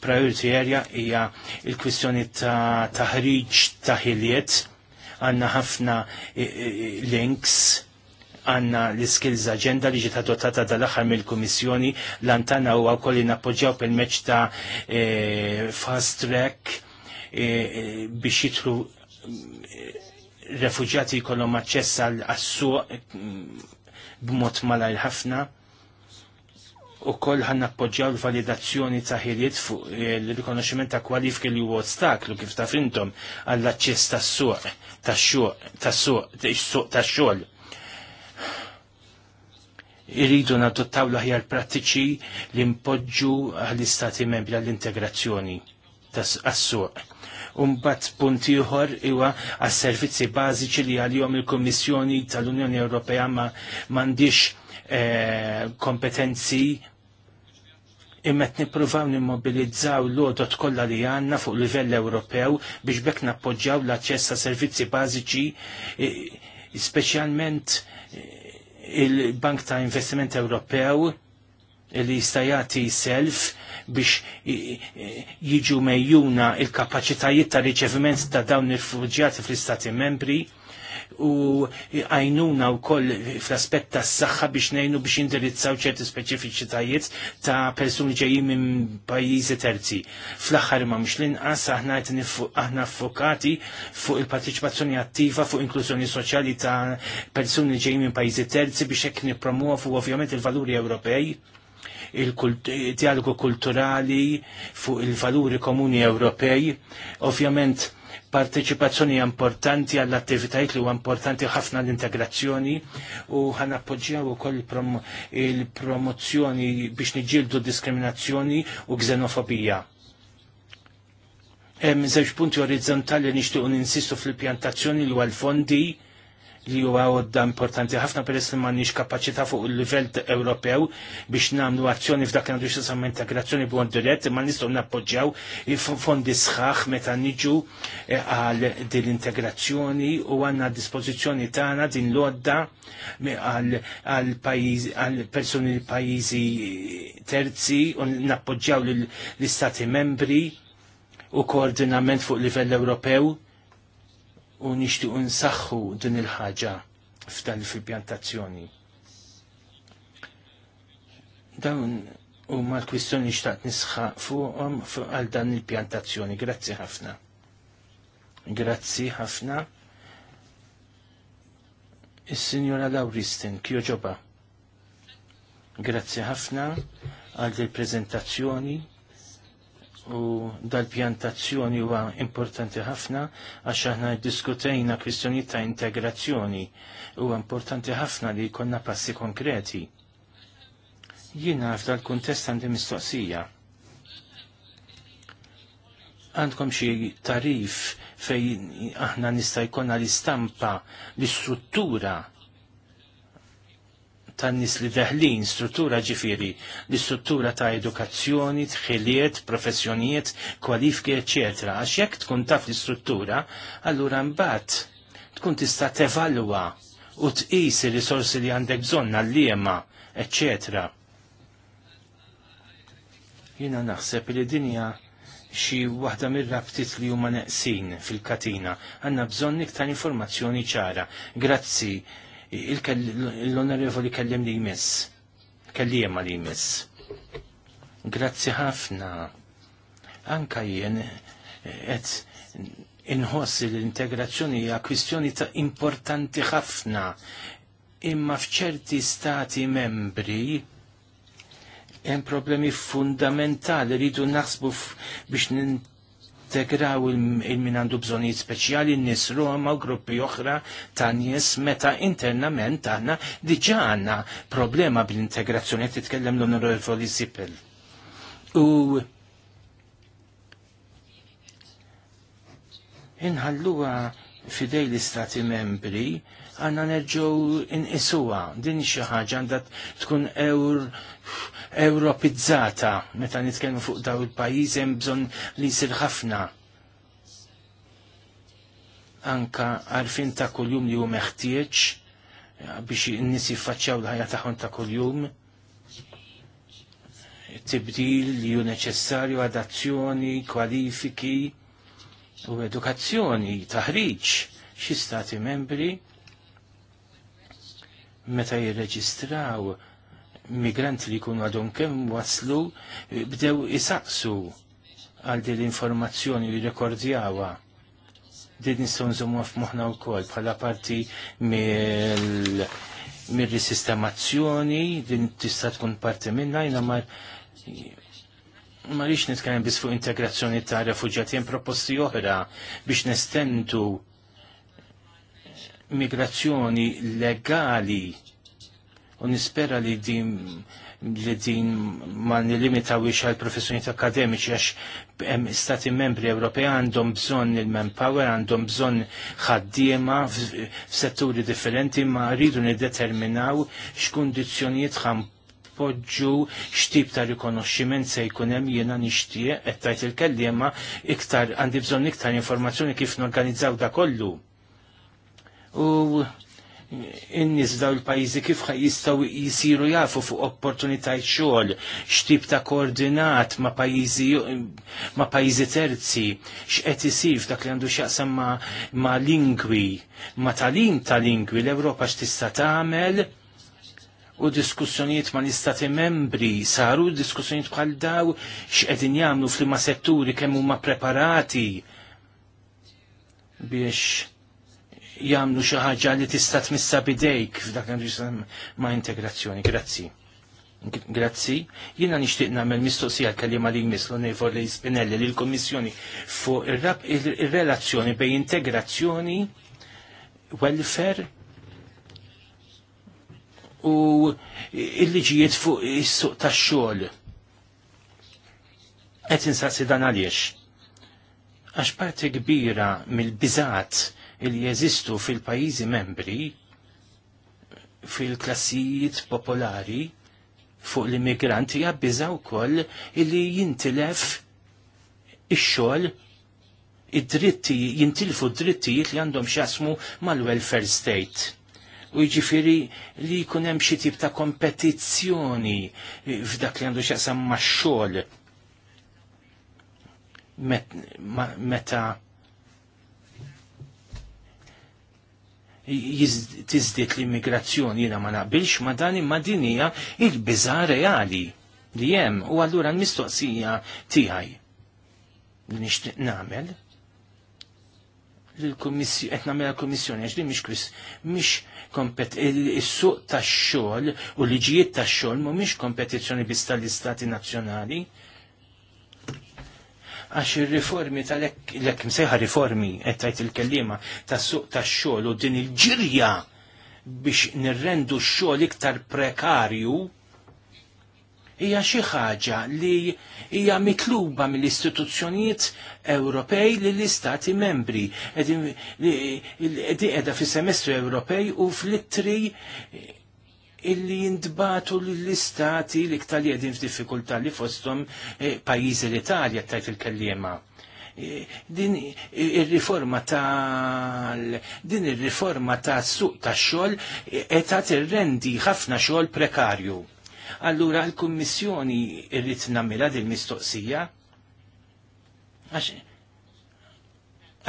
priority area hija il-kwistjoni ta' taħriġ taħiliet għanna ħafna eh, eh, links għanna l-skills agenda li ġiet adottata dal-aħħar mill-Kummissjoni l-Antana u wkoll li nappoġġjaw permezz ta' fast track biex jidħlu refugjati jkollhom aċċess għal assu b'mod malajr ħafna u koll ħan appoġġjaw l-validazzjoni ta' ħiliet fuq il-rikonoxximent eh, ta' kwalifiki li huwa ostaklu kif ta' fintom għall-aċċess tas-suq tax-xogħol ta' suq tax-xogħol. Iridu nadottaw l-aħjar prattiċi li mpoġġu għall-istati membri għall-integrazzjoni tas-suq. Umbat punt ieħor huwa għas-servizzi bażiċi li għalihom il-Kummissjoni tal-Unjoni Ewropea ma m'għandix eh, kompetenzi imma qed nippruvaw nimmobilizzaw l odot kollha li għandna fuq livell Ewropew biex bekk nappoġġjaw l-aċċess ta' servizzi bażiċi e, speċjalment e, il-Bank ta' Investiment Ewropew e, li jistajati self biex jiġu mejjuna il-kapacitajiet ta' riċeviment ta' dawn il-rifugjati fl-istati membri u għajnuna u koll fl-aspet ta' s-saxħa biex nejnu biex indirizzaw ċerti speċifiċitajiet ta' persuni ġejjin minn pajjiżi terzi. fl axar ma' mux l-inqas aħna aħna fokati fuq il-partiċipazzjoni attiva fuq inklużjoni soċjali ta' persuni ġejjin minn pajizi terzi biex hekk nippromuovu ovvjament il-valuri Ewropej il-dialogu kulturali fuq il-valuri komuni Ewropej, ovvjament parteċipazzjoni importanti għall attivitajiet li huwa importanti ħafna l-integrazzjoni u ħan ukoll il-promozzjoni biex niġġieldu diskriminazzjoni u xenofobija. Hemm żewġ punti orizzontali nixtiequ ninsistu fil-pjantazzjoni li huwa l-fondi li huwa għodda importanti ħafna peress li m'għandniex kapaċità fuq il-livell Ewropew biex nagħmlu azzjoni f'dak li għandu jisama integrazzjoni b'għon dirett ma nistgħu nappoġġjaw fondi sħaħ meta niġu eh, għal din integrazzjoni u għandna dispożizzjoni tagħna din l-għodda għal pajjiż għal pajjiżi terzi u nappoġġjaw l-istati membri u koordinament fuq livell Ewropew u nixtiequ nsaħħu din il-ħaġa f'dan fil-pjantazzjoni. Dawn huma l-kwistjoni nishtaq xtaqt nisħaq fuqhom għal dan il-pjantazzjoni. Grazzi ħafna. Grazzi ħafna. Is-Sinjora Lauristin, kjo ġoba. Grazzi ħafna għal il-prezentazzjoni u dal-pjantazzjoni huwa importanti ħafna għax aħna diskutejna kwistjoni ta' integrazzjoni u importanti ħafna li jkollna passi konkreti. Jiena f'dal kuntest għandi mistoqsija. Għandkom xi tarif fejn aħna nista' jkollna l-istampa, l-istruttura tan-nies li deħlin, struttura ġifiri, li struttura ta' edukazzjoni, tħiliet, professjonijiet, kwalifiki, ecc. Għax jekk tkun taf l struttura, allura mbagħad tkun tista' tevalwa u tqis ir-risorsi li għandek bżonn għall-liema, ecc. Jiena naħseb li dinja xi waħda mir-rabtit li huma neqsin fil-katina. Għandna bżonn iktar informazzjoni ċara. Grazzi l-onorevoli kellem li jmiss. Kellim li jmiss. Grazzi ħafna. Anka jien qed inħoss l-integrazzjoni hija kwistjoni ta' importanti ħafna imma f'ċerti stati membri hemm problemi fundamentali rridu naħsbu biex nintegraw il-min għandu bżonijiet speċjali n-nis Roma u gruppi oħra ta' nies meta internament għanna diġa għanna problema bil-integrazzjoni għet titkellem l-onorevoli Zipel. U inħalluwa fidej l-istati membri għanna nerġgħu inqisuha. Din xi ħaġa għandha tkun eur europizzata meta nitkellmu fuq daw il-pajjiż hemm bżonn li jsir ħafna. Anka għarfin ta' kuljum li hu meħtieġ biex in-nies jiffaċċjaw l-ħajja tagħhom ta' kuljum tibdil li hu neċessarju adazzjoni, kwalifiki u edukazzjoni, taħriġ xi stati membri meta jirreġistraw migranti li jkunu għadhom kemm waslu bdew isaqsu għal din l-informazzjoni li rekordjawa. Din nistgħu nżommu f'moħħna wkoll bħala parti mill-risistemazzjoni, din tista' tkun parti minnha jiena mar ma rix nitkellem biss fuq integrazzjoni ta' refuġjati hemm proposti oħra biex nestendu migrazzjoni legali u nispera li din li din ma nilimita wix għal professjoniet akademiċi għax stati membri Ewropej għandhom bżonn il-manpower, għandhom bżonn ħaddiema f'setturi differenti ma rridu niddeterminaw x'kundizzjonijiet ħampoġġu x'tip ta' rikonoxximent se jkun hemm jiena nixtieq qed tajt il-kelliema iktar għandi bżonn iktar informazzjoni kif norganizzaw da kollu u in-nies daw il-pajjiżi kif jistgħu jisiru jafu fuq opportunitajiet xogħol, x'tip ta' koordinat ma' pajjiżi ma' pajjiżi terzi, x'qed isir dak li għandu x'jaqsam ma', ma lingwi, ma' talim ta' lingwi l-Ewropa x'tista' tagħmel u diskussjonijiet ma' l-istati membri saru diskussjonijiet bħal daw x'qegħdin jagħmlu fl-ma setturi kemm huma preparati biex Jamlu xi ħaġa li tista' tmissa bidejk f'dak ma' integrazzjoni. Grazzi. Grazzi. Jiena nixtieq nagħmel mistoqsija l-kelliema li jmisslu l li Spinelli li l-Kommissjoni fuq ir-relazzjoni bejn integrazzjoni, welfare u il-liġijiet fuq is-suq tax-xogħol. Qed insaqsi dan għaliex. Għax parti kbira mill-biżat il jeżistu fil-pajjiżi membri fil-klassijiet popolari fuq l-immigranti jabbiża wkoll li jintilef ix-xogħol id-dritti jintilfu d-drittijiet li għandhom xasmu mal-welfare state. U jġifiri li jkun hemm xi tip ta' kompetizzjoni f'dak li għandu xaqsam max-xogħol meta tizdit l-immigrazzjoni jina ma naqbilx ma dan imma dinija il-biża reali li jem u għallura l-mistoqsija tiegħi li nixtieq nagħmel l komissjoni etna mela komissjoni, għax li mhix kwis mish kompet is-suq tax-xogħol u liġijiet tax-xogħol mhumiex kompetizzjoni biss tal-istati nazzjonali għax il-riformi tal-ek msejħa riformi għettajt il-kellima tas-suq tax-xogħol u din il-ġirja biex nirrendu x-xogħol iktar prekarju hija xi ħaġa li hija mitluba mill-istituzzjonijiet Ewropej li l-Istati membri qiegħda fis-semestru Ewropej u fl-ittri illi jindbatu l-istati li ktar jedin f'diffikultà li fostom eh, pajjiżi l-Italja tajt il-kellima. Eh, din il-riforma tal din il-riforma ta' suq ta' xogħol eh, il-rendi ħafna xogħol prekarju. Allura l-Kummissjoni irrid nagħmilha din mistoqsija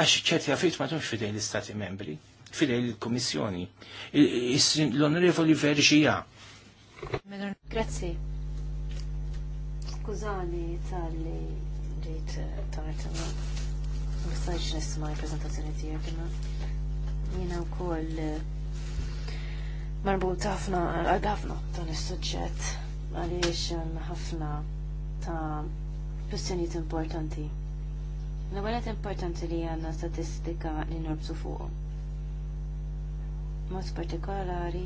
għax ċerti fit ma tumx fidejn l-Istati membri fil-Komissjoni. L-Onorevoli Verġija. Grazzi. Skużani tal-li ġejt tartana. Mistajx nisma il-prezentazzjoni tijak imma. Jena u koll eh, marbut ħafna, ħafna dan is-suġġett għaliex ħafna ta' kwistjonijiet importanti. l għalet importanti li għandna statistika li norbsu fuqhom mod partikolari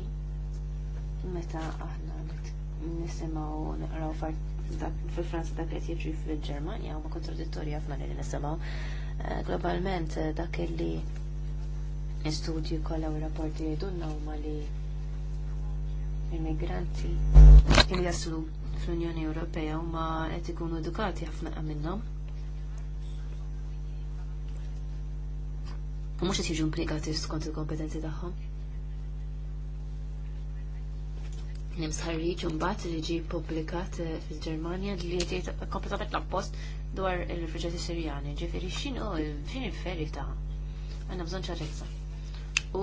meta aħna nisimgħu naqraw fil-Franza dak qed jiġri fil-Ġermanja huma kontradittorji ħafna li nisimgħu eh, globalment eh, dak li studji kollha u rapporti jgħidulna huma li immigranti li jaslu fl-Unjoni Ewropea huma qed ikunu edukati ħafna minnhom. U mhux qed jiġu impjegati skont il-kompetenzi tagħhom. kien hemm sħarriġ li ġie ppubblikat fil-Ġermanja li ġi eh, kompletament l-appost dwar il-rifuġjati Sirjani. Ġifieri x'inhu x'in il ta' Għandna bżonn ċarezza. U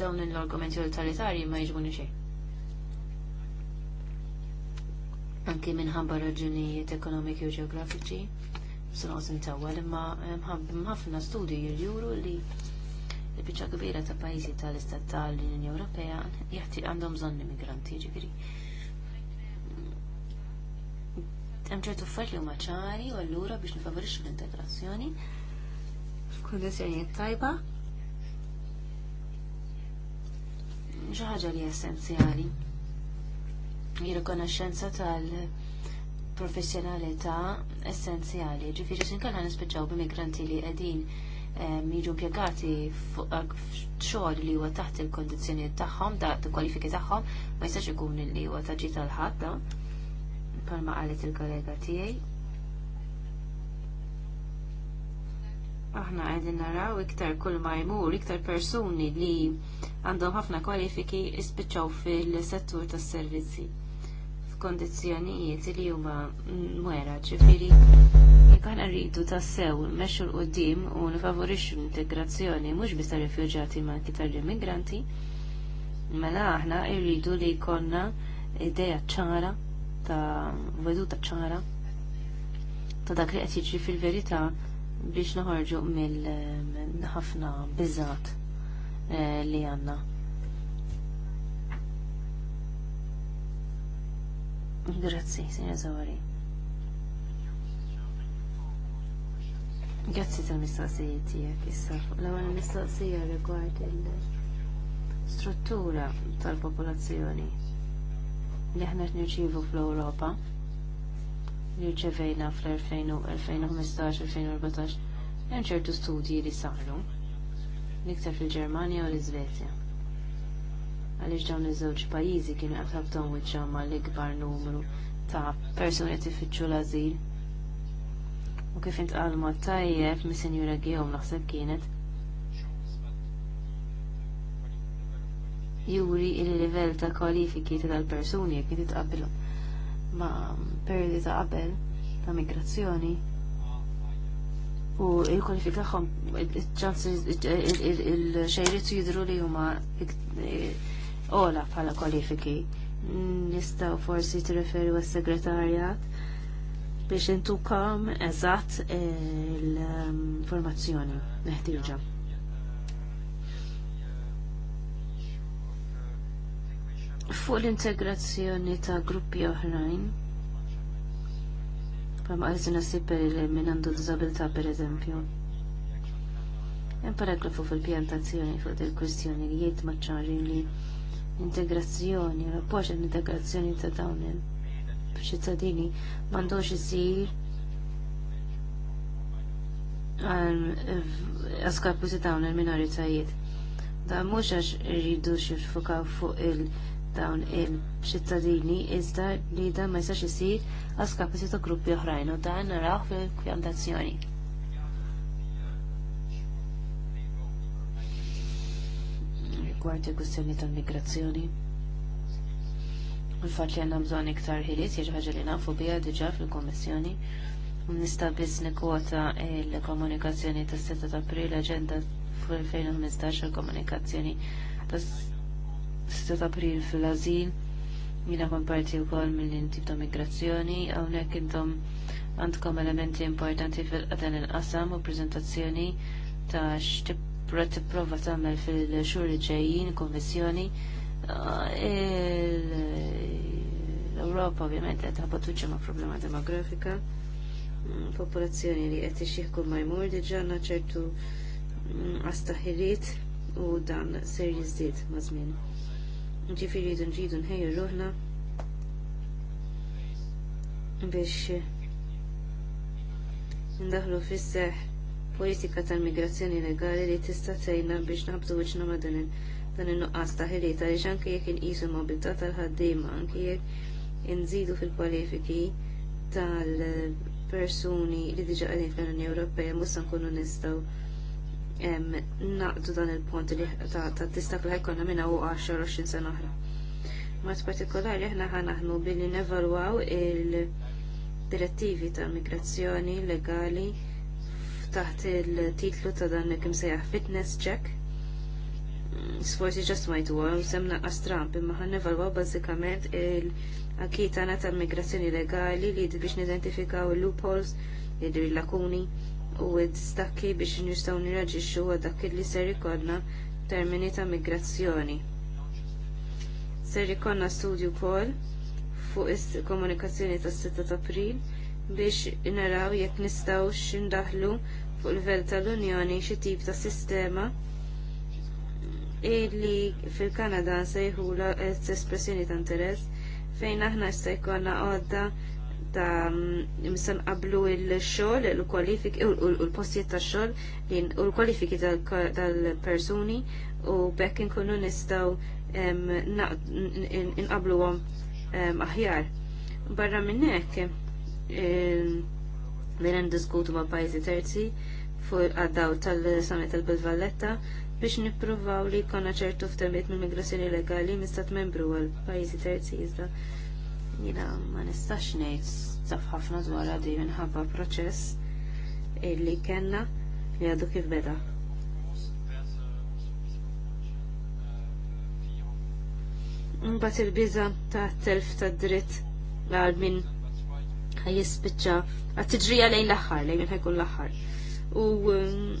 dawn l-argumenti totalitarji ma jiġbuni xejn. Anki minħabba raġunijiet ekonomiki u ġeografiċi, sunqos intawwal imma eh, ħafna studji juru li il-biċċa kbira ta' pajjiżi tal-Istat tal-Unjoni Ewropea jaħti għandhom bżonn immigranti, ġifieri. Hemm ċertu affarijiet li huma ċari u allura biex nifavorixxu l-integrazzjoni f'kundizzjonijiet tajba. Xi ħaġa li essenzjali. Jirrikonoxxenza tal- professjonalità essenzjali, ġifiri xinkalla nispiċaw b'immigranti li qegħdin jiġu impjegati eh, f'xogħol li huwa taħt il-kondizzjonijiet tagħhom, taħt il-kwalifiki tagħhom, ma jistax ikun li huwa ta' ġita l-ħadd ma qalet il-kollega tiegħi. Aħna qegħdin naraw iktar kull ma jmur, iktar persuni li għandhom ħafna kwalifiki ispiċċaw fil-settur tas-servizzi kondizzjonijiet li huma mwera ġifieri jekk aħna rridu tassew meċu l quddiem u nifavorixxu l-integrazzjoni mhux biss tar-refuġjati ma anke tal-immigranti, mela aħna rridu li jkollna idea ċara ta' veduta ċara ta' dak li qed jiġri fil-verità biex noħorġu mill ħafna biżat eh, li għandna Grazzi, signor Zawari. Grazzi tal-mistoqsijiet tiegħek issa. L-ewwel mistoqsija rigward il-struttura tal-popolazzjoni li aħna nirċievu fl-Ewropa li rċevejna fl-2015-2014 hemm ċertu studji li saru Liktar fil-Ġermanja u l-Iżvezja għaliex dawn iż-żewġ pajjiżi kienu qed ħabtom wiċċaw mal-ikbar numru ta' persuni qed ifittxu l-ażil. U kif intqal ma' tajjeb mis sinjura Gihom naħseb kienet. Juri il-livell ta' kwalifiki ta' tal-persuni jekk titqabbilhom ma' periodi ta' qabel ta' migrazzjoni u il-kwalifik tagħhom il ċansi il-xejriet jidru li huma ola bħala kwalifiki. Nistaw forsi t-referi għas-segretarjat biex kam eżatt l-formazzjoni neħtieġa. Fuq l-integrazzjoni ta' gruppi oħrajn, Pam għazin nasib minn għandu disabilità per eżempju. Hemm paragrafu fil-pjantazzjoni fuq il kwistjoni li jiet maċċarri li integrazzjoni, l-appoġġ integrazzjoni ta' dawn il-ċittadini m'għandux jisir għaskapu eh, ta' dawn il-minoritajiet. Da mhux għax irridu xirfukaw fuq il-dawn il-ċittadini, iżda li da' ma jisax jisir għaskapu ta' gruppi oħrajn u dan naraw fil kvjandazzjoni rigward il-kwistjoni tal-migrazzjoni. Il-fatt li għandhom bżonn iktar ħiliet jiġi ħaġa li nafu biha diġà fil-Kummissjoni. Nista' biss nikkwota l-komunikazzjoni tas-7 ta' April l-Aġenda u 2015 il-komunikazzjoni tas-6 April fil-Azil jina kon parti u kol mill-intib ta' migrazzjoni, għawnek intom għandkom elementi importanti fil-qadan il-qasam u prezentazzjoni ta' xtib tipprova tagħmel fil-xhur ġejjin kommissjoni ah, l-Ewropa ovvjament qed ħabbat ma' problema demografika, mm, popolazzjoni li qed kull ma jmur diġà ċertu għastaħiliet mm, u dan ser jiżdied ma' żmien. Ġifieri jridu nġidu nħejju ruħna biex ndaħlu fis-seħħ politika tal-migrazzjoni legali li tista' tgħinna biex nabdu wiċċna ma' dan in-nuqqas ta' ħiliet għaliex anke jekk inqisu mobilità tal-ħaddiema anke jekk inżidu fil-kwalifiki tal-persuni li diġà qegħdin fl-Unjoni Ewropea mhux se nkunu nistgħu naqdu dan il-pont li ta' tista' li ħajkonna minna u 10-20 sena oħra. Mat partikolari aħna ħanaħnu billi nevalwaw il- direttivi ta' migrazzjoni legali taħt il-titlu ta' dan kim sejjaħ fitness check. Mm, Sforsi ġast majtu għu semna għastramp imma ħan nevalwa bazzikament il-akitana ta' migrazzjoni legali li biex nidentifikaw il-loopholes, il-lakuni u id stakki biex nistaw nirraġiċu għadak li ser ikodna termini ta' migrazzjoni. Ser ikonna studju kol fuq is-komunikazzjoni tas-6 ta' april biex naraw jekk nistgħu x'indaħlu fuq livell tal-Unjoni xi tip ta' sistema illi fil-Kanada nsejħula espressjoni ta' interess fejn aħna jista' jkollna għodda ta' msan qablu il xol il kwalifik u l-postijiet tax-xogħol u l-kwalifiki tal-persuni u bekk inkunu nistgħu għom aħjar. Barra minn hekk Ehm, minn diskutu ma' pajzi terzi fuq għaddaw tal-samet tal-Bilvalletta biex nippruvaw li konna ċertu f'termiet mill migrazzjoni legali mistat membru għal pajjiżi terzi jizda jina ma nistax nejt taf ħafna dwar għadi minħabba proċess illi kellna li għadu kif beda. Mbagħad il biza ta' telf ta' dritt għal minn ħaj jispiċċa għat-tiġrija lejn l-aħħar, lejn minn ħajkun l-aħħar. U um,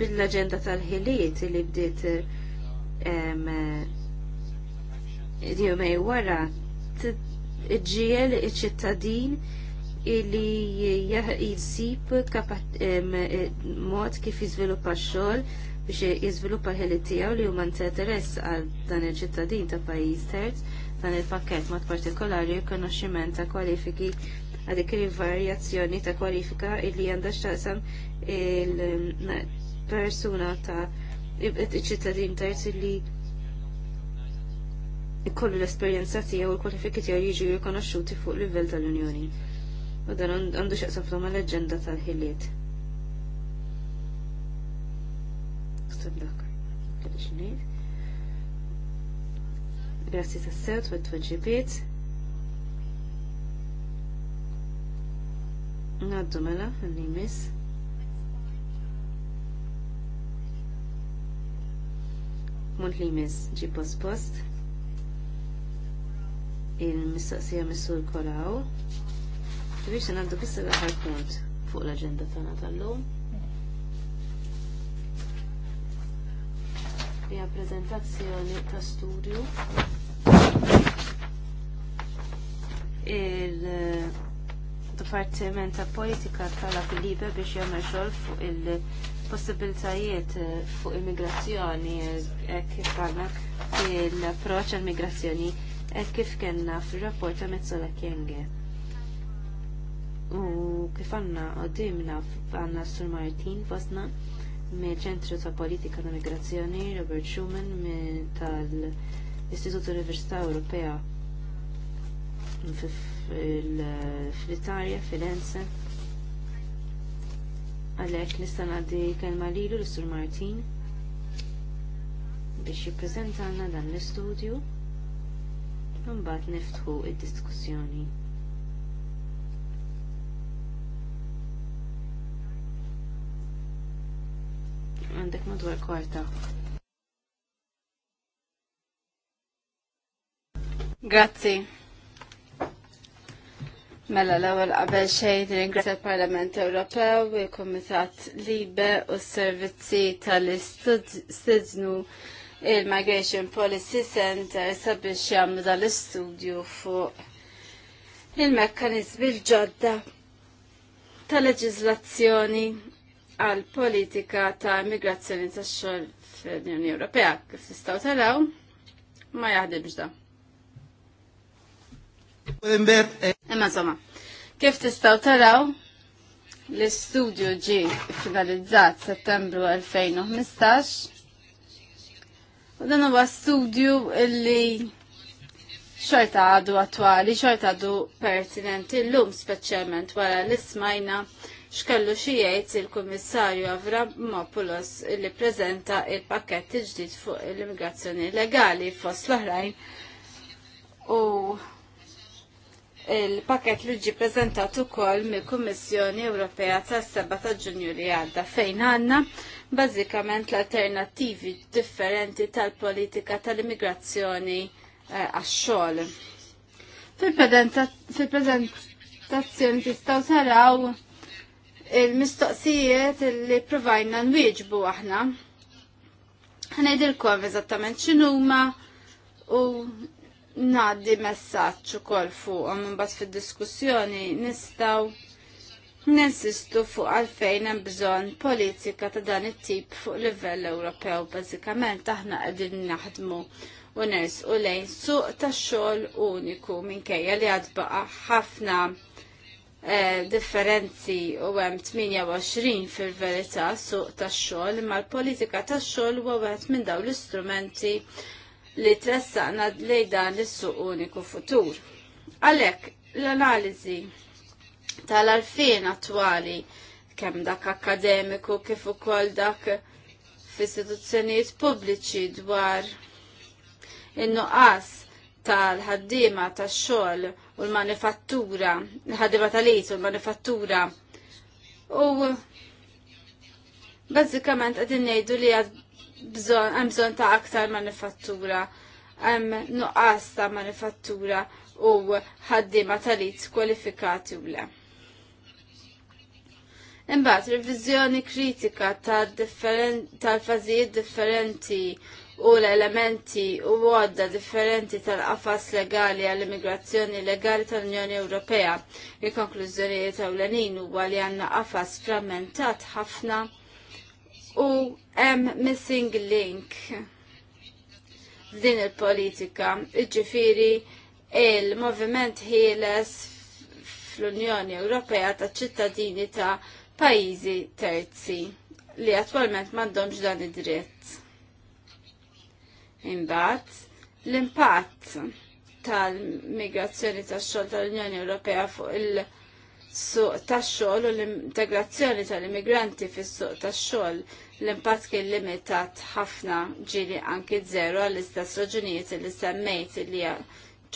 bil-agenda tal-ħiliet li bdiet jumej wara ġiel iċ-ċittadin illi jisib mod kif jizviluppa xogħol biex jizviluppa ħiliet tiegħu li huma interess għal dan il-ċittadin ta' pajjiż terz dan il-pakket mod partikolari rikonoxximent ta' kwalifiki għadik il-varjazzjoni ta' kwalifika illi għandha xtaqsam il-persuna ta' ċittadin terz li kollu l-esperienza tiegħu u l-kwalifiki tiegħu jiġu rikonoxxuti fuq livell tal-Unjoni. U dan għandu xaqsam fl l-aġenda tal-ħiliet. Stab dak. Kedix nejt. Grazzi tas-sew tweġibiet. Naddu mela għandi jmiss. Mont li jmiss ġi post-post. Il-mistoqsija missur kolaw. Ġiviex naddu kissa l-aħħar punt fuq l agenda tana tal-lum. hija prezentazzjoni ta' studju il-Dipartiment eh, ta' Politika tal Filipe biex jagħmel xogħol fuq il-possibilitajiet eh, fuq immigrazzjoni eh, kif għandna fil-approċċ għall-migrazzjoni kif kellna fir-rapport ta' Mezzola Kienge. U kif għandna għodimna għandna Sur Martin fosna me ċentru ta' politika ta' migrazzjoni Robert Schumann tal-Istitut Università Ewropea fl-Italja, ense Għalhekk nista' ngħaddi kelma lilu l-Sur Martin biex jippreżentalna dan l-istudju u mbagħad niftħu id-diskussjoni. għandek madwar kwarta. Grazzi. Mela l-ewwel qabel xejn ringrazzja l-Parlament Ewropew, il-Kumitat Libe u s-Servizzi tal-Istudnu il-Migration Policy Center sabiex jagħmlu dal-istudju fuq il mekkaniżmi l-ġodda tal leġiżlazzjoni għal politika ta' migrazzjoni ta' xogħol fl-Unjoni Ewropea kif tistgħu taraw ma jaħdibx da. Eh, Imma insomma, kif tistgħu taraw l-istudju ġi finalizzat settembru 2015 u dan huwa studju illi xorta għadu attuali, xorta għadu pertinenti l-lum speċjalment wara l-ismajna x'kellu xi jgħid il-Kummissarju Avramopoulos li prezenta il-pakkett ġdid fuq l-immigrazzjoni legali fost l-oħrajn u il-pakket li ġi prezentat ukoll mill-Kummissjoni Ewropea tas-7 ta' Ġunju li għadda fejn għandna bażikament l-alternattivi differenti tal-politika tal-immigrazzjoni eh, għax-xogħol. Fil-prezentazzjoni tistgħu taraw il-mistoqsijiet li provajna nwieġbu aħna. Ħnejdilkom eżattament x'inhuma u ngħaddi messaġġ ukoll fuqhom imbagħad fid-diskussjoni nistgħu ninsistu fuq għalfejn hemm bżonn politika ta' dan it-tip fuq livell Ewropew bażikament aħna qegħdin naħdmu u nersqu lejn suq tax-xogħol uniku minkejja li għadbaqa' ħafna Eh, differenzi u hemm 28 fil-verità suq tax-xogħol, imma l-politika tax-xogħol huwa wieħed minn dawn l-istrumenti li tressaqna lejn dan is-suq uniku futur. Għalhekk l-analiżi tal-arfien attwali kemm dak akademiku kif ukoll dak f'istituzzjonijiet pubbliċi dwar in-nuqqas tal-ħaddiema tax-xogħol u l-manifattura, l-ħadiba tal u l-manifattura. U bazzikament għadin nejdu li għad bżon ta' aktar manifattura, għem nuqqas ta' manifattura u ħaddima tal-ejt kwalifikati u le. Imbagħad reviżjoni kritika tal-fażijiet differenti u l-elementi u għadda differenti tal-qafas legali għall-immigrazzjoni legali tal-Unjoni Ewropea. Il-konklużjonijiet ewlenin huwa li għandna qafas frammentat ħafna u hemm missing link din il-politika. Iġifiri il-moviment ħieles fl-Unjoni Ewropea ta' ċittadini ta' pajjiżi terzi li attwalment m'għandhomx dan id-dritt. Imbagħad l-impatt tal-migrazzjoni tax-xogħol tal-Unjoni Ewropea fuq il-suq tax-xogħol u l-integrazzjoni tal-immigranti fis-suq tax-xogħol l-impatt kien limitat ħafna ġieli anki zero għall-istess raġunijiet li semmejt li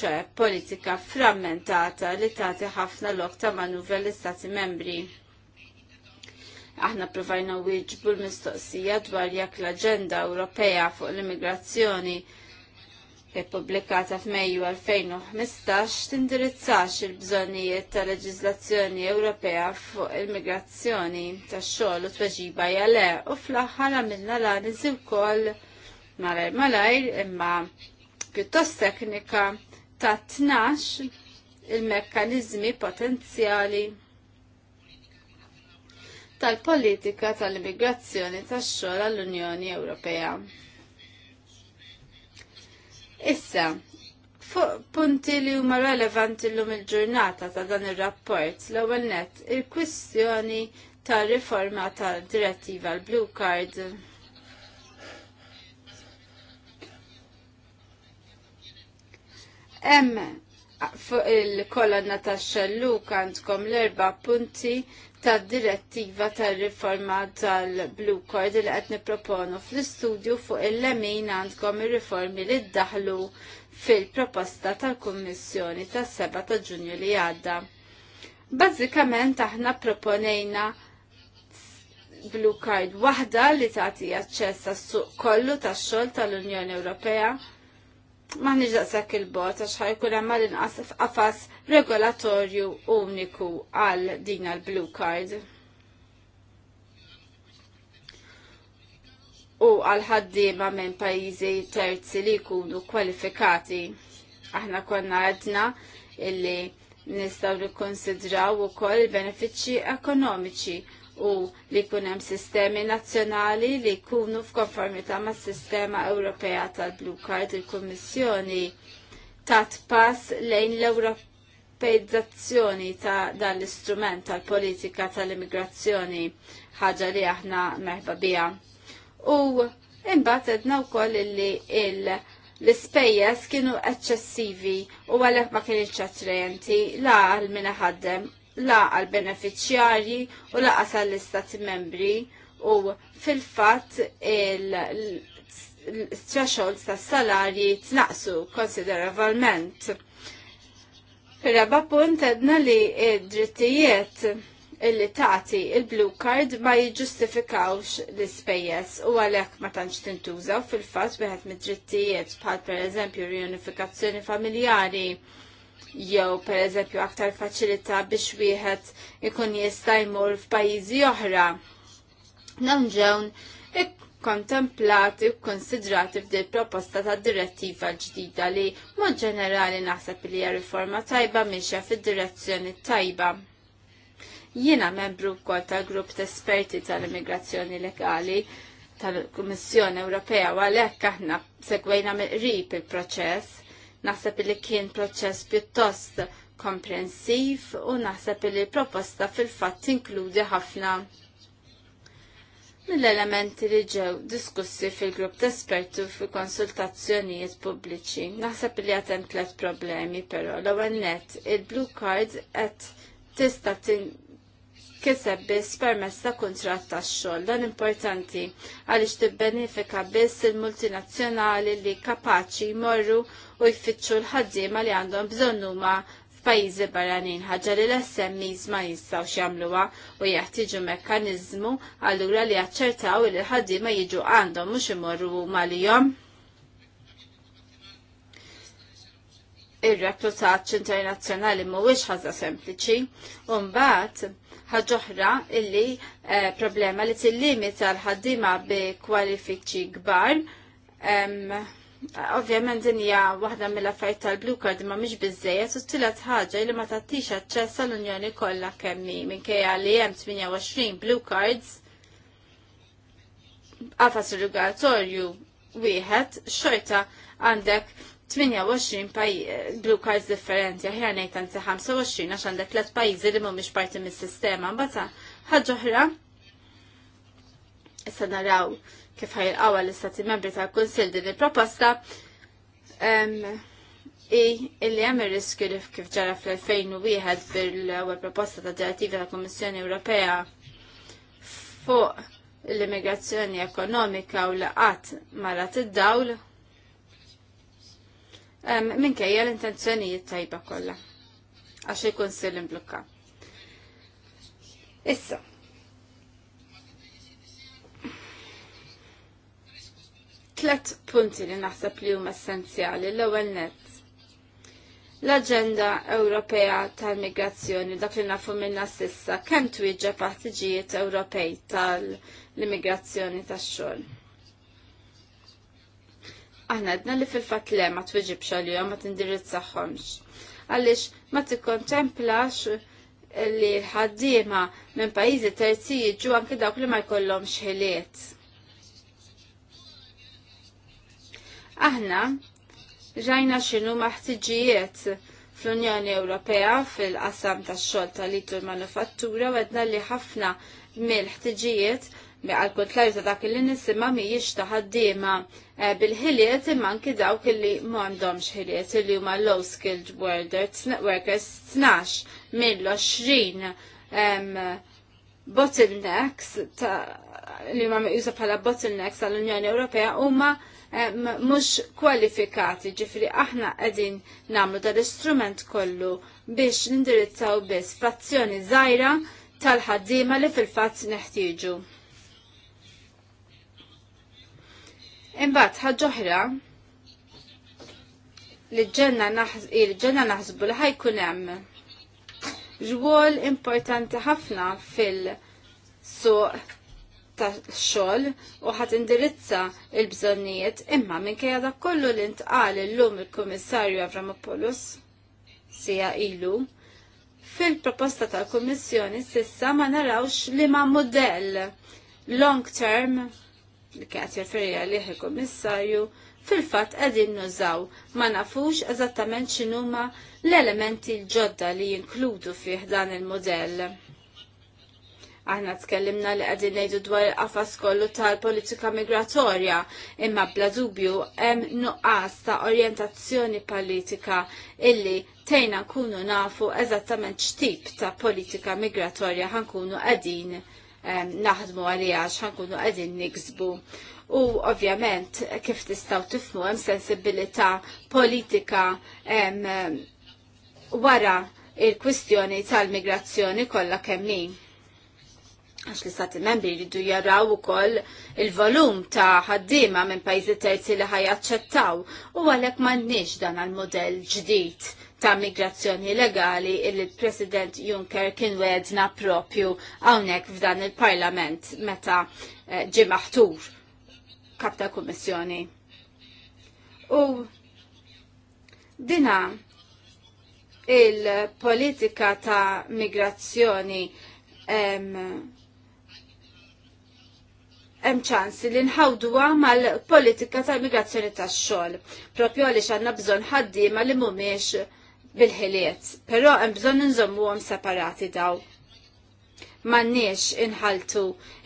ċe politika frammentata li tagħti ħafna lok ta' manuvra l-Istati membri. Aħna provajna wieġbu l-mistoqsija dwar jekk l-Aġenda Ewropea fuq l-immigrazzjoni ippubblikata f'Mejju 2015 tindirizzax il-bżonnijiet ta' leġiżlazzjoni Ewropea fuq il immigrazzjoni tax-xogħol u tweġiba jale u fl-aħħar għamilna l-analiżi wkoll malajr malajr imma pjuttost teknika ta' 12 il-mekkanizmi potenzjali tal-politika tal-immigrazzjoni tax-xogħol għall-Unjoni Ewropea. Issa, fuq punti li huma relevanti llum il-ġurnata ta' dan ir-rapport l-ewwel nett il-kwistjoni tar-riforma tad-direttiva l-Blue Card. Hemm fuq il-kolonna tax xelluk għandkom l-erba' punti ta' direttiva ta' riforma tal-Blue Card li qed nipproponu fl-istudju fuq il-lemin għandkom ir-riformi li ddaħlu fil-proposta tal-Kummissjoni tas-7 ta' Ġunju li għadda. Bażikament aħna proponejna blue card waħda li tagħti ti għas-suq kollu tax-xogħol tal-Unjoni Ewropea ma nġdaqsek il-bot għax ħajkun hemm l-inqas f'qafas regolatorju uniku għal din l-blue card. U għal ħaddiema minn pajjiżi terzi li jkunu kwalifikati. Aħna konna għedna illi nistgħu u ukoll il-benefiċċji ekonomiċi u li jkun hemm sistemi nazzjonali li jkunu f'konformità mas sistema Ewropea tal-Blue Card il-Kummissjoni tat pass lejn l-Ewropa ta' dan l-istrument tal-politika tal-immigrazzjoni ħaġa li aħna meħba bija. U imbagħad edna wkoll li l-ispejjeż kienu eċċessivi u għalhekk ma kienx attrajenti la għal min ħaddem la għal beneficjarji u la l istati membri u fil-fat il threshold ta' salarji tnaqsu konsiderevalment. Raba punt edna li id-drittijiet illi tagħti il-blue card ma jiġġustifikawx l-ispejjeż u għalhekk ma tantx tintużaw fil-fatt wieħed mid-drittijiet bħal pereżempju reunifikazzjoni familjari jew per eżempju aktar faċilità biex wieħed ikun jista' jmur f'pajjiżi oħra. Dawn ġewn ikkontemplati u konsidrati f'dil proposta ta' direttiva ġdida li mod ġenerali naħseb li hija riforma tajba mixja fid-direzzjoni tajba. Jiena membru wkoll tal-grupp ta' esperti tal-immigrazzjoni legali tal-Kummissjoni Ewropea u għalhekk aħna segwejna mill-qrib il-proċess Naħseb li kien proċess pjuttost komprensiv u naħseb li proposta fil-fatt tinkludi ħafna mill-elementi li ġew diskussi fil-grupp t-espertu fil-konsultazzjonijiet pubbliċi. Naħseb li għatem tlet problemi, pero l ewwel il-blue card qed tista' kiseb biss permess ta' kuntratt tax-xogħol. Dan importanti għaliex tibbenifika biss il-multinazzjonali li kapaċi jmorru u jfittxu l-ħaddiema li għandhom bżonn huma f'pajjiżi barranin ħaġa li l-SMEs ma jistgħux jagħmluha u jeħtieġu mekkaniżmu allura li jaċċertaw li l-ħaddiema jiġu għandhom mhux imorru huma lihom. ir-reklutaċ internazzjonali mhuwiex ħaġa sempliċi, u mbagħad ħaġoħra illi eh, problema li tillimita l-ħaddima bi kwalifiċi gbar. Ovvijament Ovvjament din hija waħda mill-affarijiet tal-Blue Card ma mhix biżejjed u t-tilat ħaġa li ma tagħtix aċċess għall-Unjoni kollha kemm hi minkejja li hemm 28 Blue Cards qafas irrigatorju wieħed xorta għandek 28 paj eh, blue cards differenti, ħjar ngħid anzi 25 għax għandek tliet pajjiżi li mhumiex parti mis-sistema, m'bata. ħaġa oħra issa naraw kif ħajlqawa l-istati membri tal-Kunsill din il-proposta i illi hemm ir-riskju li kif ġara fl-2001 bil-ewwel proposta ta' direttiva ta' Kummissjoni Ewropea fuq l-immigrazzjoni ekonomika u l-għat marat id-dawl minkejja l-intenzjonijiet tajba kollha għax ikun sir imblukka. Issa. Tlet punti li naħseb li huma essenzjali l-ewwel nett. L-Aġenda Ewropea tal-Migrazzjoni dak li nafu minna sissa kemm twieġeb ħtiġijiet Ewropej tal-immigrazzjoni tax-xogħol. Aħna għedna li fil-fat le ma twiġibx xalju, ma tindirizzaħħomx. Għaliex ma t-kontemplax li l-ħaddiema minn pajjiżi terzi jiġu anke dawk li ma jkollhomx ħiliet. Aħna ġajna xinu maħtiġijiet fl-Unjoni Ewropea fil-qasam tax-xogħol tal-litur manufattura u għedna li ħafna mill-ħtiġijiet għal kontrarju ta' dak li nisimma mhijiex ta' ħaddiema eh, bil-ħiliet imma anki dawk li m'għandhomx ħiliet li huma low skilled workers 12 mill-20 bottlenecks ta' li ma meqjusa bħala bottlenecks tal-Unjoni Ewropea huma mhux kwalifikati, ġifri aħna qegħdin nagħmlu dal-istrument kollu biex nindirizzaw biss frazzjoni żgħira tal-ħaddiema li fil-fatt neħtieġu. Imbagħad ħaġoħra li ġenna naħsbu li ħajkun hemm rwol importanti ħafna fil-suq ta' xogħol u ħadd indirizza l-bżonnijiet imma minkejja dak kollu li ntqal illum il-Kummissarju Avramopoulos sija ilu fil-proposta tal-Kummissjoni sissa ma narawx li ma' modell long term li kħat referija liħ il-Komissarju, fil-fat għedin nużaw ma nafux eżattament x'inhuma l-elementi l-ġodda li jinkludu fih dan il-modell. Aħna tkellimna li qegħdin ngħidu dwar il-qafas kollu tal-politika migratorja, imma bla dubju hemm nuqqas ta' orjentazzjoni politika illi tejna nkunu nafu eżattament x'tip ta' politika migratorja ħankunu qegħdin naħdmu għalija xankunu għedin niksbu. U ovvjament kif tistaw tifmu hemm sensibilità politika em, wara il-kwistjoni tal-migrazzjoni kollha kemmin għax li sati membri jridu jaraw ukoll il-volum ta' ħaddiema minn pajzi terzi li ħajaċċettaw u għalhekk m'għandniex dan għall-modell ġdid ta' migrazzjoni legali illi l-President Juncker kien wedna propju għawnek f'dan il-Parlament meta eh, ġimaħtur maħtur kap ta' kummissjoni. U dina il-politika ta' migrazzjoni hemm ċans li nħawduha mal-politika ta' migrazzjoni tax-xogħol, propju għaliex għandna bżonn ħaddiema li mhumiex bil-ħiliet, però hemm bżonn inżommuhom separati daw. M'għandniex inħaltu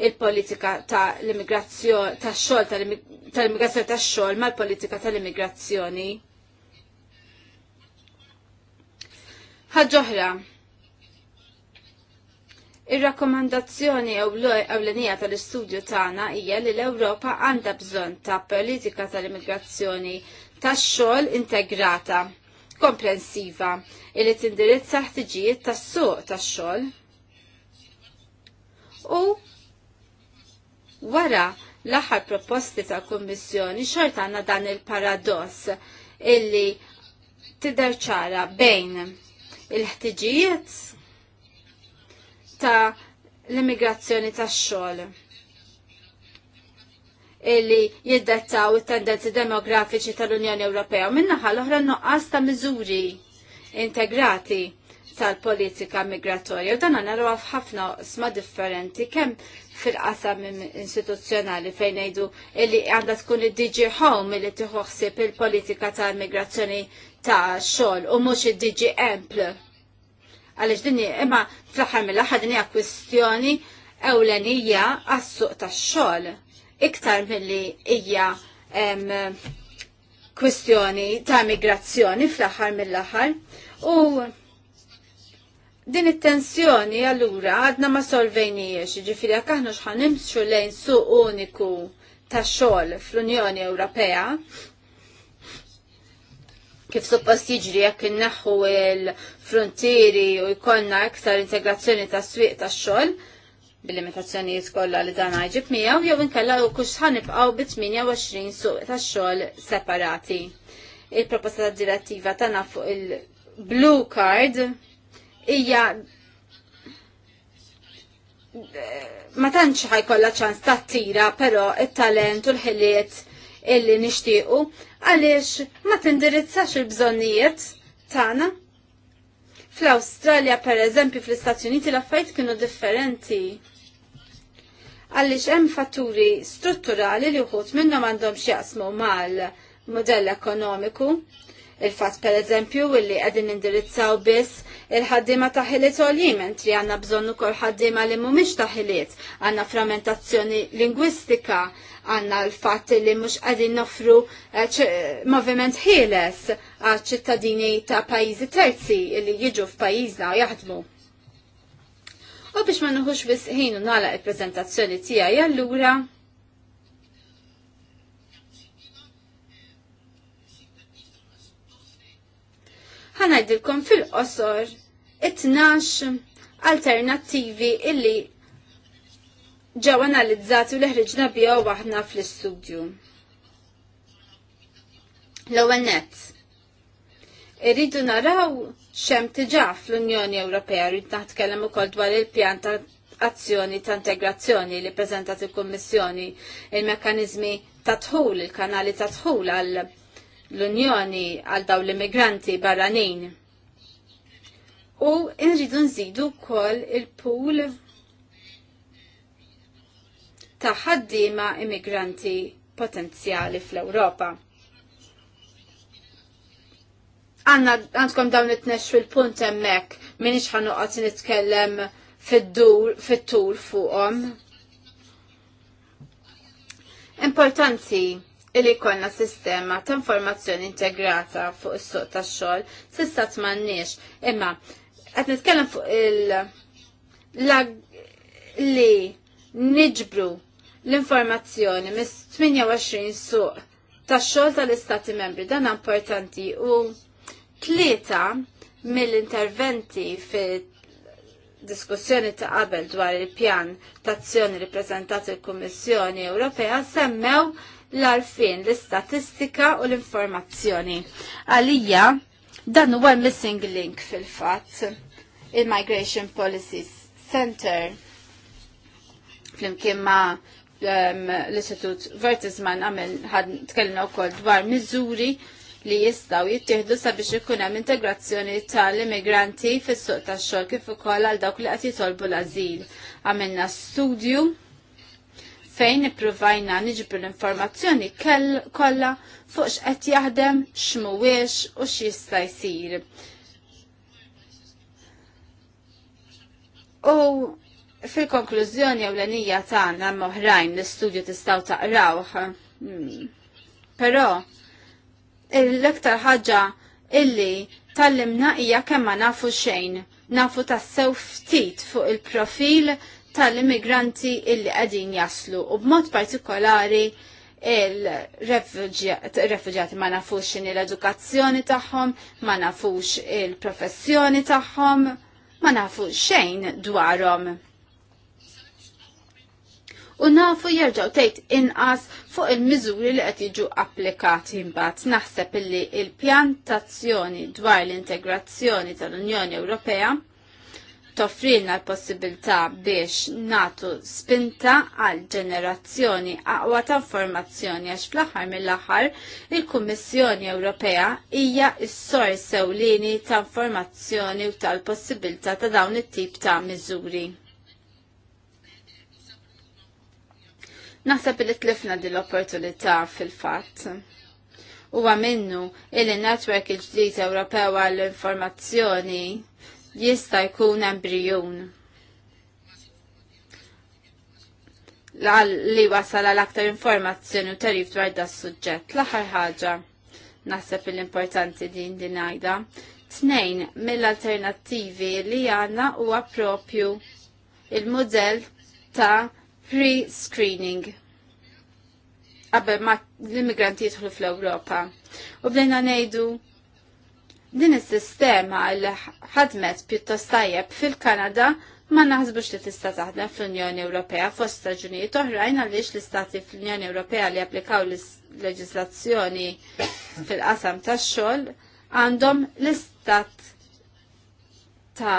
il-politika ta' l-immigrazzjoni tax-xogħol tal-immigrazzjoni tax-xogħol mal-politika tal-immigrazzjoni. Ħaġa oħra, Ir-rakkomandazzjoni ewlenija tal-istudju tagħna hija li l-Ewropa għandha bżonn ta' politika tal-immigrazzjoni tax-xogħol integrata komprensiva illi tindirizza ħtiġijiet tas-suq tax-xogħol. U wara l-aħħar proposti ta' kummissjoni xort għandna dan il-paradoss illi tidher ċara bejn il-ħtiġijiet ta' l-immigrazzjoni tax-xogħol li jiddettaw it-tendenzi demografiċi tal-Unjoni Ewropea u minnaħa l-oħra nuqqas ta' miżuri integrati tal-politika migratorja u dan għanarwa f'ħafna sma differenti kemm fil-qasam istituzzjonali fejn jgħidu li għandha tkun id-DG Home li tiħoħsib il-politika tal-migrazzjoni ta' xogħol u mhux id-DG Ample. Għaliex din imma fl-aħħar mill-aħħar din hija kwistjoni ewlenija għas-suq tax-xogħol iktar milli hija kwestjoni ta' migrazzjoni fl-aħħar mill-aħħar u din it-tensjoni allura għadna ma solvejnijiex, ġifiri għakħna aħna xħan imxu lejn suq uniku ta' xogħol fl-Unjoni Ewropea, kif suppost jiġri jekk inneħħu il-frontieri u jkollna iktar integrazzjoni ta' swieq ta' xogħol, bil-limitazzjonijiet kollha li dan ħajġib miegħu jew inkella kux ħanibqgħu bi 28 suq tax-xogħol separati. Il-proposta tad direttiva tagħna fuq il-blue card hija eh, ma tantx ħajkollha ċans tattira, però it-talent u l-ħiliet illi nixtiequ għaliex ma tindirizzax il-bżonnijiet tagħna Fl-Awstralja, per eżempju, fl-Istati Uniti l-affarijiet kienu differenti. Għaliex hemm fatturi strutturali li wħud minnhom għandhom x'jaqsmu mal-modell ekonomiku, il-fatt per eżempju illi qegħdin indirizzaw biss il-ħaddima taħiliet għoljim, entri għanna bżonnu kol ħaddima li mumiex ħiliet, għanna frammentazzjoni lingwistika, għanna l-fat li mux għadin nofru eh, moviment ħieles għal ċittadini ta' pajizi terzi li jiġu f'pajizna u jaħdmu. U biex ma nħux bis ħinu nala il-prezentazzjoni tija jallura. ħanajdilkom fil-qosor it-tnax alternattivi illi ġew analizzati u leħriġna bija waħna fl-istudju. L-ewwel nett. Irridu naraw xem tiġa fl-Unjoni Ewropea rrid naħtkellem ukoll dwar il-pjan ta' azzjoni ta' integrazzjoni li prezentat il-Kummissjoni il-mekkaniżmi ta' tħul, il-kanali ta' tħul għal l-Unjoni għal daw l-immigranti barranin. U nridu nżidu kol il-pool ta' ħaddiema immigranti potenzjali fl-Ewropa. Għanna għandkom dawn it-tnex punt emmek minix ħanuqat nitkellem fit-tul fuqom. Importanti illi konna sistema ta' informazzjoni integrata fuq is-suq tax-xogħol s'issa tmanniex. Imma qed nitkellem fuq il li niġbru l-informazzjoni mis-28 suq tax-xogħol tal-Istati Membri dan importanti u tlieta mill-interventi fi diskussjoni ta' qabel dwar il-pjan tazzjoni riprezentat il-Kummissjoni Ewropea semmew l-arfin, l-istatistika u l-informazzjoni. Għalija, dan huwa missing link fil-fatt il-Migration Policies Center flimkien ma' um, l-Istitut Vertisman għamil ħad tkellna wkoll dwar miżuri li jistaw jittieħdu sabiex ikun hemm integrazzjoni tal-immigranti fis-suq tax-xogħol kif ukoll għal dawk li qed jitolbu l-ażil. Għamilna studju fejn ippruvajna niġbru l-informazzjoni kollha fuq x'qed jaħdem, x'mhuwiex u x'jista' jsir. U fil-konklużjoni ewlenija tagħna moħrajn l-istudju tistgħu taqrawh. Hmm. Però l-iktar ħaġa illi tallimna hija kemm ma nafu xejn, nafu tassew ftit fuq il-profil tal-immigranti illi qegħdin jaslu u b'mod partikolari il-refugjati ma nafux in l-edukazzjoni tagħhom, ma nafux il-professjoni tagħhom, ma nafux xejn dwarhom. U nafu jerġgħu tgħid inqas fuq il-miżuri li qed jiġu applikati mbagħad naħseb illi il-pjantazzjoni dwar l-integrazzjoni tal-Unjoni Ewropea toffrilna l-possibilità biex natu spinta għal ġenerazzjoni aqwa ta' informazzjoni għax fl-aħħar mill-aħħar il-Kummissjoni Ewropea hija s sor sewlini ta' informazzjoni u tal-possibilità ta' dawn it-tip ta' miżuri. Naħseb li tlifna din l-opportunità fil-fatt u għamennu il-Network il-ġdijt Ewropew għall-informazzjoni jista' jkun embrjon. li wasal għal aktar informazzjoni u tarif dwar da suġġett. L-aħħar ħaġa, naħseb l-importanti din din għajda, tnejn mill-alternattivi li għanna huwa propju il-modell ta' pre-screening qabel ma l-immigranti jidħlu fl-Ewropa. U bdejna ngħidu Din is-sistema li ħadmet pjuttost tajjeb fil-Kanada ma naħsbux li tista' taħdem fl-Unjoni Ewropea fost staġunijiet oħrajn għaliex l-istati fl-Unjoni Ewropea li applikaw l-leġislazzjoni fil-qasam tax-xogħol għandhom l-istat ta'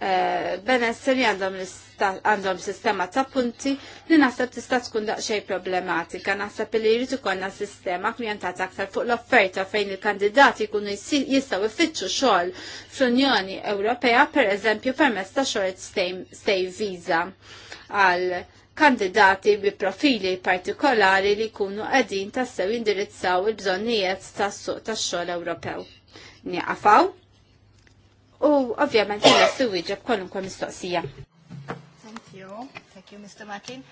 Eh, benesseri li għandhom sistema ta' punti li naħseb tista' tkun daqsxejn problematika. Naħseb li jrid ikollna sistema klijentata aktar fuq l-offerta fejn il-kandidati jkunu jistgħu jfittxu xogħol fl-Unjoni Ewropea pereżempju permezz ta' short stay visa għal kandidati bi profili partikolari li jkunu qegħdin tassew jindirizzaw il-bżonnijiet tas-suq tax-xogħol Ewropew. Nieqafaw u ovvjament jina suwiġa kwalunkwe mistoqsija. Thank you. Thank you, Mr. Martin.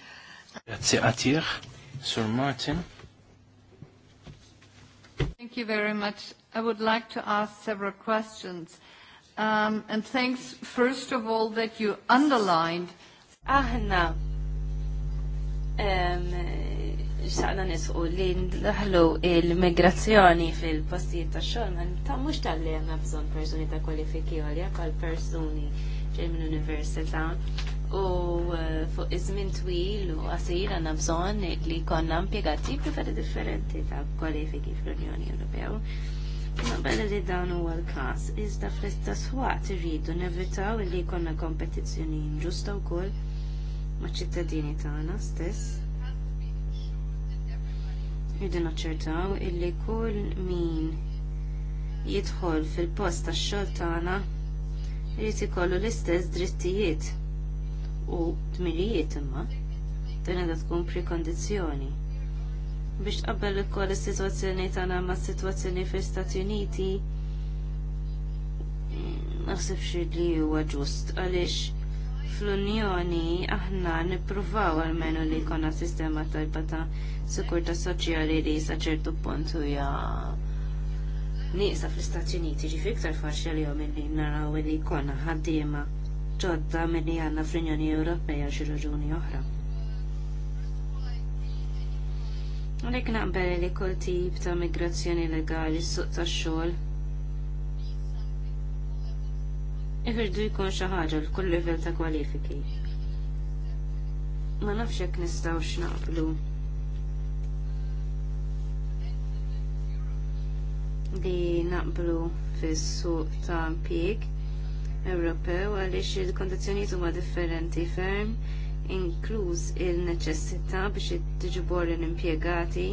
Grazie a te, Sir Martin. Thank you very much. I would like to ask several questions. Um, and thanks, first of all, that you underlined. Aħna, um, xaqna nisqu li ndaħlu il-migrazzjoni fil-postijiet ta' xogħol ta' mhux tal-li għandna bżonn persuni ta' kwalifiki għalja għal persuni ġej minn università u eh, fuq iż-żmien twil u qasir għandna bżonn li konna impjegati preferi differenti ta' kwalifiki fl-Unjoni Ewropew. Naqbel li dawn huwa l-każ, iżda fl-istess waqt irridu nevitaw li jkollna kompetizzjoni ġusta wkoll ma' ċittadini tagħna stess Irridu naċċertaw illi kull min jidħol fil-post tax-xogħol tagħna irid ikollu l-istess drittijiet u tmirijiet imma din għandha tkun prekondizjoni Biex tqabbel ukoll is-sitwazzjoni tagħna mas sitwazzjoni fl-Istati Uniti eh, naħsibx li huwa ġust għaliex fl-Unjoni aħna nippruvaw għalmenu li jkollna sistema tajba ta' sikurta soċjali li sa' ċertu punt ja nieqsa fl-Istati Uniti ġifi iktar faċli li jom li naraw li jkollna ħaddiema ġodda milli għandna fl-Unjoni Ewropea xi raġuni oħra. Għalhekk naqbel li kull tip ta' migrazzjoni legali s-suq tax-xogħol Iħirdu jkun xi ħaġa l-kull livell ta' kwalifiki. Ma nafx jekk nistgħu x'naqblu. Li naqblu fis-suq ta' impjieg Ewropew għaliex il-kondizzjonijiet huma differenti ferm, inkluż il-neċessità biex tiġbor l-impjegati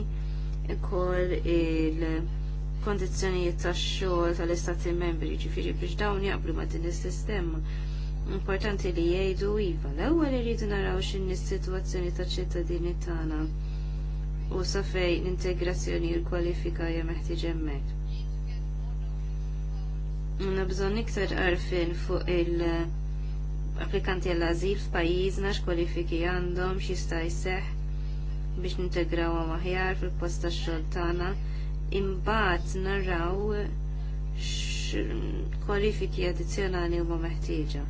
ikoll il-, il kondizzjonijiet tax-xogħol tal-istati membri ġifiri biex dawn jaqblu ma' din is-sistema. Importanti li jgħidu iva l-ewwel iridu naraw x'inhi s-sitwazzjoni taċ-ċittadini tagħna u sa fejn l-integrazzjoni u l-kwalifika hija meħtieġ hemmhekk. Għandna bżonn iktar għarfien fuq il- applikanti għall-azil f'pajjiżna x'kwalifiki għandhom x'jista' jseħħ biex nintegrawhom aħjar fil-post tax-xogħol tagħna imbagħad narraw kwalifiki addizzjonali huma meħtieġa.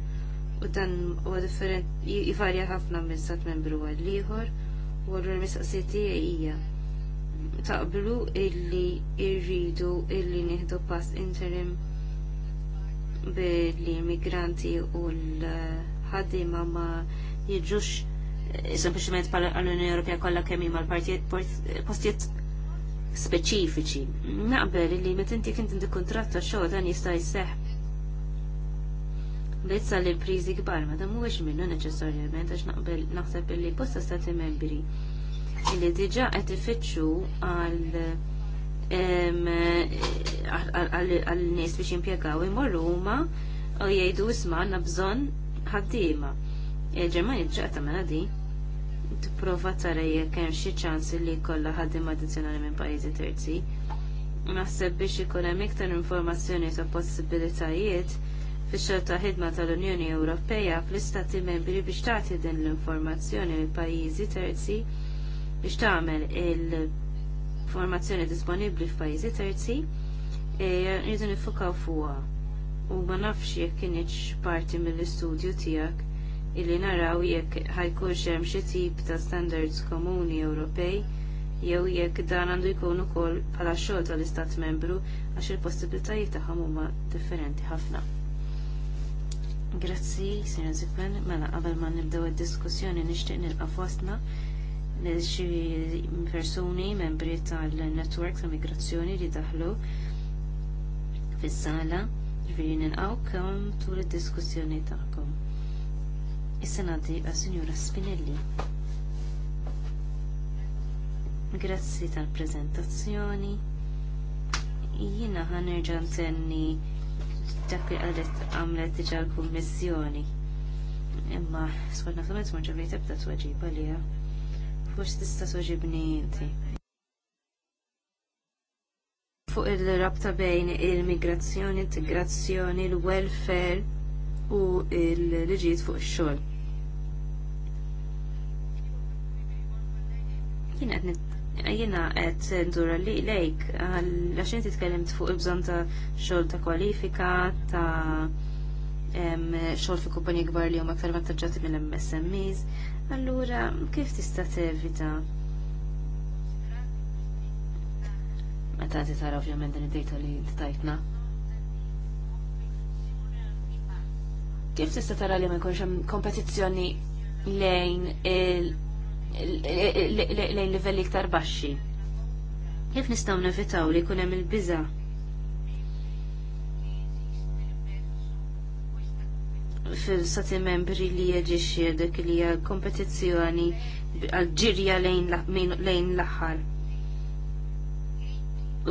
U dan huwa differenti jivarja ħafna minn sat membru għal ieħor u għallura l-mistaqsijiet tiegħi hija taqblu illi irridu illi nieħdu pass interim billi immigranti u l-ħaddiema ma jiġux eh, sempliciment għall unjoni Ewropea kollha kemm mal partijiet postijiet speċifiċi. Naqbel li meta inti kint inti kontratt ta' xogħol dan jista' jseħħ Bezza li prizi kbar, ma da mhuwiex minnu neċessarjament għax naqbel naħseb li bosta stati membri li diġa' qed ifittxu għal għal nies biex jimpjegaw imorru huma u jgħidu isma' għandna bżonn ħaddiema. Il-Ġermanja e, ġaqta mela di tipprova tara jekk hemm xi ċans li jkollha ħaddim addizzjonali minn pajjiżi terzi. Naħseb biex ikun hemm iktar informazzjoni ta' possibilitajiet fix-xogħol ta' ħidma tal-Unjoni Ewropea fl-Istati Membri biex tagħti din l-informazzjoni minn pajjiżi terzi biex tagħmel il-formazzjoni disponibbli f'pajjiżi terzi e, rridu nifukaw fuqha u ma nafx jekk kienieċ parti mill-istudju tiegħek illi naraw jekk ħajkun hemm xi tip ta' standards komuni Ewropej jew jekk dan għandu jkun ukoll bħala xogħol tal-Istat Membru għax il-possibilitajiet tagħhom huma differenti ħafna. Grazzi, Sir Zipman, mela qabel ma nibdew id-diskussjoni nixtieq nilqa' fostna lil xi persuni membri tal-network ta' migrazzjoni li daħlu fis-sala, ġifieri kemm tul id-diskussjoni tagħkom. Is-senati għas-Sinjura Spinelli. Grazzi tal-prezentazzjoni. Jiena ħanerġa' ntenni dak li għadet għamlet diġà l-kummissjoni. Imma skolna fil-mezz ma ġabrit ebda tweġiba liha. Forsi tista' tweġibni inti. Fuq il-rabta bejn il-migrazzjoni, integrazzjoni, il-welfare u l-liġijiet fuq ix-xogħol Jina jina qed ndura li lejk għax inti tkellimt fuq il ta' xogħol ta' kwalifika ta' xogħol fi kumpani kbar li huma aktar vantaġġati minn MSMEs, Allura kif tista' tevita? Meta tara ovvjament din id-dejta li tajtna. Kif tista' tara li ma jkunx hemm kompetizzjoni lejn il- lejn livelli iktar baxxi. Kif nistgħu nevitaw li jkun hemm il-biża' fil-sati membri li jieġiexie dik li hija kompetizzjoni għal-ġirja lejn l-aħħar.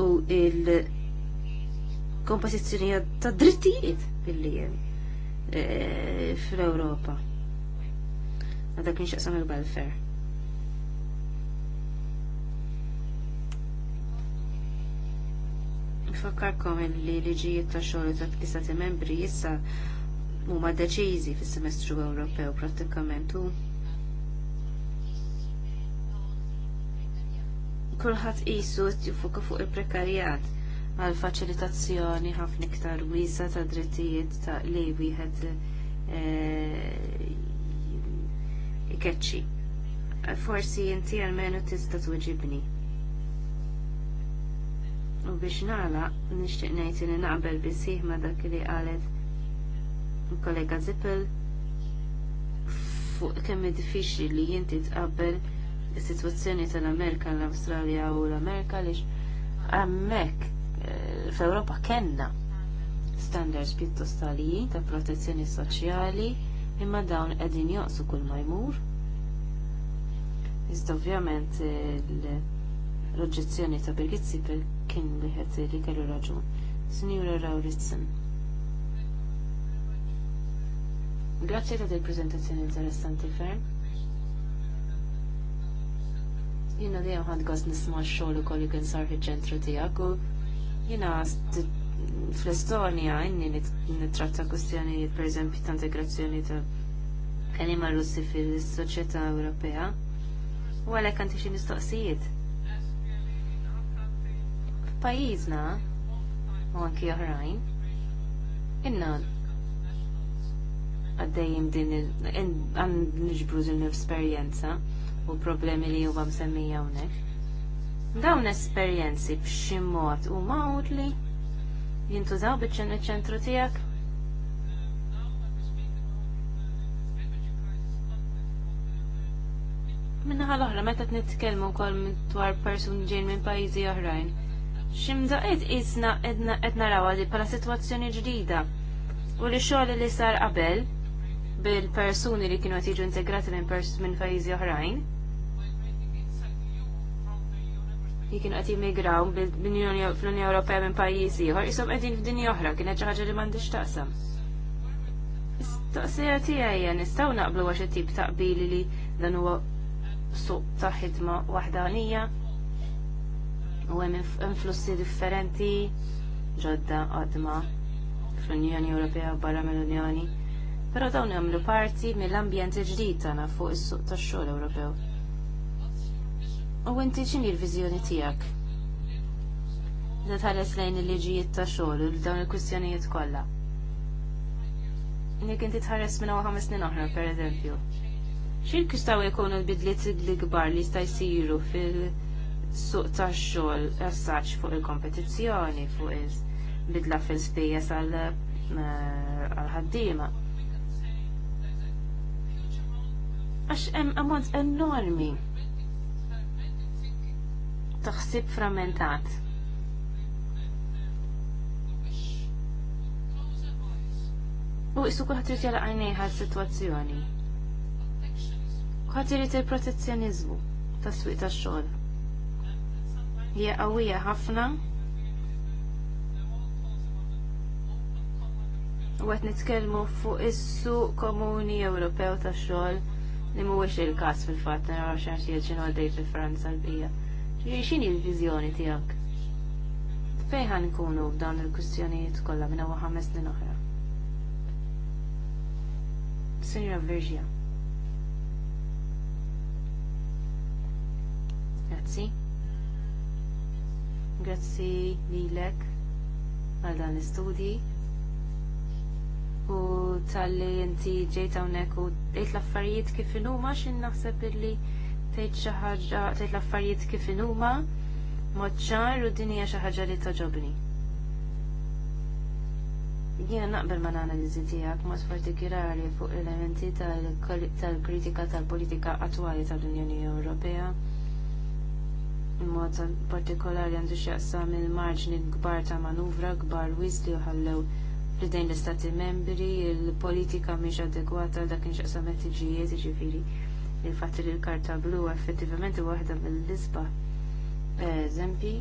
U il-kompetizzjoni ta' drittijiet billi hemm eh, fl-Ewropa. Għadak nixaqsam il-welfare. Nfakkarkom li liġijiet ta' xogħol ta' l-istati membri issa huma deċiżi fis-semestru Ewropew prattikament u kulħadd qisu jiffuka fuq il-prekarjat għal faċilitazzjoni ħafna iktar wiesa ta' drittijiet ta' li wieħed eh, ikeċċi. Forsi inti menu tista' tweġibni U biex nala, nixtieq ngħid li naqbel bisih ma dak li qalet kollega Zippel fuq kemm diffiċli li jinti tqabbel is-sitwazzjoni tal-Amerika l-Awstralja u l-Amerika lix hemmhekk eh, fl-Ewropa kellna standards pjuttost għalijin ta' protezzjoni soċjali imma dawn qegħdin joqsu kull ma jmur. Iżda ovvjament il- l-oġġezzjoni ta' Birgit per kien wieħed li kellu raġun. Sinjura Rawritzen. Grazzi ta' il prezentazzjoni interessanti ferm. Jina dejjem ħad għaz nisma' x-xogħol ukoll li kien sarfi fiċ-ċentru tiegħek u jina fl-Estonja inni nittratta per pereżempju ta' integrazzjoni ta' kelima Russi fil-soċjetà Ewropea. U għalhekk għandi xi mistoqsijiet F'pajjiżna u anki oħrajn inna għaddejjem din għan nġbru din l-esperjenza u problemi li huwa msemmi hawnhekk. Dawn esperjenzi b'xi mod huma utli jintużaw biċ-ċentru tiegħek Minnaħal oħra, meta t-nitkelmu kol dwar person ġejn minn pajizi oħrajn ximda id isna ed narawa li pala situazzjoni ġdida u li xoħ li sar qabel bil-persuni li kienu għatiġu integrati minn min pajjiżi oħrajn li kienu għati migraw fl-Unjoni Ewropea minn pajjiż ieħor isom qegħdin f'dinja oħra kien xi ħaġa li m'għandix taqsam. Taqsira tiegħi nistgħu naqblu għax tip taqbili li dan huwa suq ta' ħidma waħdanija u hemm influssi differenti ġodda qodma fl-Unjoni Ewropea u barra mill-Unjoni. Però dawn jagħmlu parti mill-ambjent ġdid tagħna fuq is-suq tax-xogħol Ewropew. U inti x'inhi l-viżjoni tiegħek? Da tħares lejn il-liġijiet ta' xogħol u dawn il-kwistjonijiet kollha. Nek inti tħares minn ħames snin oħra, pereżempju. X'il kistgħu jkunu l-bidliet li kbar li jista' jsiru fil- suq tax-xogħol assaġġ fuq il-kompetizzjoni fuq il-bidla fil-spejjeż eh, għal ħaddiema. Għax hemm ammont enormi taħsib frammentat. U issu kuħat rrit għajnej għal situazzjoni. Kuħat il-protezzjonizmu tas swiq ta' xogħol li qawwija ħafna u għet nitkelmu fuq issu komuni Ewropew ta' xogħol li mhuwiex il-każ fil-fatt nara xi xi jiġinu għaddej Franza l-bija. x'inhi l-viżjoni tiegħek? Fejn ħan nkunu f'dan il-kwistjonijiet kollha minn huwa ħames snin oħra? Signora Virgia. Grazie. Grazzi lilek għal dan l-istudji u tal-li inti ġejta hawnhekk u tgħid laffarijiet affarijiet kif inuma x'in naħseb illi tgħid xi ħaġa tgħid l-affarijiet kif inuma mod ċar u din hija xi ħaġa li toġobni. Jiena naqbel ma l-analiżi tiegħek mod partikolari fuq elementi tal-kritika tal-politika attwali tal-Unjoni Ewropea imma partikolari għandu x'jaqsam il-marġni kbar ta' manuvra kbar wisli ħallew f'idejn l-istati membri il-politika mhix adegwata dak inxaqsam ħtiġijiet jiġifieri il-fatt li l-karta blu effettivament waħda mill lisba eżempi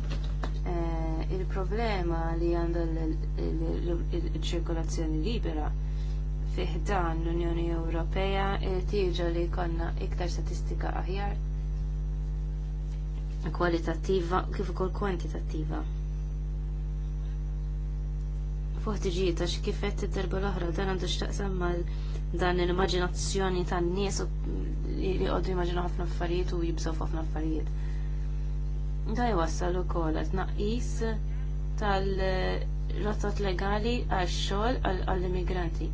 eh, il-problema li għandha l-ċirkolazzjoni libera fih dan l-Unjoni Ewropea eh, tiġa li jkollna iktar statistika aħjar kwalitattiva kif ukoll kwantitattiva. Fuq tiġi ta' kif qed id-darba l-oħra dan għandu x'taqsam mal dan l-immaġinazzjoni tan-nies li qogħdu jimmaġinu ħafna affarijiet u jibżgħu ħafna affarijiet. Da jwassal ukoll qed naqis tal-rotot legali għax-xogħol għall-immigranti.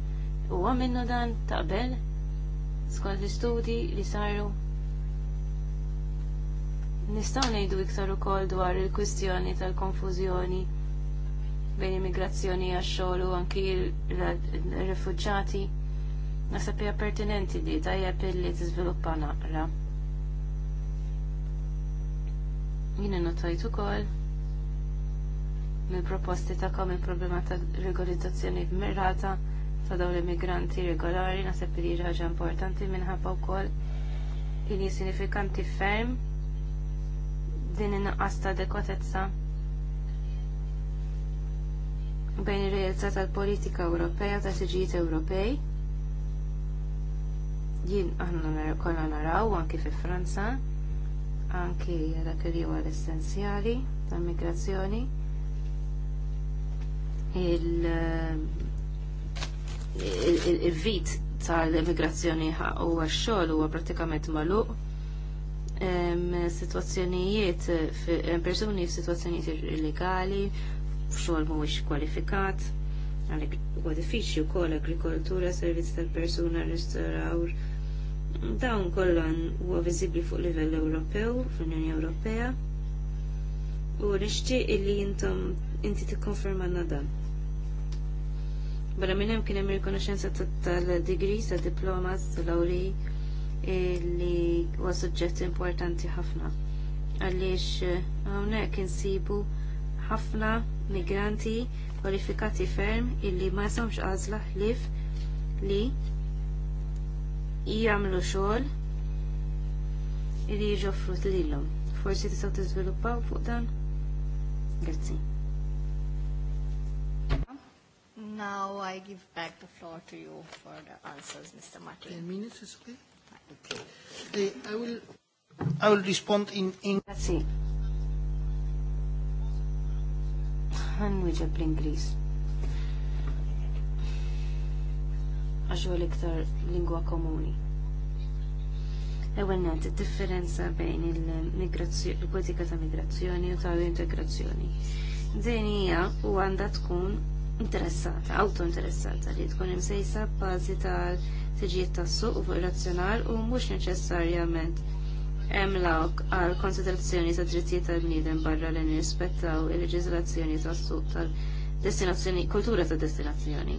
Huwa minnu dan taqbel skont l-istudji li saru Nistgħu ngħidu iktar ukoll dwar il-kwistjoni tal-konfużjoni bejn immigrazzjoni għax-xogħol u anki r-refuġġati. Nasab pertinenti li tajjeb illi tiżviluppa naqra. Jiena notajtu ukoll mill-proposti kom il-problema ta' regolizzazzjoni mirata ta' dawn l-immigranti regolari naħseb li ħaġa importanti minħabba wkoll li sinifikanti ferm din inqas ta' adekatezza bejn ir-realtà tal-politika Ewropea ta' siġijiet Ewropej. Jien aħna kollha naraw anki fi Franza, anki dak li huwa l-essenzjali tal-migrazzjoni. Il-vit tal-immigrazzjoni huwa x-xogħol huwa prattikament magħluq situazzjonijiet persuni f'sitwazzjonijiet illegali f'xogħol mhuwiex kwalifikat għalek huwa u wkoll agrikoltura, servizz tal-persuna, ristorawr. Dawn kollan huwa viżibbli fuq livell Ewropew, fl-Unjoni Ewropea. U nixtieq illi intom inti tikkonfermanna dan. Barra minn hemm kien hemm rikonoxenza tal-degrees, tad-diplomas, tal-lawri, li huwa suġġett importanti ħafna għaliex eh, hawnhekk insibu ħafna migranti kwalifikati ferm illi ma jsomx għażla ħlif li jagħmlu xogħol li jiġu offrut lilhom. Forsi tistgħu tiżviluppaw fuq dan? Grazzi. Now I give back the floor to you for the answers, Mr. Martin. Ten minutes is okay? Okay. Eh, I will I will respond in English. Grazie. Għanwiġab l-Ingriż. Għaxu l-iktar lingwa komuni. Ewwel nagħti differenza bejn il-politika ta' migrazzjoni u ta' integrazzjoni. Din hija u għandha tkun interessata, auto interessata li tkun imsejsa b'bażi tal- tiġijiet tas-suq u fuq ir-razzjonal u mhux neċessarjament hemm lawk għal konsiderazzjoni ta' drittijiet tal-bniedem barra li nirrispettaw il-leġiżlazzjoni tas-suq tal-destinazzjoni kultura tad destinazzjoni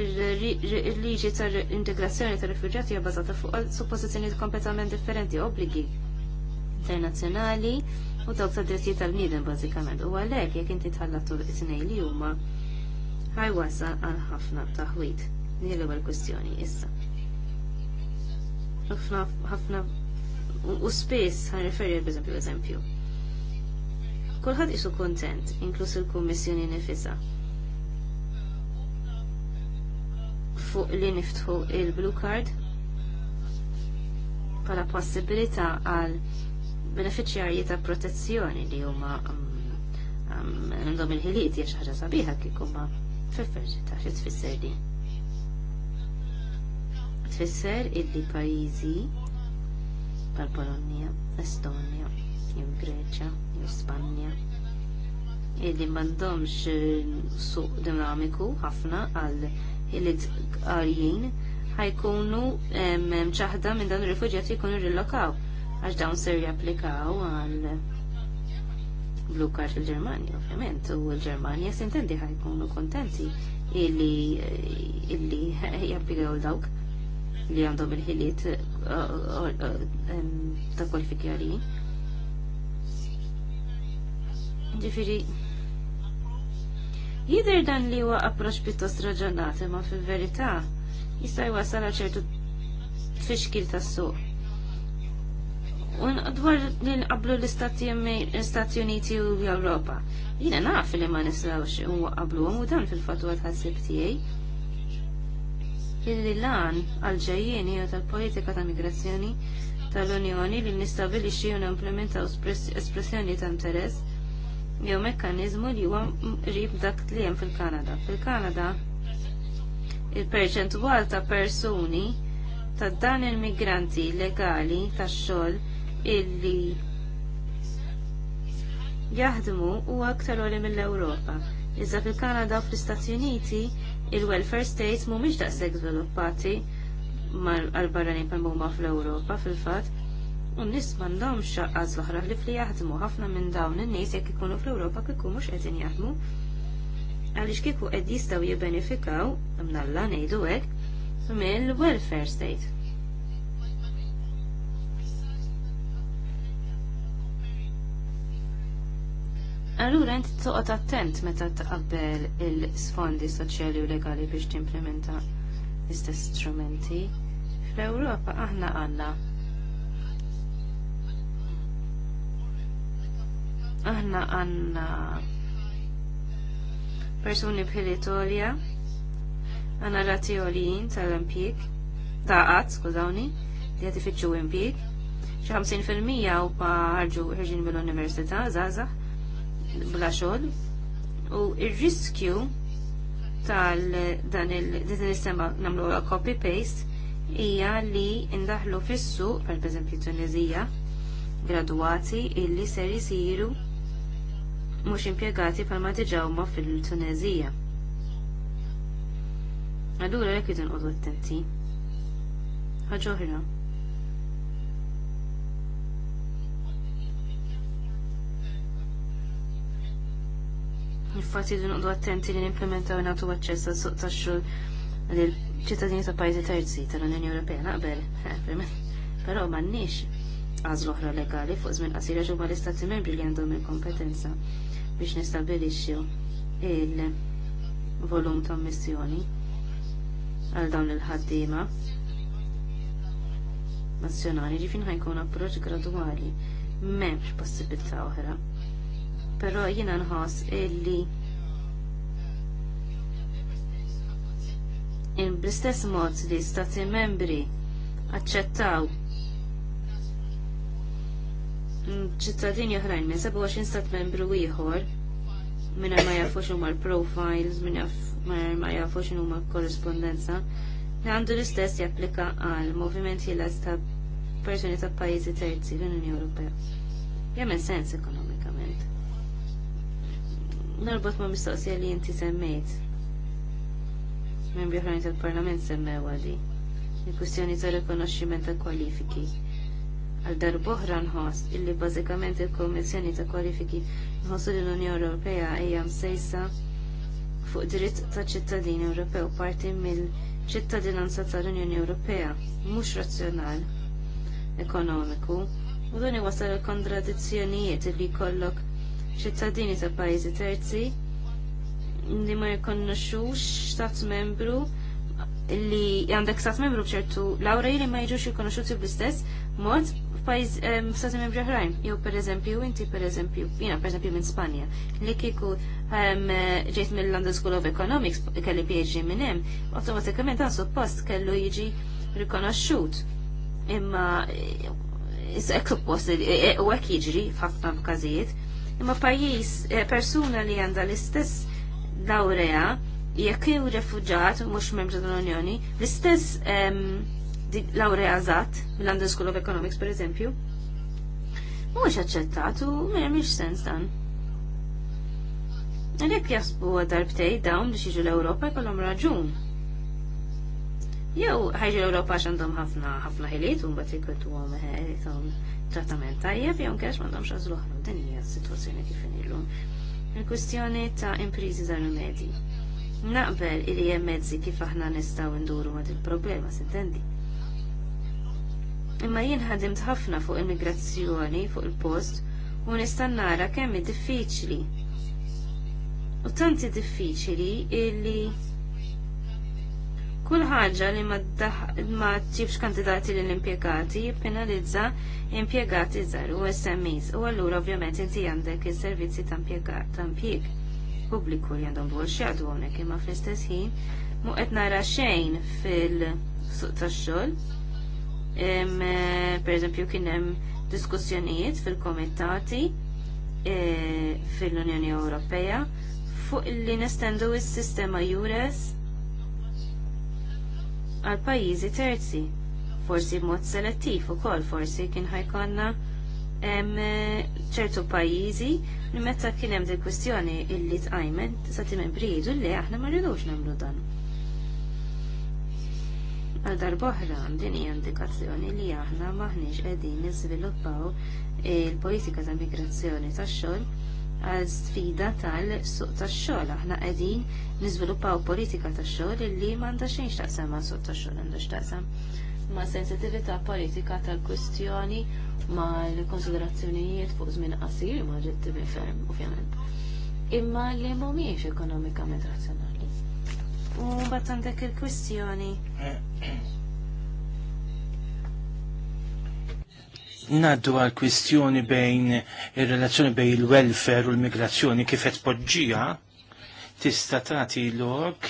il-liġi tal-integrazzjoni tal rifuġjati hija bbażata fuq suppożizzjonijiet kompletament differenti, obbligi internazzjonali u dawk ta' drittijiet tal-bniedem bażikament. U għalhekk jekk inti tħallatu it-tnejn li huma ħajwasa għal ħafna taħwit nilu għal kwistjoni issa. ħafna u spess ħan referi għal eżempju. Kulħadd isu kontent, inkluż il-Kummissjoni nifisa. Fuq li niftħu il-Blue Card pala possibilità għal beneficjarji ta' protezzjoni li huma mm, mm, għandhom il-ħiliet jiex ħaġa sabiħa kik huma fil-ferġi ta' xi tfisser din tfisser illi pajjiżi bħal Polonja, Estonja, jew Greċja, jew Spanja illi m'għandhomx eh, suq dinamiku ħafna għal il-għarjien ħajkunu mċaħda minn dan il rifuġjati jkunu rilokaw għax dawn ser japplikaw għal blu kart fil-Ġermanja, ovvjament, u l ġermania sintendi ħajkunu kontenti illi eh, illi japplikaw dawk li għandhom il-ħiliet eh, eh, eh, ta' kwalifikjari. Ġifiri, jider dan li huwa approċ pjuttost raġonat, ma fil-verità jista' jwasal għal ċertu tfixkil tas-suq. Un dwar li nqablu l-Istati Uniti u l-Ewropa, jiena naf li ma nislawx un qablu u dan fil-fatwa tħassib tiegħi illi lan għal-ġajjien hija tal-politika ta' migrazzjoni tal-Unjoni li nistabilixxi u nimplementaw espressjoni ta' interess jew mekkaniżmu li huwa rib dak li hemm fil-Kanada. Fil-Kanada il-perċentwal ta' persuni ta' dan il-migranti legali tax-xogħol illi jaħdmu u aktar għoli mill-Ewropa. Iżda fil-Kanada u fl-Istati Uniti il-welfare states mhumiex daqshekk żviluppati għal barrani pal muma fl-Ewropa fil-fatt u nis nies m'għandhomx xaqqas oħra li fli jaħdmu ħafna minn dawn in-nies jekk ikunu fl europa kieku mux għedin jaħdmu għaliex kieku qed jistgħu jibbenefikaw mnalla ngħidu hekk mill-welfare state. Allura inti toqgħod attent meta taqabbel il-sfondi soċjali u legali biex timplementa l-istess strumenti. Fl-Ewropa aħna għandna aħna għandna persuni bħil-Italja, għandna rati tal empik ta' qatt, skużawni, li għati fitxu Impik, xi 50% u pa ħarġu ħirġin mill-Università, zazah, bla xogħol u ir-riskju tal dan il-din is-sema nagħmlu copy paste hija li indaħlu fis-suq, per eżempju Tunizija, graduati illi ser jisiru mhux impjegati bħalma diġà huma fil-Tunezija. Allura jekk idu nqogħdu attenti. Ħaġa oħra. Infatti dun uqdu attenti li nimplementaw nagħtu aċċess għal suq tax-xogħol l ċittadini ta' pajzi terzi tal-Unjoni Ewropea naqbel, eh, però m'għandniex l oħra legali fuq żmien qasira ġewwa l-Istati Membri li għandhom il-kompetenza biex nistabilixxu il-volum ta' missjoni għal dawn il-ħaddiema nazzjonali ġifin ħajkun approċ gradwali m'hemmx possibilità oħra però jiena nħoss illi in bl-istess mod li stati membri aċċettaw ċittadini oħrajn minn 27 stat membru ieħor minn ma jafux huma l-profiles, minn ma jafux huma korrespondenza, għandu l-istess japplika għal movimenti l ta' persuni ta' pajjiżi terzi l-Unjoni Ewropea. Jemmen sens ekonomikament. Narbot ma' mistoqsija li inti semmejt. Membri ħrani tal-Parlament semmew għadi. Il-kustjoni ta' rekonoxximent ta' kwalifiki. Għal darboħra nħoss illi bażikament il komissjoni ta' kwalifiki nħossu l unjoni Ewropea hija msejsa fuq dritt ta' ċittadin Ewropew parti mill-ċittadinanza tal-Unjoni Ewropea mhux razzjonal ekonomiku u dan iwasal kontradizzjonijiet li jkollok ċittadini ta' pajjiżi terzi li ma jikonnoxux stat membru li għandek stat membru bċertu lawra li ma jiġux jikonoxuti bl-istess mod f'pajjiż stat membru Jow Jew pereżempju inti pereżempju per eżempju minn Spanja li kieku ġejt mill-London School of Economics kelli PhD minn hemm, awtomatikament dan suppost kellu jiġi rikonoxxut. Imma is-ekku suppost, u ek jiġri f'ħafna każijiet, imma pajjiż eh, persuna li għandha l-istess laurea jekk hu refuġat u mhux membru tal-Unjoni, l-istess ehm, laurea żgħat mill-London School of Economics eżempju, mhux aċċettat u m'hemmx sens dan. Għalhekk jasbu darbtej dawn biex jiġu l-Ewropa jkollhom raġun. Jew ħajġu l-Ewropa għax għandhom ħafna ħafna ħiliet u mbagħad ikwetu għom eh, trattament tajjeb jew kex m'għandhomx għażlu ħarom din hija s-sitwazzjoni kif inilhom. Il-kwistjoni ta' impriżi tal-umedi. Naqbel il hemm mezzi kif aħna nistgħu nduru ma' il-problema intendi. Imma jien ħadimt ħafna fuq immigrazzjoni fuq il-post u nista' nara kemm diffiċli. U tanti diffiċli illi Kull ħaġa li ma tġibx kandidati l impjegati penalizza impjegati żgħar u SMEs u allura ovvjament inti għandek is-servizzi ta' impjegat pubbliku li għandhom bol xjadu hawnhekk imma fl-istess ħin mu qed nara xejn fil-suq tax-xogħol. Eh, pereżempju kien hemm diskussjonijiet fil-komitati eh, fil-Unjoni Ewropea fuq li nestendu is-sistema Jures għal pajjiżi terzi. Forsi b'mod selettiv ukoll forsi kien ħajkonna ċertu pajjiżi li meta kien hemm din kwistjoni illi tqajmet sa membri jgħidu li aħna ma rridux nagħmlu dan. Għal darb'oħra din hija indikazzjoni li aħna maħniex qegħdin niżviluppaw il-politika ta' migrazzjoni tax-xogħol għal sfida tal-suq tax-xogħol. Aħna qegħdin niżviluppaw politika tax-xogħol li m'għandha xejn x'taqsam ma' suq tax-xogħol għandu x'taqsam ma' sensitività politika tal-kwistjoni ma' l-konsiderazzjonijiet fuq żmien qasir ma' ġiet ferm ovvjament. Imma li mhumiex ekonomikament razzjonali. U mbagħad għandek il-kwistjoni naddu għal kwistjoni bejn ir-relazzjoni bejn il-welfare u l-migrazzjoni kif qed poġġija tista' tagħti l-ok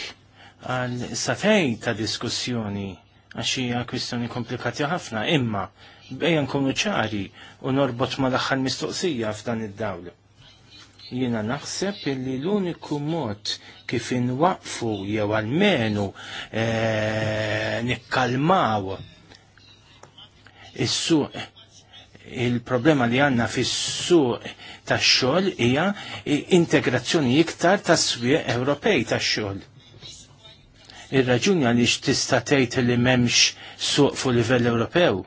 għal safej ta' diskussjoni għax hija kwistjoni komplikati ħafna, imma bejja nkunu ċari u norbot ma l-aħħar mistoqsija f'dan id-dawl. Jiena naħseb li l-uniku mod kif inwaqfu jew għalmenu e, nikkalmaw is-suq il-problema li għanna fis-suq tax-xogħol hija integrazzjoni iktar tas-swieq Ewropej tax-xogħol. Ir-raġuni għaliex tista' tgħid li m'hemmx suq fuq livell Ewropew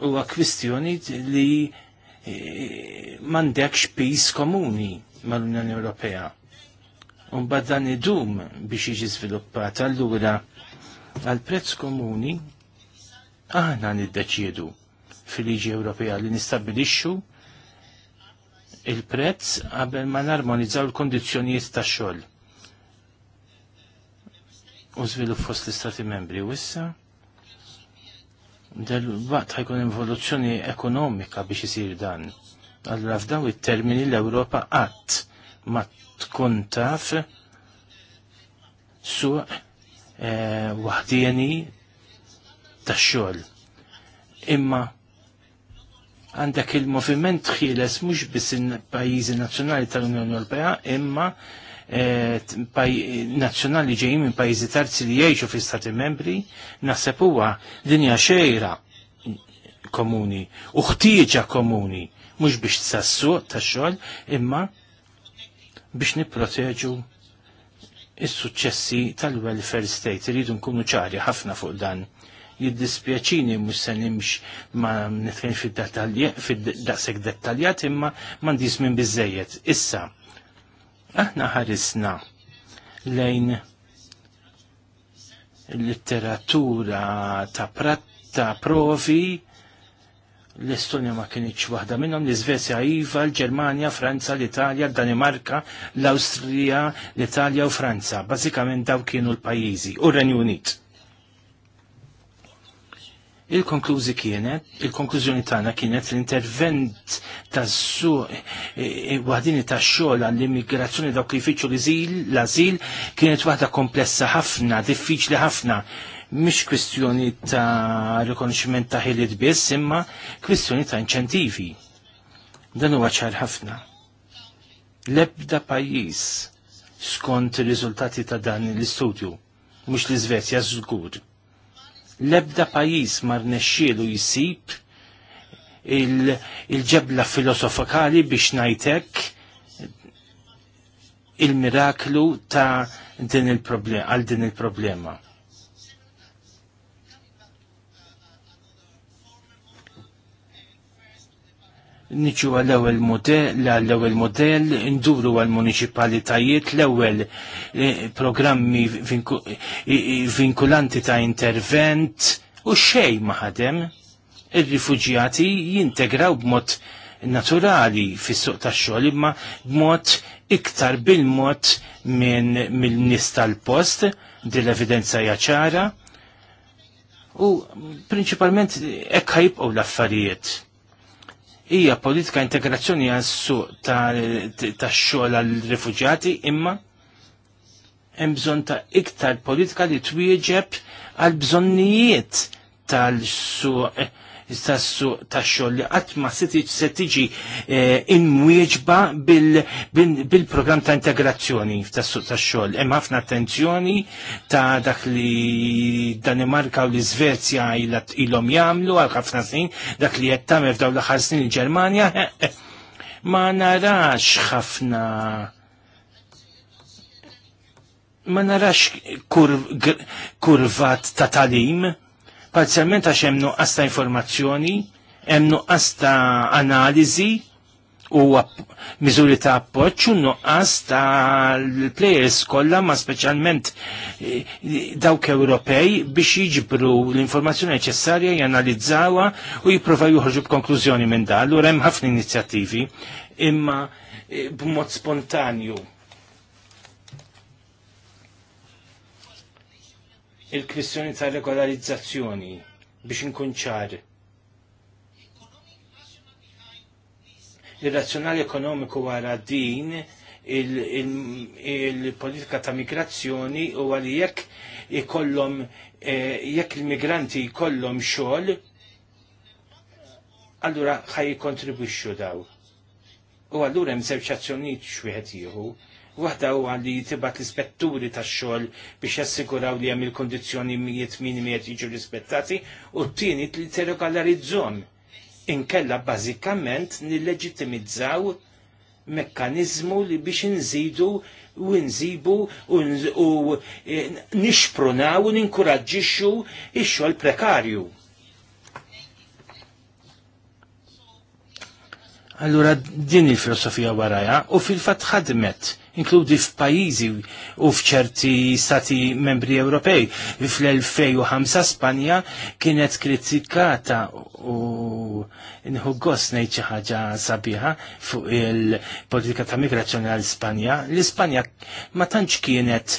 huwa kwistjoni li e, m'għandekx pis komuni mal-Unjoni Ewropea. Unbad dan idum biex jiġi żviluppat allura għal prezz komuni aħna niddeċiedu fil-liġi Ewropea li nistabilixxu il-prezz qabel ma narmonizzaw il-kondizzjonijiet tax-xogħol u żvilupp fost l-Istati Membri wissa. issa dal-waqt ħajkun involuzzjoni ekonomika biex isir dan. Allura f'daw it-termini l-Ewropa qatt ma tkun taf suq eh, waħdieni tax-xogħol. Imma għandek il-moviment ħieles mhux biss il-pajjiżi nazzjonali tal-Unjoni Ewropea, imma eh, nazzjonali ġejjin minn pajjiżi terzi li jgħixu fi stati membri, naħseb huwa dinja xejra komuni u ħtieġa komuni mhux biex tsassu tax-xogħol, imma biex nipproteġu is-suċċessi tal-welfare state. Iridu nkunu ċari ħafna fuq dan jiddispjaċini mhux se nimx ma nitkenx fid-daqshekk dettaljat imma man minn biżejjed. Issa, aħna ħarisna lejn il-litteratura ta' prat ta' provi l estonia ma kienieċ waħda minnhom, l-Iżvezja iva, l-Ġermanja, Franza, l-Italja, l-Danimarka, l-Awstrija, l-Italja u Franza. Bażikament daw kienu l-pajjiżi u r-Renju Unit. Il-konklużi kienet, il-konklużjoni tagħna kienet l-intervent ta' suq e, e, waħdini tax-xogħol għall-immigrazzjoni dawk li jfittxu l-ażil kienet waħda komplessa ħafna, diffiċli ħafna mhix kwistjoni ta' rikonoxximent ta' ħiliet biss, imma kwistjoni ta' inċentivi. Dan huwa ċar ħafna. L-ebda pajjiż skont ir-riżultati ta' dan l-istudju, mhux l-Iżvezja żgur L-ebda pajis mar nesċilu jisib il-ġebla il filosofikali biex najtek il-miraklu ta' din il-problema, għal din il-problema. niċu għall-ewel model, għal ewel model, induru għall-municipalitajiet, l-ewel eh, programmi vinkulanti ta' intervent, u xej maħadem, il-rifugjati jintegraw b'mod naturali fis-suq tax-xogħol imma b'mod iktar bil-mod minn mill-nies tal-post, din l-evidenza hija ċara. U prinċipalment hekk ħajbqgħu l-affarijiet hija politika integrazzjoni għas-suq tax-xogħol għall imma hemm bżonn ta' iktar politika li twieġeb għal bżonnijiet tal-suq tax-xogħol li qatt ma se tiġi eh, imwieġba bil-programm ta' integrazzjoni tas-suq tax-xogħol. Hemm ħafna attenzjoni ta' dak li Danimarka u l-Iżvezja ilhom jagħmlu għal ħafna snin, dak li qed tagħmel f'dawn l-aħħar snin il-Ġermanja ma narax ħafna ma narax kurvat ta' talim parzialment għax hemm nuqqas ta' informazzjoni, hemm nuqqas ta' analiżi u miżuri ta' appoġġ u nuqqas tal-plejers kollha ma' speċjalment eh, dawk Ewropej biex jiġbru l-informazzjoni neċessarja janalizzawha u jippruvaw joħorġu b'konklużjoni minn dan. Lura hemm ħafna inizjattivi imma eh, b'mod spontanju il-kwistjoni ta' regolarizzazzjoni biex inkun ċar. Ir-razzjonali ekonomiku wara din il-politika ta' migrazzjoni u għal jekk ikollhom eh, jekk il-migranti jkollhom xogħol, allura ħaj jikontribwixxu daw. U allura hemm żewġ azzjonijiet x'wieħed jieħu Waħda huwa li jitibat l-ispetturi tax-xogħol biex jassiguraw li hemm il-kondizzjonijiet minimi qed jiġu rispettati u t-tieni li terregolarizzhom inkella bażikament nilleġittimizzaw mekkanizmu li biex nżidu u nżibu u nixpronaw u e, ninkuraġġixxu ix-xogħol prekarju. Allura din il-filosofija waraja u fil-fatt ħadmet inkludi f'pajjiżi u f'ċerti stati membri Ewropej. Fl-2005 Spanja kienet kritikata u nħu gost ngħid xi ħaġa sabiħa fuq il-politika ta' migrazzjoni għal Spanja. L-Ispanja ma tantx kienet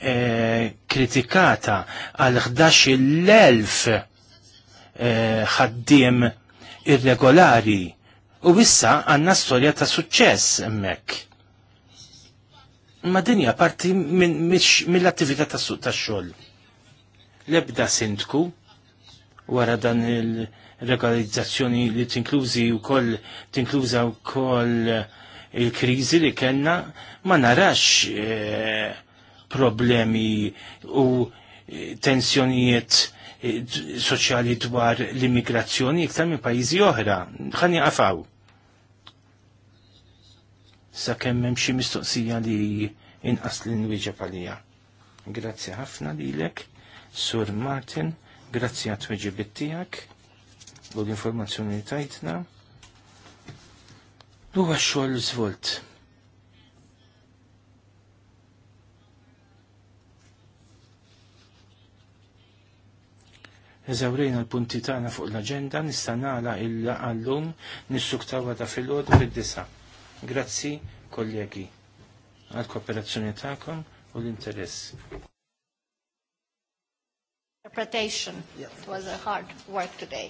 e, kritikata għal 11.000 eh, ħaddiem irregolari. U issa għanna storja ta' suċċess emmek ma dinja parti mill-attività tas suq tax-xogħol. L-ebda sindku wara dan il regalizzazzjoni li tinklużi wkoll tinkluża wkoll eh, il-kriżi li kellna ma narax eh, problemi u eh, tensjonijiet soċjali dwar l-immigrazzjoni iktar minn pajjiżi oħra. Ħani qafaw sakemm hemm xi mistoqsija li inqas li nwieġeb għalija. Grazzi ħafna lilek, Sur Martin, grazzi għat weġibit tiegħek u l-informazzjoni li tajtna. Huwa xogħol żvolt. Eżawrejna l-punti tagħna fuq l-aġenda nista' nagħla il għallum nissuktawa ta' fil-għodu fid-disa'. Grazzi kollegi għal kooperazzjoni tagħkom u l-interess. Interpretation. It was a hard work today.